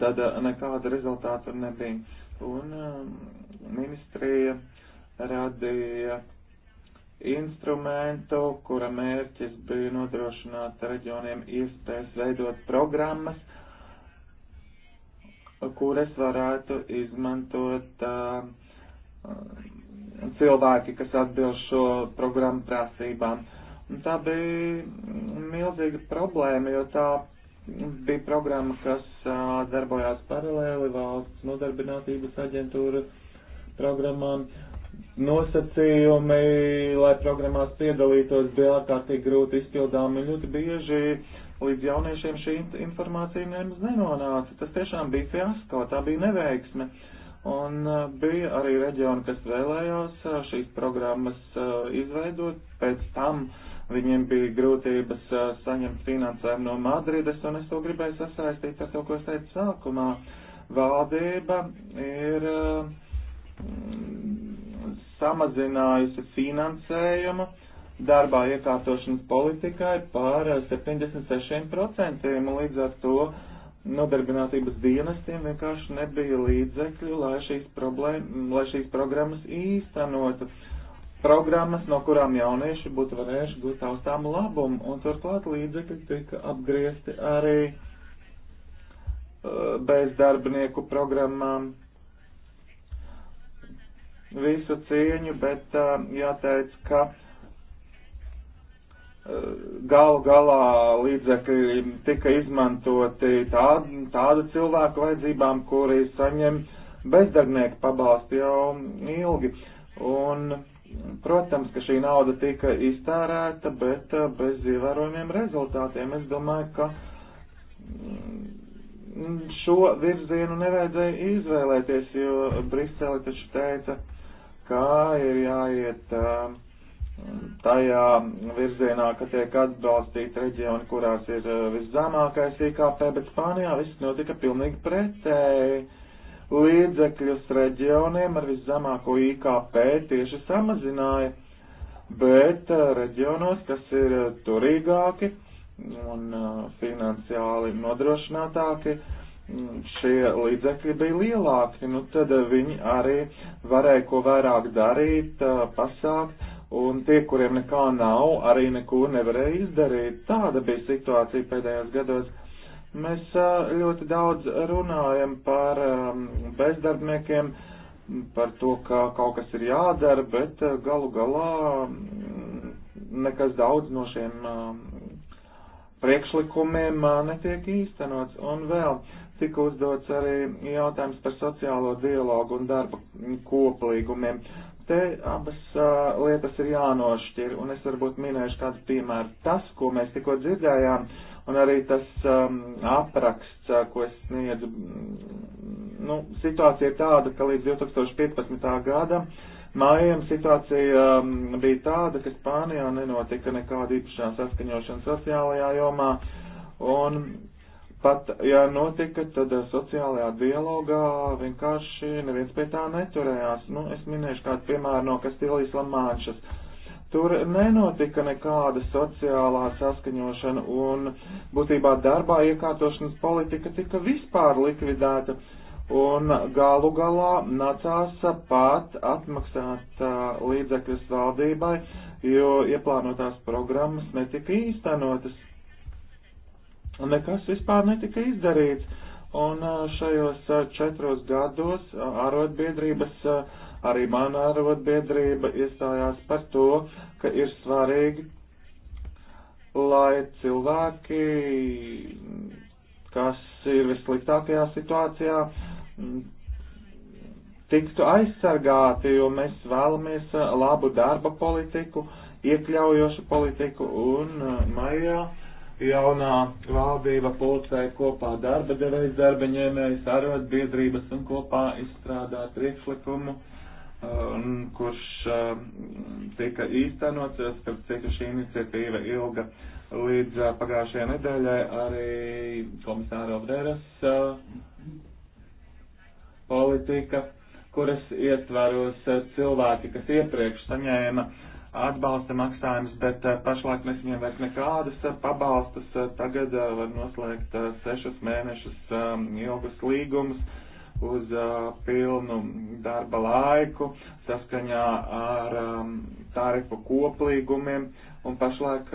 tad uh, nekāda rezultāta nebija. Un uh, ministrija radīja instrumentu, kura mērķis bija nodrošināt reģioniem iespējas veidot programmas, kuras varētu izmantot uh, cilvēki, kas atbilst šo programmu prasībām. Un tā bija milzīga problēma, jo tā bija programma, kas uh, darbojās paralēli valsts nodarbinātības aģentūra programmām. Uh, nosacījumi, lai programmās piedalītos, bija ārkārtīgi grūti izpildāmi. Ļoti bieži līdz jauniešiem šī informācija nemaz nenonāca. Tas tiešām bija fiasko, tā bija neveiksme. Un uh, bija arī reģioni, kas vēlējās uh, šīs programmas uh, izveidot, pēc tam viņiem bija grūtības saņemt finansējumu no Madrides, un es to gribēju sasaistīt ar to, ko es teicu sākumā. Valdība ir samazinājusi finansējumu darbā iekārtošanas politikai par 76%, eh, un līdz ar to nodarbinātības dienestiem vienkārši nebija līdzekļu, lai šīs, problēma, lai šīs programmas īstenotu. Programmas, no kurām jaunieši būtu varējuši gūt taustām labumu, un turklāt līdzekļi tika apgriezti arī eh, bezdarbnieku programmām visu cieņu, bet jāteic, ka galu galā līdzekļi tika izmantoti tādu, tādu cilvēku vajadzībām, kuri saņem bezdarbnieku pabalstu jau ilgi. Un, protams, ka šī nauda tika iztērēta, bet bez ievērojumiem rezultātiem. Es domāju, ka mm, šo virzienu nevajadzēja izvēlēties, jo Brisele taču teica, ka ir jāiet um, tajā virzienā, ka tiek atbalstīti reģioni, kurās ir uh, viszemākais IKP, bet Spānijā viss notika pilnīgi pretēji. Līdzekļus reģioniem ar viszemāko IKP tieši samazināja, bet uh, reģionos, kas ir uh, turīgāki un finansiāli nodrošinātāki, uh, Mm, šie līdzekļi bija lielāki, nu tad eh, viņi arī varēja ko vairāk darīt, eh, pasākt, un tie, kuriem nekā nav, arī neko nevarēja izdarīt. Tāda bija situācija pēdējos gados. Mēs eh, ļoti daudz runājam par ehm, bezdarbniekiem, par to, ka kaut kas ir jādara, bet galu galā mm, nekas daudz no šiem ehm, priekšlikumiem netiek īstenots. Un vēl tika uzdots arī jautājums par sociālo dialogu un darba koplīgumiem. Te abas uh, lietas ir jānošķir, un es varbūt minēšu kādu piemēru. Tas, ko mēs tikko dzirdējām, un arī tas um, apraksts, uh, ko es sniedzu, mm, nu, situācija ir tāda, ka līdz 2015. gada mājiem situācija um, bija tāda, ka Spānijā nenotika nekāda īpašā saskaņošana sociālajā jomā, un Pat, ja notika, tad eh, sociālajā dialogā vienkārši neviens pie tā neturējās. Nu, es minēšu kādu piemēru no Kastīlijas Lamāņšas. Tur nenotika nekāda sociālā saskaņošana un būtībā darbā iekārtošanas politika tika vispār likvidēta un galu galā nācās pat atmaksāt eh, līdzekļus valdībai, jo ieplānotās programmas netika īstenotas nekas vispār netika izdarīts. Un šajos četros gados arotbiedrības, arī mana arotbiedrība iestājās par to, ka ir svarīgi, lai cilvēki, kas ir vissliktākajā situācijā, tiktu aizsargāti, jo mēs vēlamies labu darba politiku, iekļaujošu politiku un maijā. Uh, jaunā valdība pulcē kopā darba devējs, darba ņēmējs, arotbiedrības un kopā izstrādā priekšlikumu, kurš mm, tika īstenots, starp citu šī iniciatīva ilga līdz pagājušajai nedēļai arī komisāra Obderas politika, kuras ietvaros cilvēki, kas iepriekš saņēma uh, atbalsta maksājumus, bet eh, pašlaik mēs viņiem vairs nekādus eh, pabalstus. Eh, tagad var noslēgt sešus mēnešus ehm, ilgus līgumus uz pilnu darba laiku saskaņā ar ehm, tarifu koplīgumiem. Un pašlaik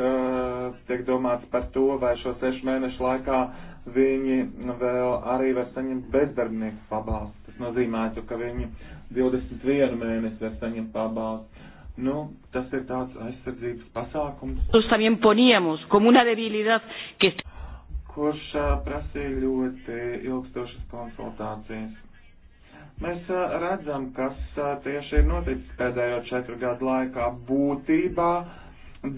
tiek domāts par to, vai šo sešu mēnešu laikā viņi vēl arī var saņemt bezdarbnieku pabalstu. Tas nozīmētu, ka viņi 21 mēnesi var saņemt pabalstu. Nu, tas ir tāds aizsardzības pasākums, kurš prasīja ļoti ilgstošas konsultācijas. Mēs redzam, kas tieši ir noticis pēdējo četru gadu laikā. Būtībā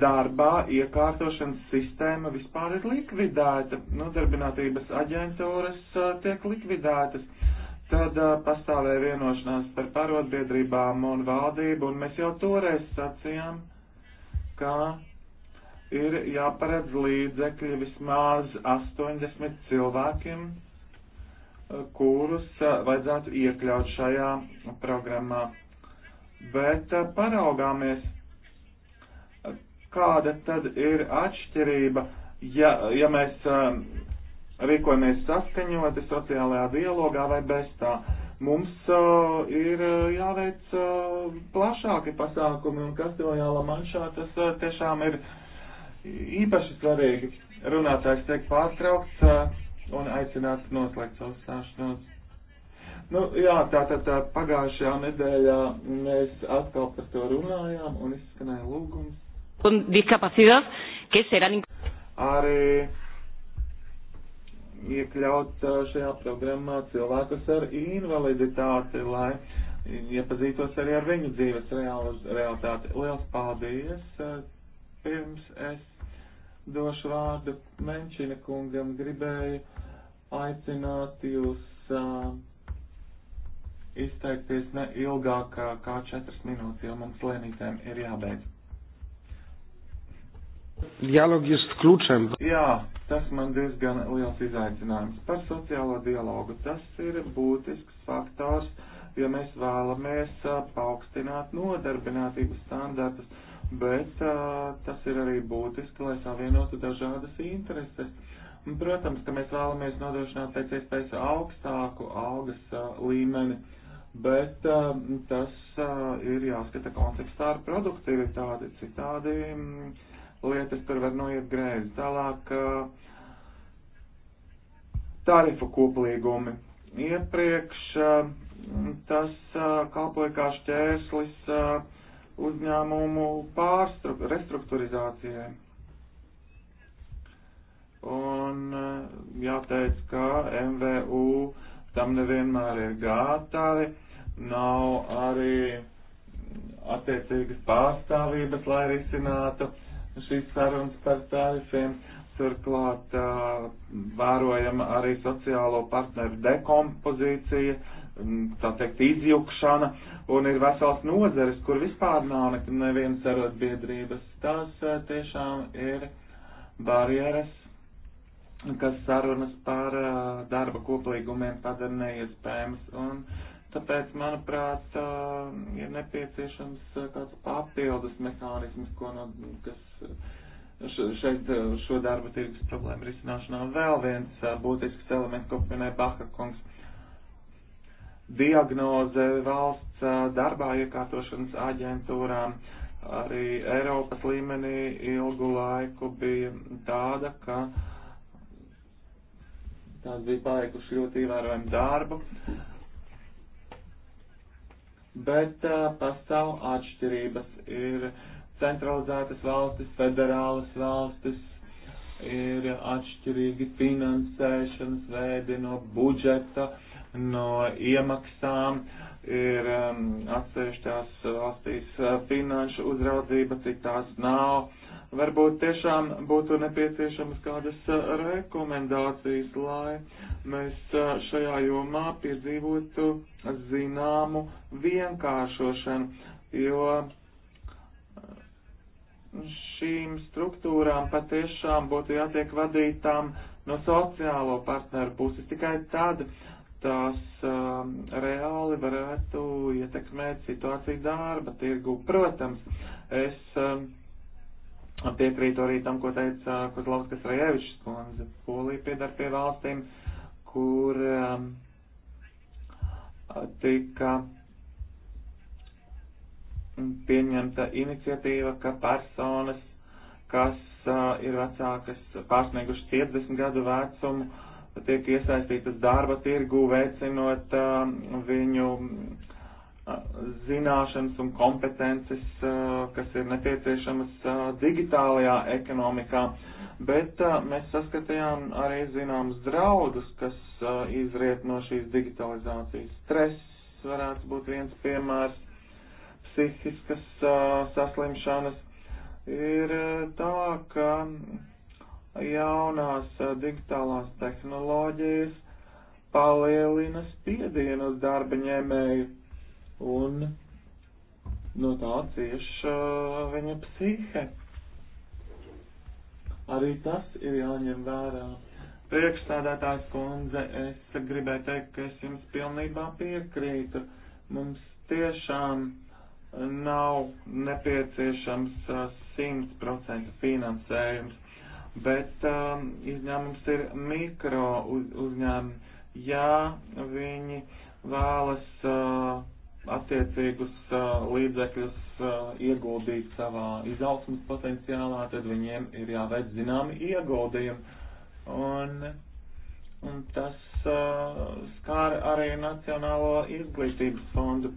darbā iekārtošanas sistēma vispār ir likvidēta. Nodarbinātības aģentūras tiek likvidētas Tad uh, pastāvēja vienošanās par parodbiedrībām un valdību, un mēs jau toreiz sacījām, ka ir jāparedz līdzekļi vismaz 80 cilvēkiem, kurus uh, vajadzētu iekļaut šajā programmā. Bet uh, paraugāmies, kāda tad ir atšķirība, ja, ja mēs rīkojamies saskaņoti sociālajā dialogā vai bez tā. Mums uh, ir uh, jāveic uh, plašāki pasākumi, un Kastiljāla manšā tas uh, tiešām ir īpaši svarīgi. Runātājs tiek pārtraukts uh, un aicināts noslēgt savu stāšanos. Nu, jā, tā tad tā, uh, tā, pagājušajā nedēļā mēs atkal par to runājām un izskanēja lūgums. Un discapacidad, kas ir arī iekļaut šajā programmā cilvēkus ar invaliditāti, lai iepazītos arī ar viņu dzīves realitāti. Liels paldies! Pirms es došu vārdu Menčina kungam, gribēju aicināt jūs uh, izteikties ne ilgāk kā četras minūtes, jo mums lēnītēm ir jābeidz. Dialog jest kluczem. Jā, tas man diezgan liels izaicinājums. Par sociālo dialogu tas ir būtisks faktors, ja mēs vēlamies paaugstināt nodarbinātības standartus, bet uh, tas ir arī būtiski, lai savienotu dažādas intereses. Un, protams, ka mēs vēlamies nodrošināt pēc iespējas augstāku algas uh, līmeni, bet uh, tas uh, ir jāskata kontekstā ar produktivitāti citādi. Mm, lietas tur var noiet grēzi. Tālāk tarifu koplīgumi. Iepriekš tas kalpoja kā šķērslis uzņēmumu pārrestruktūrizācijai. Un jāteic, ka MVU tam nevienmēr ir gatavi, nav arī attiecīgas pārstāvības, lai risinātu uh, šīs sarunas par tarifiem. Turklāt vērojama arī sociālo partneru dekompozīcija, tā teikt, izjukšana, un ir vesels nozeres, kur vispār nav nevienas arotbiedrības. Tās tiešām ir barjeras, kas sarunas par darba koplīgumiem padara neiespējams. Un, uh, Tāpēc, manuprāt, ir nepieciešams eh, kāds papildus mehānisms, ko no, kas eh, šeit eh, šo darba tirgus problēmu risināšanā vēl viens būtisks elements, ko pieminēja Baha kungs. Diagnoze valsts darbā iekārtošanas aģentūrām arī Eiropas līmenī ilgu laiku bija tāda, ka tās bija palikuši ļoti ievērojami darbu bet uh, pastāv atšķirības. Ir centralizētas valstis, federālas valstis, ir atšķirīgi finansēšanas veidi no budžeta, no iemaksām, ir um, atsevišķās valstīs finanšu uzraudzība, citās nav Varbūt tiešām būtu nepieciešamas kādas eh, rekomendācijas, lai mēs eh, šajā jomā piedzīvotu zināmu vienkāršošanu, jo eh, šīm struktūrām patiešām būtu jātiek vadītām no sociālo partneru puses. Tikai tad tās um, reāli varētu ietekmēt situāciju darba tirgu. Protams, es um, Piekrītu arī tam, ko teica Kozlovskas Rajevičs kundze. Polija piedar pie valstīm, kur um, tika pieņemta iniciatīva, ka personas, kas uh, ir vecākas, pārsniegušas 50 gadu vecumu, tiek iesaistītas darba tirgu, veicinot uh, viņu zināšanas un kompetences, kas ir nepieciešamas digitālajā ekonomikā, bet mēs saskatījām arī zināmas draudus, kas izriet no šīs digitalizācijas. Stress varētu būt viens piemērs, psihiskas saslimšanas. Ir tā, ka jaunās digitālās tehnoloģijas palielina spiedienu uz darba ņēmēju un no nu, tā cieš uh, viņa psihe. Arī tas ir jāņem vērā. Priekšstādātājs kundze, es gribēju teikt, ka es jums pilnībā piekrītu. Mums tiešām nav nepieciešams uh, 100% finansējums, bet um, izņēmums ir mikro uz, uzņēmumi. Ja viņi vēlas uh, attiecīgus uh, līdzekļus uh, ieguldīt savā izaugsmas potenciālā, tad viņiem ir jāveic zināmi ieguldījumi. Un, un tas uh, skāra arī Nacionālo izglītības fondu,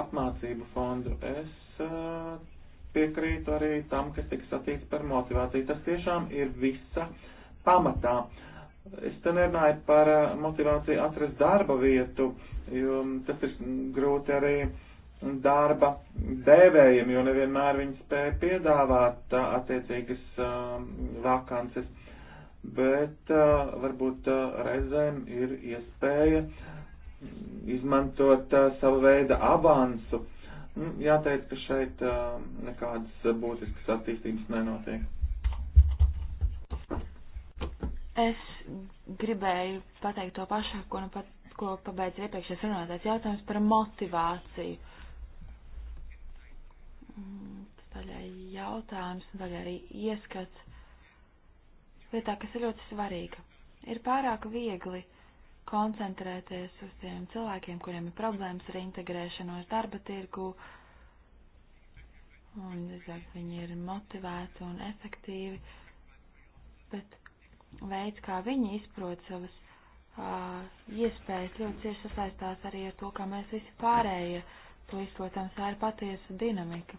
apmācību fondu. Es piekrītu arī tam, kas tika satīts par motivāciju. Tas tiešām ir visa pamatā. Uh, Es te nerunāju par eh, motivāciju atrast darba vietu, jo tas ir grūti arī darba devējiem, jo nevienmēr viņi spēja piedāvāt eh, attiecīgas eh, vakances. Bet varbūt reizēm ir iespēja izmantot savu veidu avansu. Nu, jāteic, ka šeit nekādas būtiskas attīstības nenotiek. Es gribēju pateikt to pašu, ko, nu pat, ko pabeidz iepriekšējais runātais jautājums par motivāciju. Mm, daļai jautājums, daļai arī ieskats lietā, kas ir ļoti svarīga. Ir pārāk viegli koncentrēties uz tiem cilvēkiem, kuriem ir problēmas ar integrēšanos darba tirgu, un, zinu, viņi ir motivēti un efektīvi, bet veids, kā viņi izprot savas uh, iespējas, ļoti cieši sasaistās arī ar to, kā mēs visi pārējie to izprotam. Tā ir patiesa dinamika.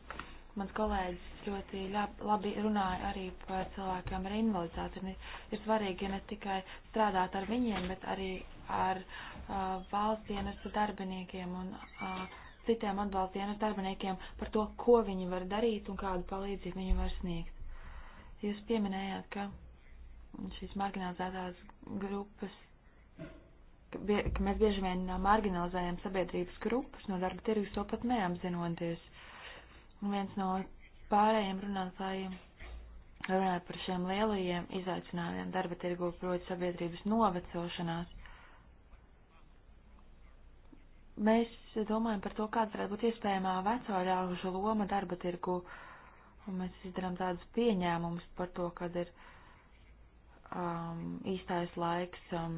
Mans kolēģis ļoti ļab, labi runāja arī par cilvēkiem ar invaliditāti. Un ir svarīgi ja ne tikai strādāt ar viņiem, bet arī ar uh, valsts dienestu darbiniekiem un uh, citiem atbalsta dienestu darbiniekiem par to, ko viņi var darīt un kādu palīdzību viņi var sniegt. Jūs pieminējāt, ka šīs marginalizētās grupas, ka, bie, ka mēs bieži vien uh, marginalizējam sabiedrības grupas no darba tirgus, to pat neapzinoties. Un viens no pārējiem runātājiem runāja par šiem lielajiem izaicinājumiem darba tirgu, proti sabiedrības novecošanās. Mēs domājam par to, kāda varētu būt iespējamā veco ļaužu loma darba tirgu, un mēs izdarām tādus pieņēmumus par to, kad ir uh, um, īstais laiks um,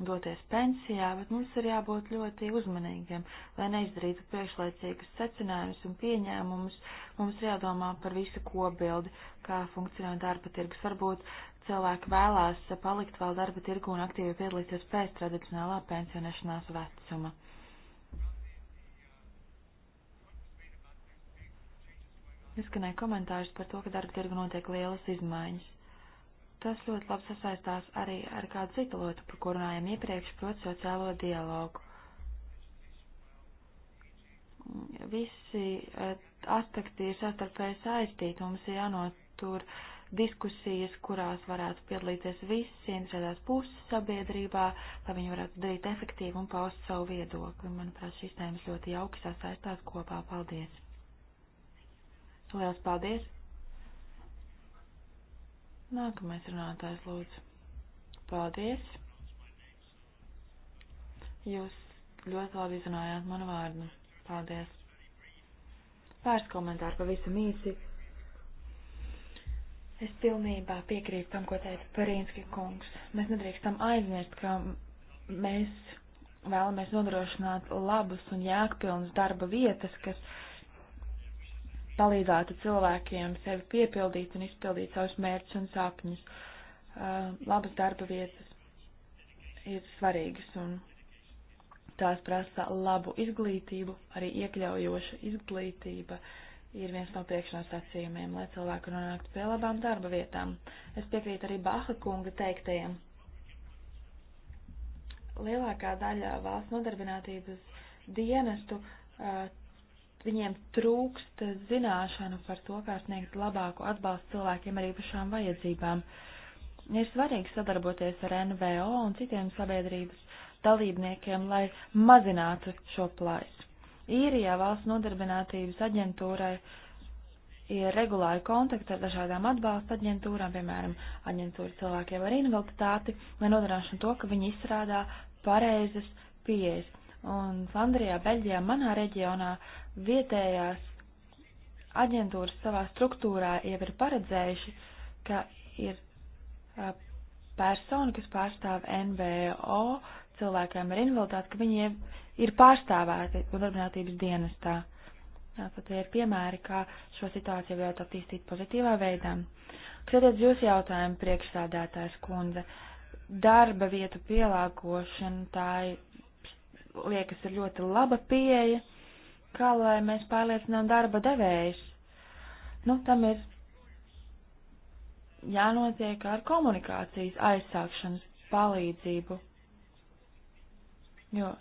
doties pensijā, bet mums ir jābūt ļoti uzmanīgiem, lai neizdarītu priekšlaicīgus secinājumus un pieņēmumus. Mums ir jādomā par visu kopbildi, kā funkcionē darba tirgus. Varbūt cilvēki vēlās palikt vēl darba tirgu un aktīvi piedalīties pēc tradicionālā pensionēšanās vecuma. Izskanēja komentārs par to, ka darba tirgu notiek lielas izmaiņas. Tas ļoti labi sasaistās arī ar kādu citu lietu, par kuru runājām iepriekš, proti sociālo dialogu. Visi eh, aspekti ir sastarpēji saistīti, mums ir jānotur diskusijas, kurās varētu piedalīties visi interesētās puses sabiedrībā, lai viņi varētu darīt efektīvi un paust savu viedokli. Manuprāt, šīs tēmas ļoti jauki sasaistās kopā. Paldies! Lielas paldies! Nākamais runātājs lūdzu. Paldies. Jūs ļoti labi izrunājāt manu vārdu. Paldies. Pāris komentāru pavisam īsi. Es pilnībā piekrītu tam, ko teica Parīnski kungs. Mēs nedrīkstam aizmirst, ka mēs vēlamies nodrošināt labus un jēgpilnus darba vietas, kas palīdzētu cilvēkiem sevi piepildīt un izpildīt savus mērķus un sapņus. Eh, labas darba vietas ir svarīgas un tās prasa labu izglītību, arī iekļaujoša izglītība ir viens no priekšnosacījumiem, lai cilvēku nonāktu pie labām darba vietām. Es piekrītu arī Baha kunga teiktajiem. Lielākā daļa valsts nodarbinātības dienestu eh, viņiem trūkst zināšanu par to, kā sniegt labāku atbalstu cilvēkiem ar īpašām vajadzībām. Ir svarīgi sadarboties ar NVO un citiem sabiedrības dalībniekiem, lai mazinātu šo plaisu. Īrijā valsts nodarbinātības aģentūrai ir regulāri kontakti ar dažādām atbalsta aģentūrām, piemēram, aģentūra cilvēkiem ar invaliditāti, lai nodrošinātu to, ka viņi izstrādā pareizes pieejas un Flandrijā, Beļģijā, manā reģionā vietējās aģentūras savā struktūrā jau ir paredzējuši, ka ir persona, kas pārstāv NVO cilvēkiem ar invaliditāti, ka viņi ir pārstāvēti nodarbinātības dienestā. Tātad tie ir piemēri, kā šo situāciju varētu attīstīt pozitīvā veidā. Skatieties, jūs jautājumu priekšsādātājs kundze. Darba vietu pielāgošana tā ir liekas ir ļoti laba pieeja, kā lai mēs pārliecinām darba devējus. Nu, tam ir jānotiek ar komunikācijas aizsākšanas palīdzību. Jo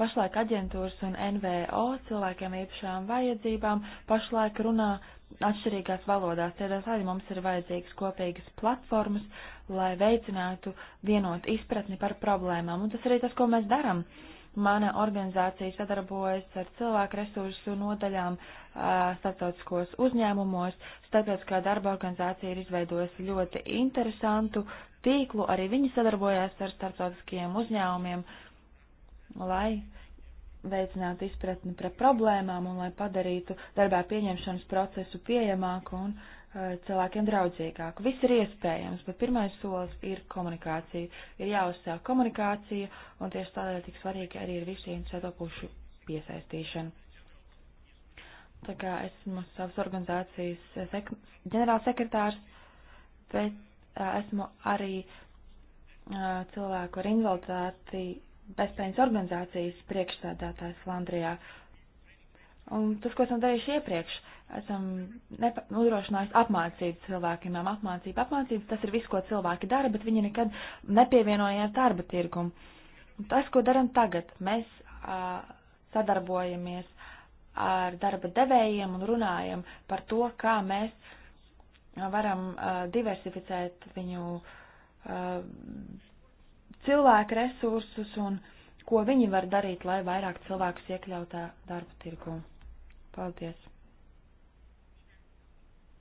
pašlaik aģentūras un NVO cilvēkiem īpašām vajadzībām pašlaik runā atšķirīgās valodās. Tādēļ mums ir vajadzīgas kopīgas platformas, lai veicinātu vienotu izpratni par problēmām. Un tas arī tas, ko mēs darām. Uh, Mana organizācija sadarbojas ar cilvēku resursu nodaļām starptautiskos uzņēmumos. Starptautiskā darba organizācija ir izveidojusi ļoti interesantu tīklu, arī viņi sadarbojās ar starptautiskiem uzņēmumiem, lai veicinātu izpratni par problēmām un lai padarītu darbā pieņemšanas procesu pieejamāku un uh, Eh, cilvēkiem draudzīgāku. Viss ir iespējams, bet pirmais solis ir komunikācija. Ir jāuzsāk komunikācija, un tieši tādēļ tik svarīgi arī ir visu interesēto pušu piesaistīšana. Tā kā esmu savas organizācijas sek ģenerālsekretārs, bet uh, esmu arī uh, cilvēku ar invaliditāti bezpējas organizācijas priekšsēdētājs Flandrijā. Un tas, ko esam darījuši iepriekš, uh, esam nodrošinājuši apmācību cilvēkiem, apmācību, apmācību. Tas ir viss, ko cilvēki dara, bet viņi nekad nepievienojās darba tirgumu. Tas, ko daram tagad, mēs a, sadarbojamies ar darba devējiem un runājam par to, kā mēs varam a, diversificēt viņu a, cilvēku resursus un ko viņi var darīt, lai vairāk cilvēkus iekļautā darba tirgumu. Paldies!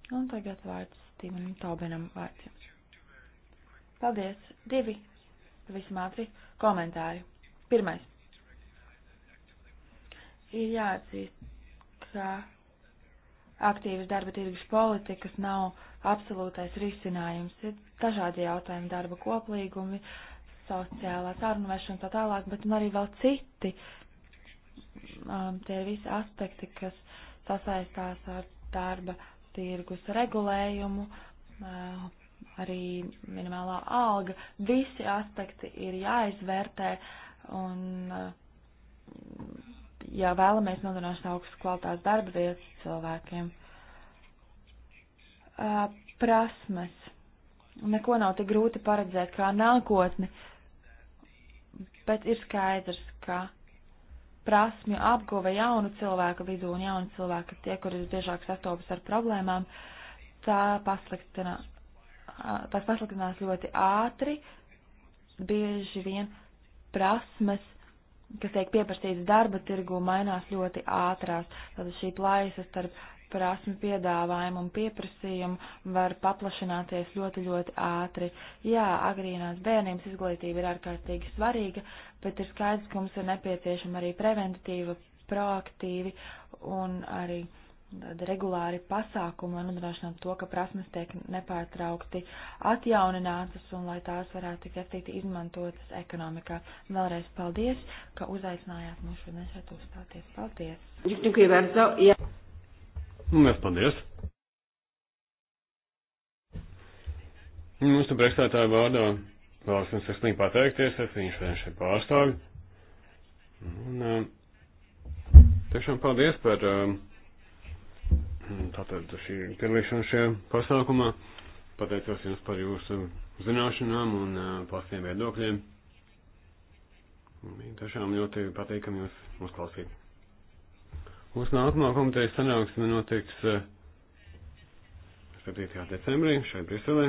Un tagad vārds Stīvenam Taubenam vārds. Paldies! Divi, pavisam ātri, komentāri. Pirmais. Ir jāatzīst, ka aktīvas darba tirgus politikas nav absolūtais risinājums. Ir dažādi jautājumi, darba koplīgumi, sociālā sarunvešana tā tālāk, bet arī vēl citi. Um, tie ir visi aspekti, kas sasaistās ar darba tirgus regulējumu, eh, arī minimālā alga. Visi aspekti ir jāizvērtē un, eh, ja vēlamies nodrošināt augstas kvalitātes darba vietas cilvēkiem, eh, prasmes. Neko nav tik grūti paredzēt kā nākotni, bet ir skaidrs, ka prasmju apguve jaunu cilvēku vidū un jaunu cilvēku tie, kuri visbiežāk sastopas ar problēmām, tā pasliktina, tās pasliktinās ļoti ātri, bieži vien prasmes, kas tiek pieprasītas darba tirgu, mainās ļoti ātrās. Tātad šī plaisa starp prasmu piedāvājumu un pieprasījumu var paplašināties ļoti, ļoti ātri. Jā, agrīnās bērnības izglītība ir ārkārtīgi svarīga, bet ir skaidrs, ka mums ir nepieciešama arī preventīva, proaktīvi un arī regulāri pasākumi, lai nodrošinātu to, ka prasmes tiek nepārtraukti atjauninātas un lai tās varētu tik efektīvi izmantotas ekonomikā. Vēlreiz paldies, ka uzaicinājāt mūs šodien šeit uzstāties. Paldies! Un nu, liels paldies! Mums tu priekšstādātāju vārdā vēlas jums sirsnīgi pateikties, es viņu šodien šeit pārstāvu. Un uh, tiešām paldies par uh, tātad šī piedalīšanu šajā pasākumā. Pateicos jums par jūsu zināšanām un uh, eh, pastiem viedokļiem. Tiešām ļoti patīkam jūs uzklausīt. Mūsu nākamā komitejas sanāksme notiks 7. Eh, decembrī šeit Briselē.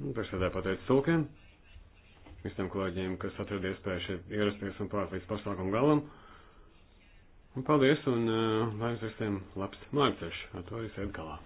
Priekšsēdē pateicu tulkiem, visiem kolēģiem, kas atrada iespēju šeit ierasties un pārt līdz pasākumu galam. Un paldies un uh, lai jums visiem labs mājceļš. Ar to arī sēd galā.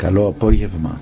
Καλό απόγευμα.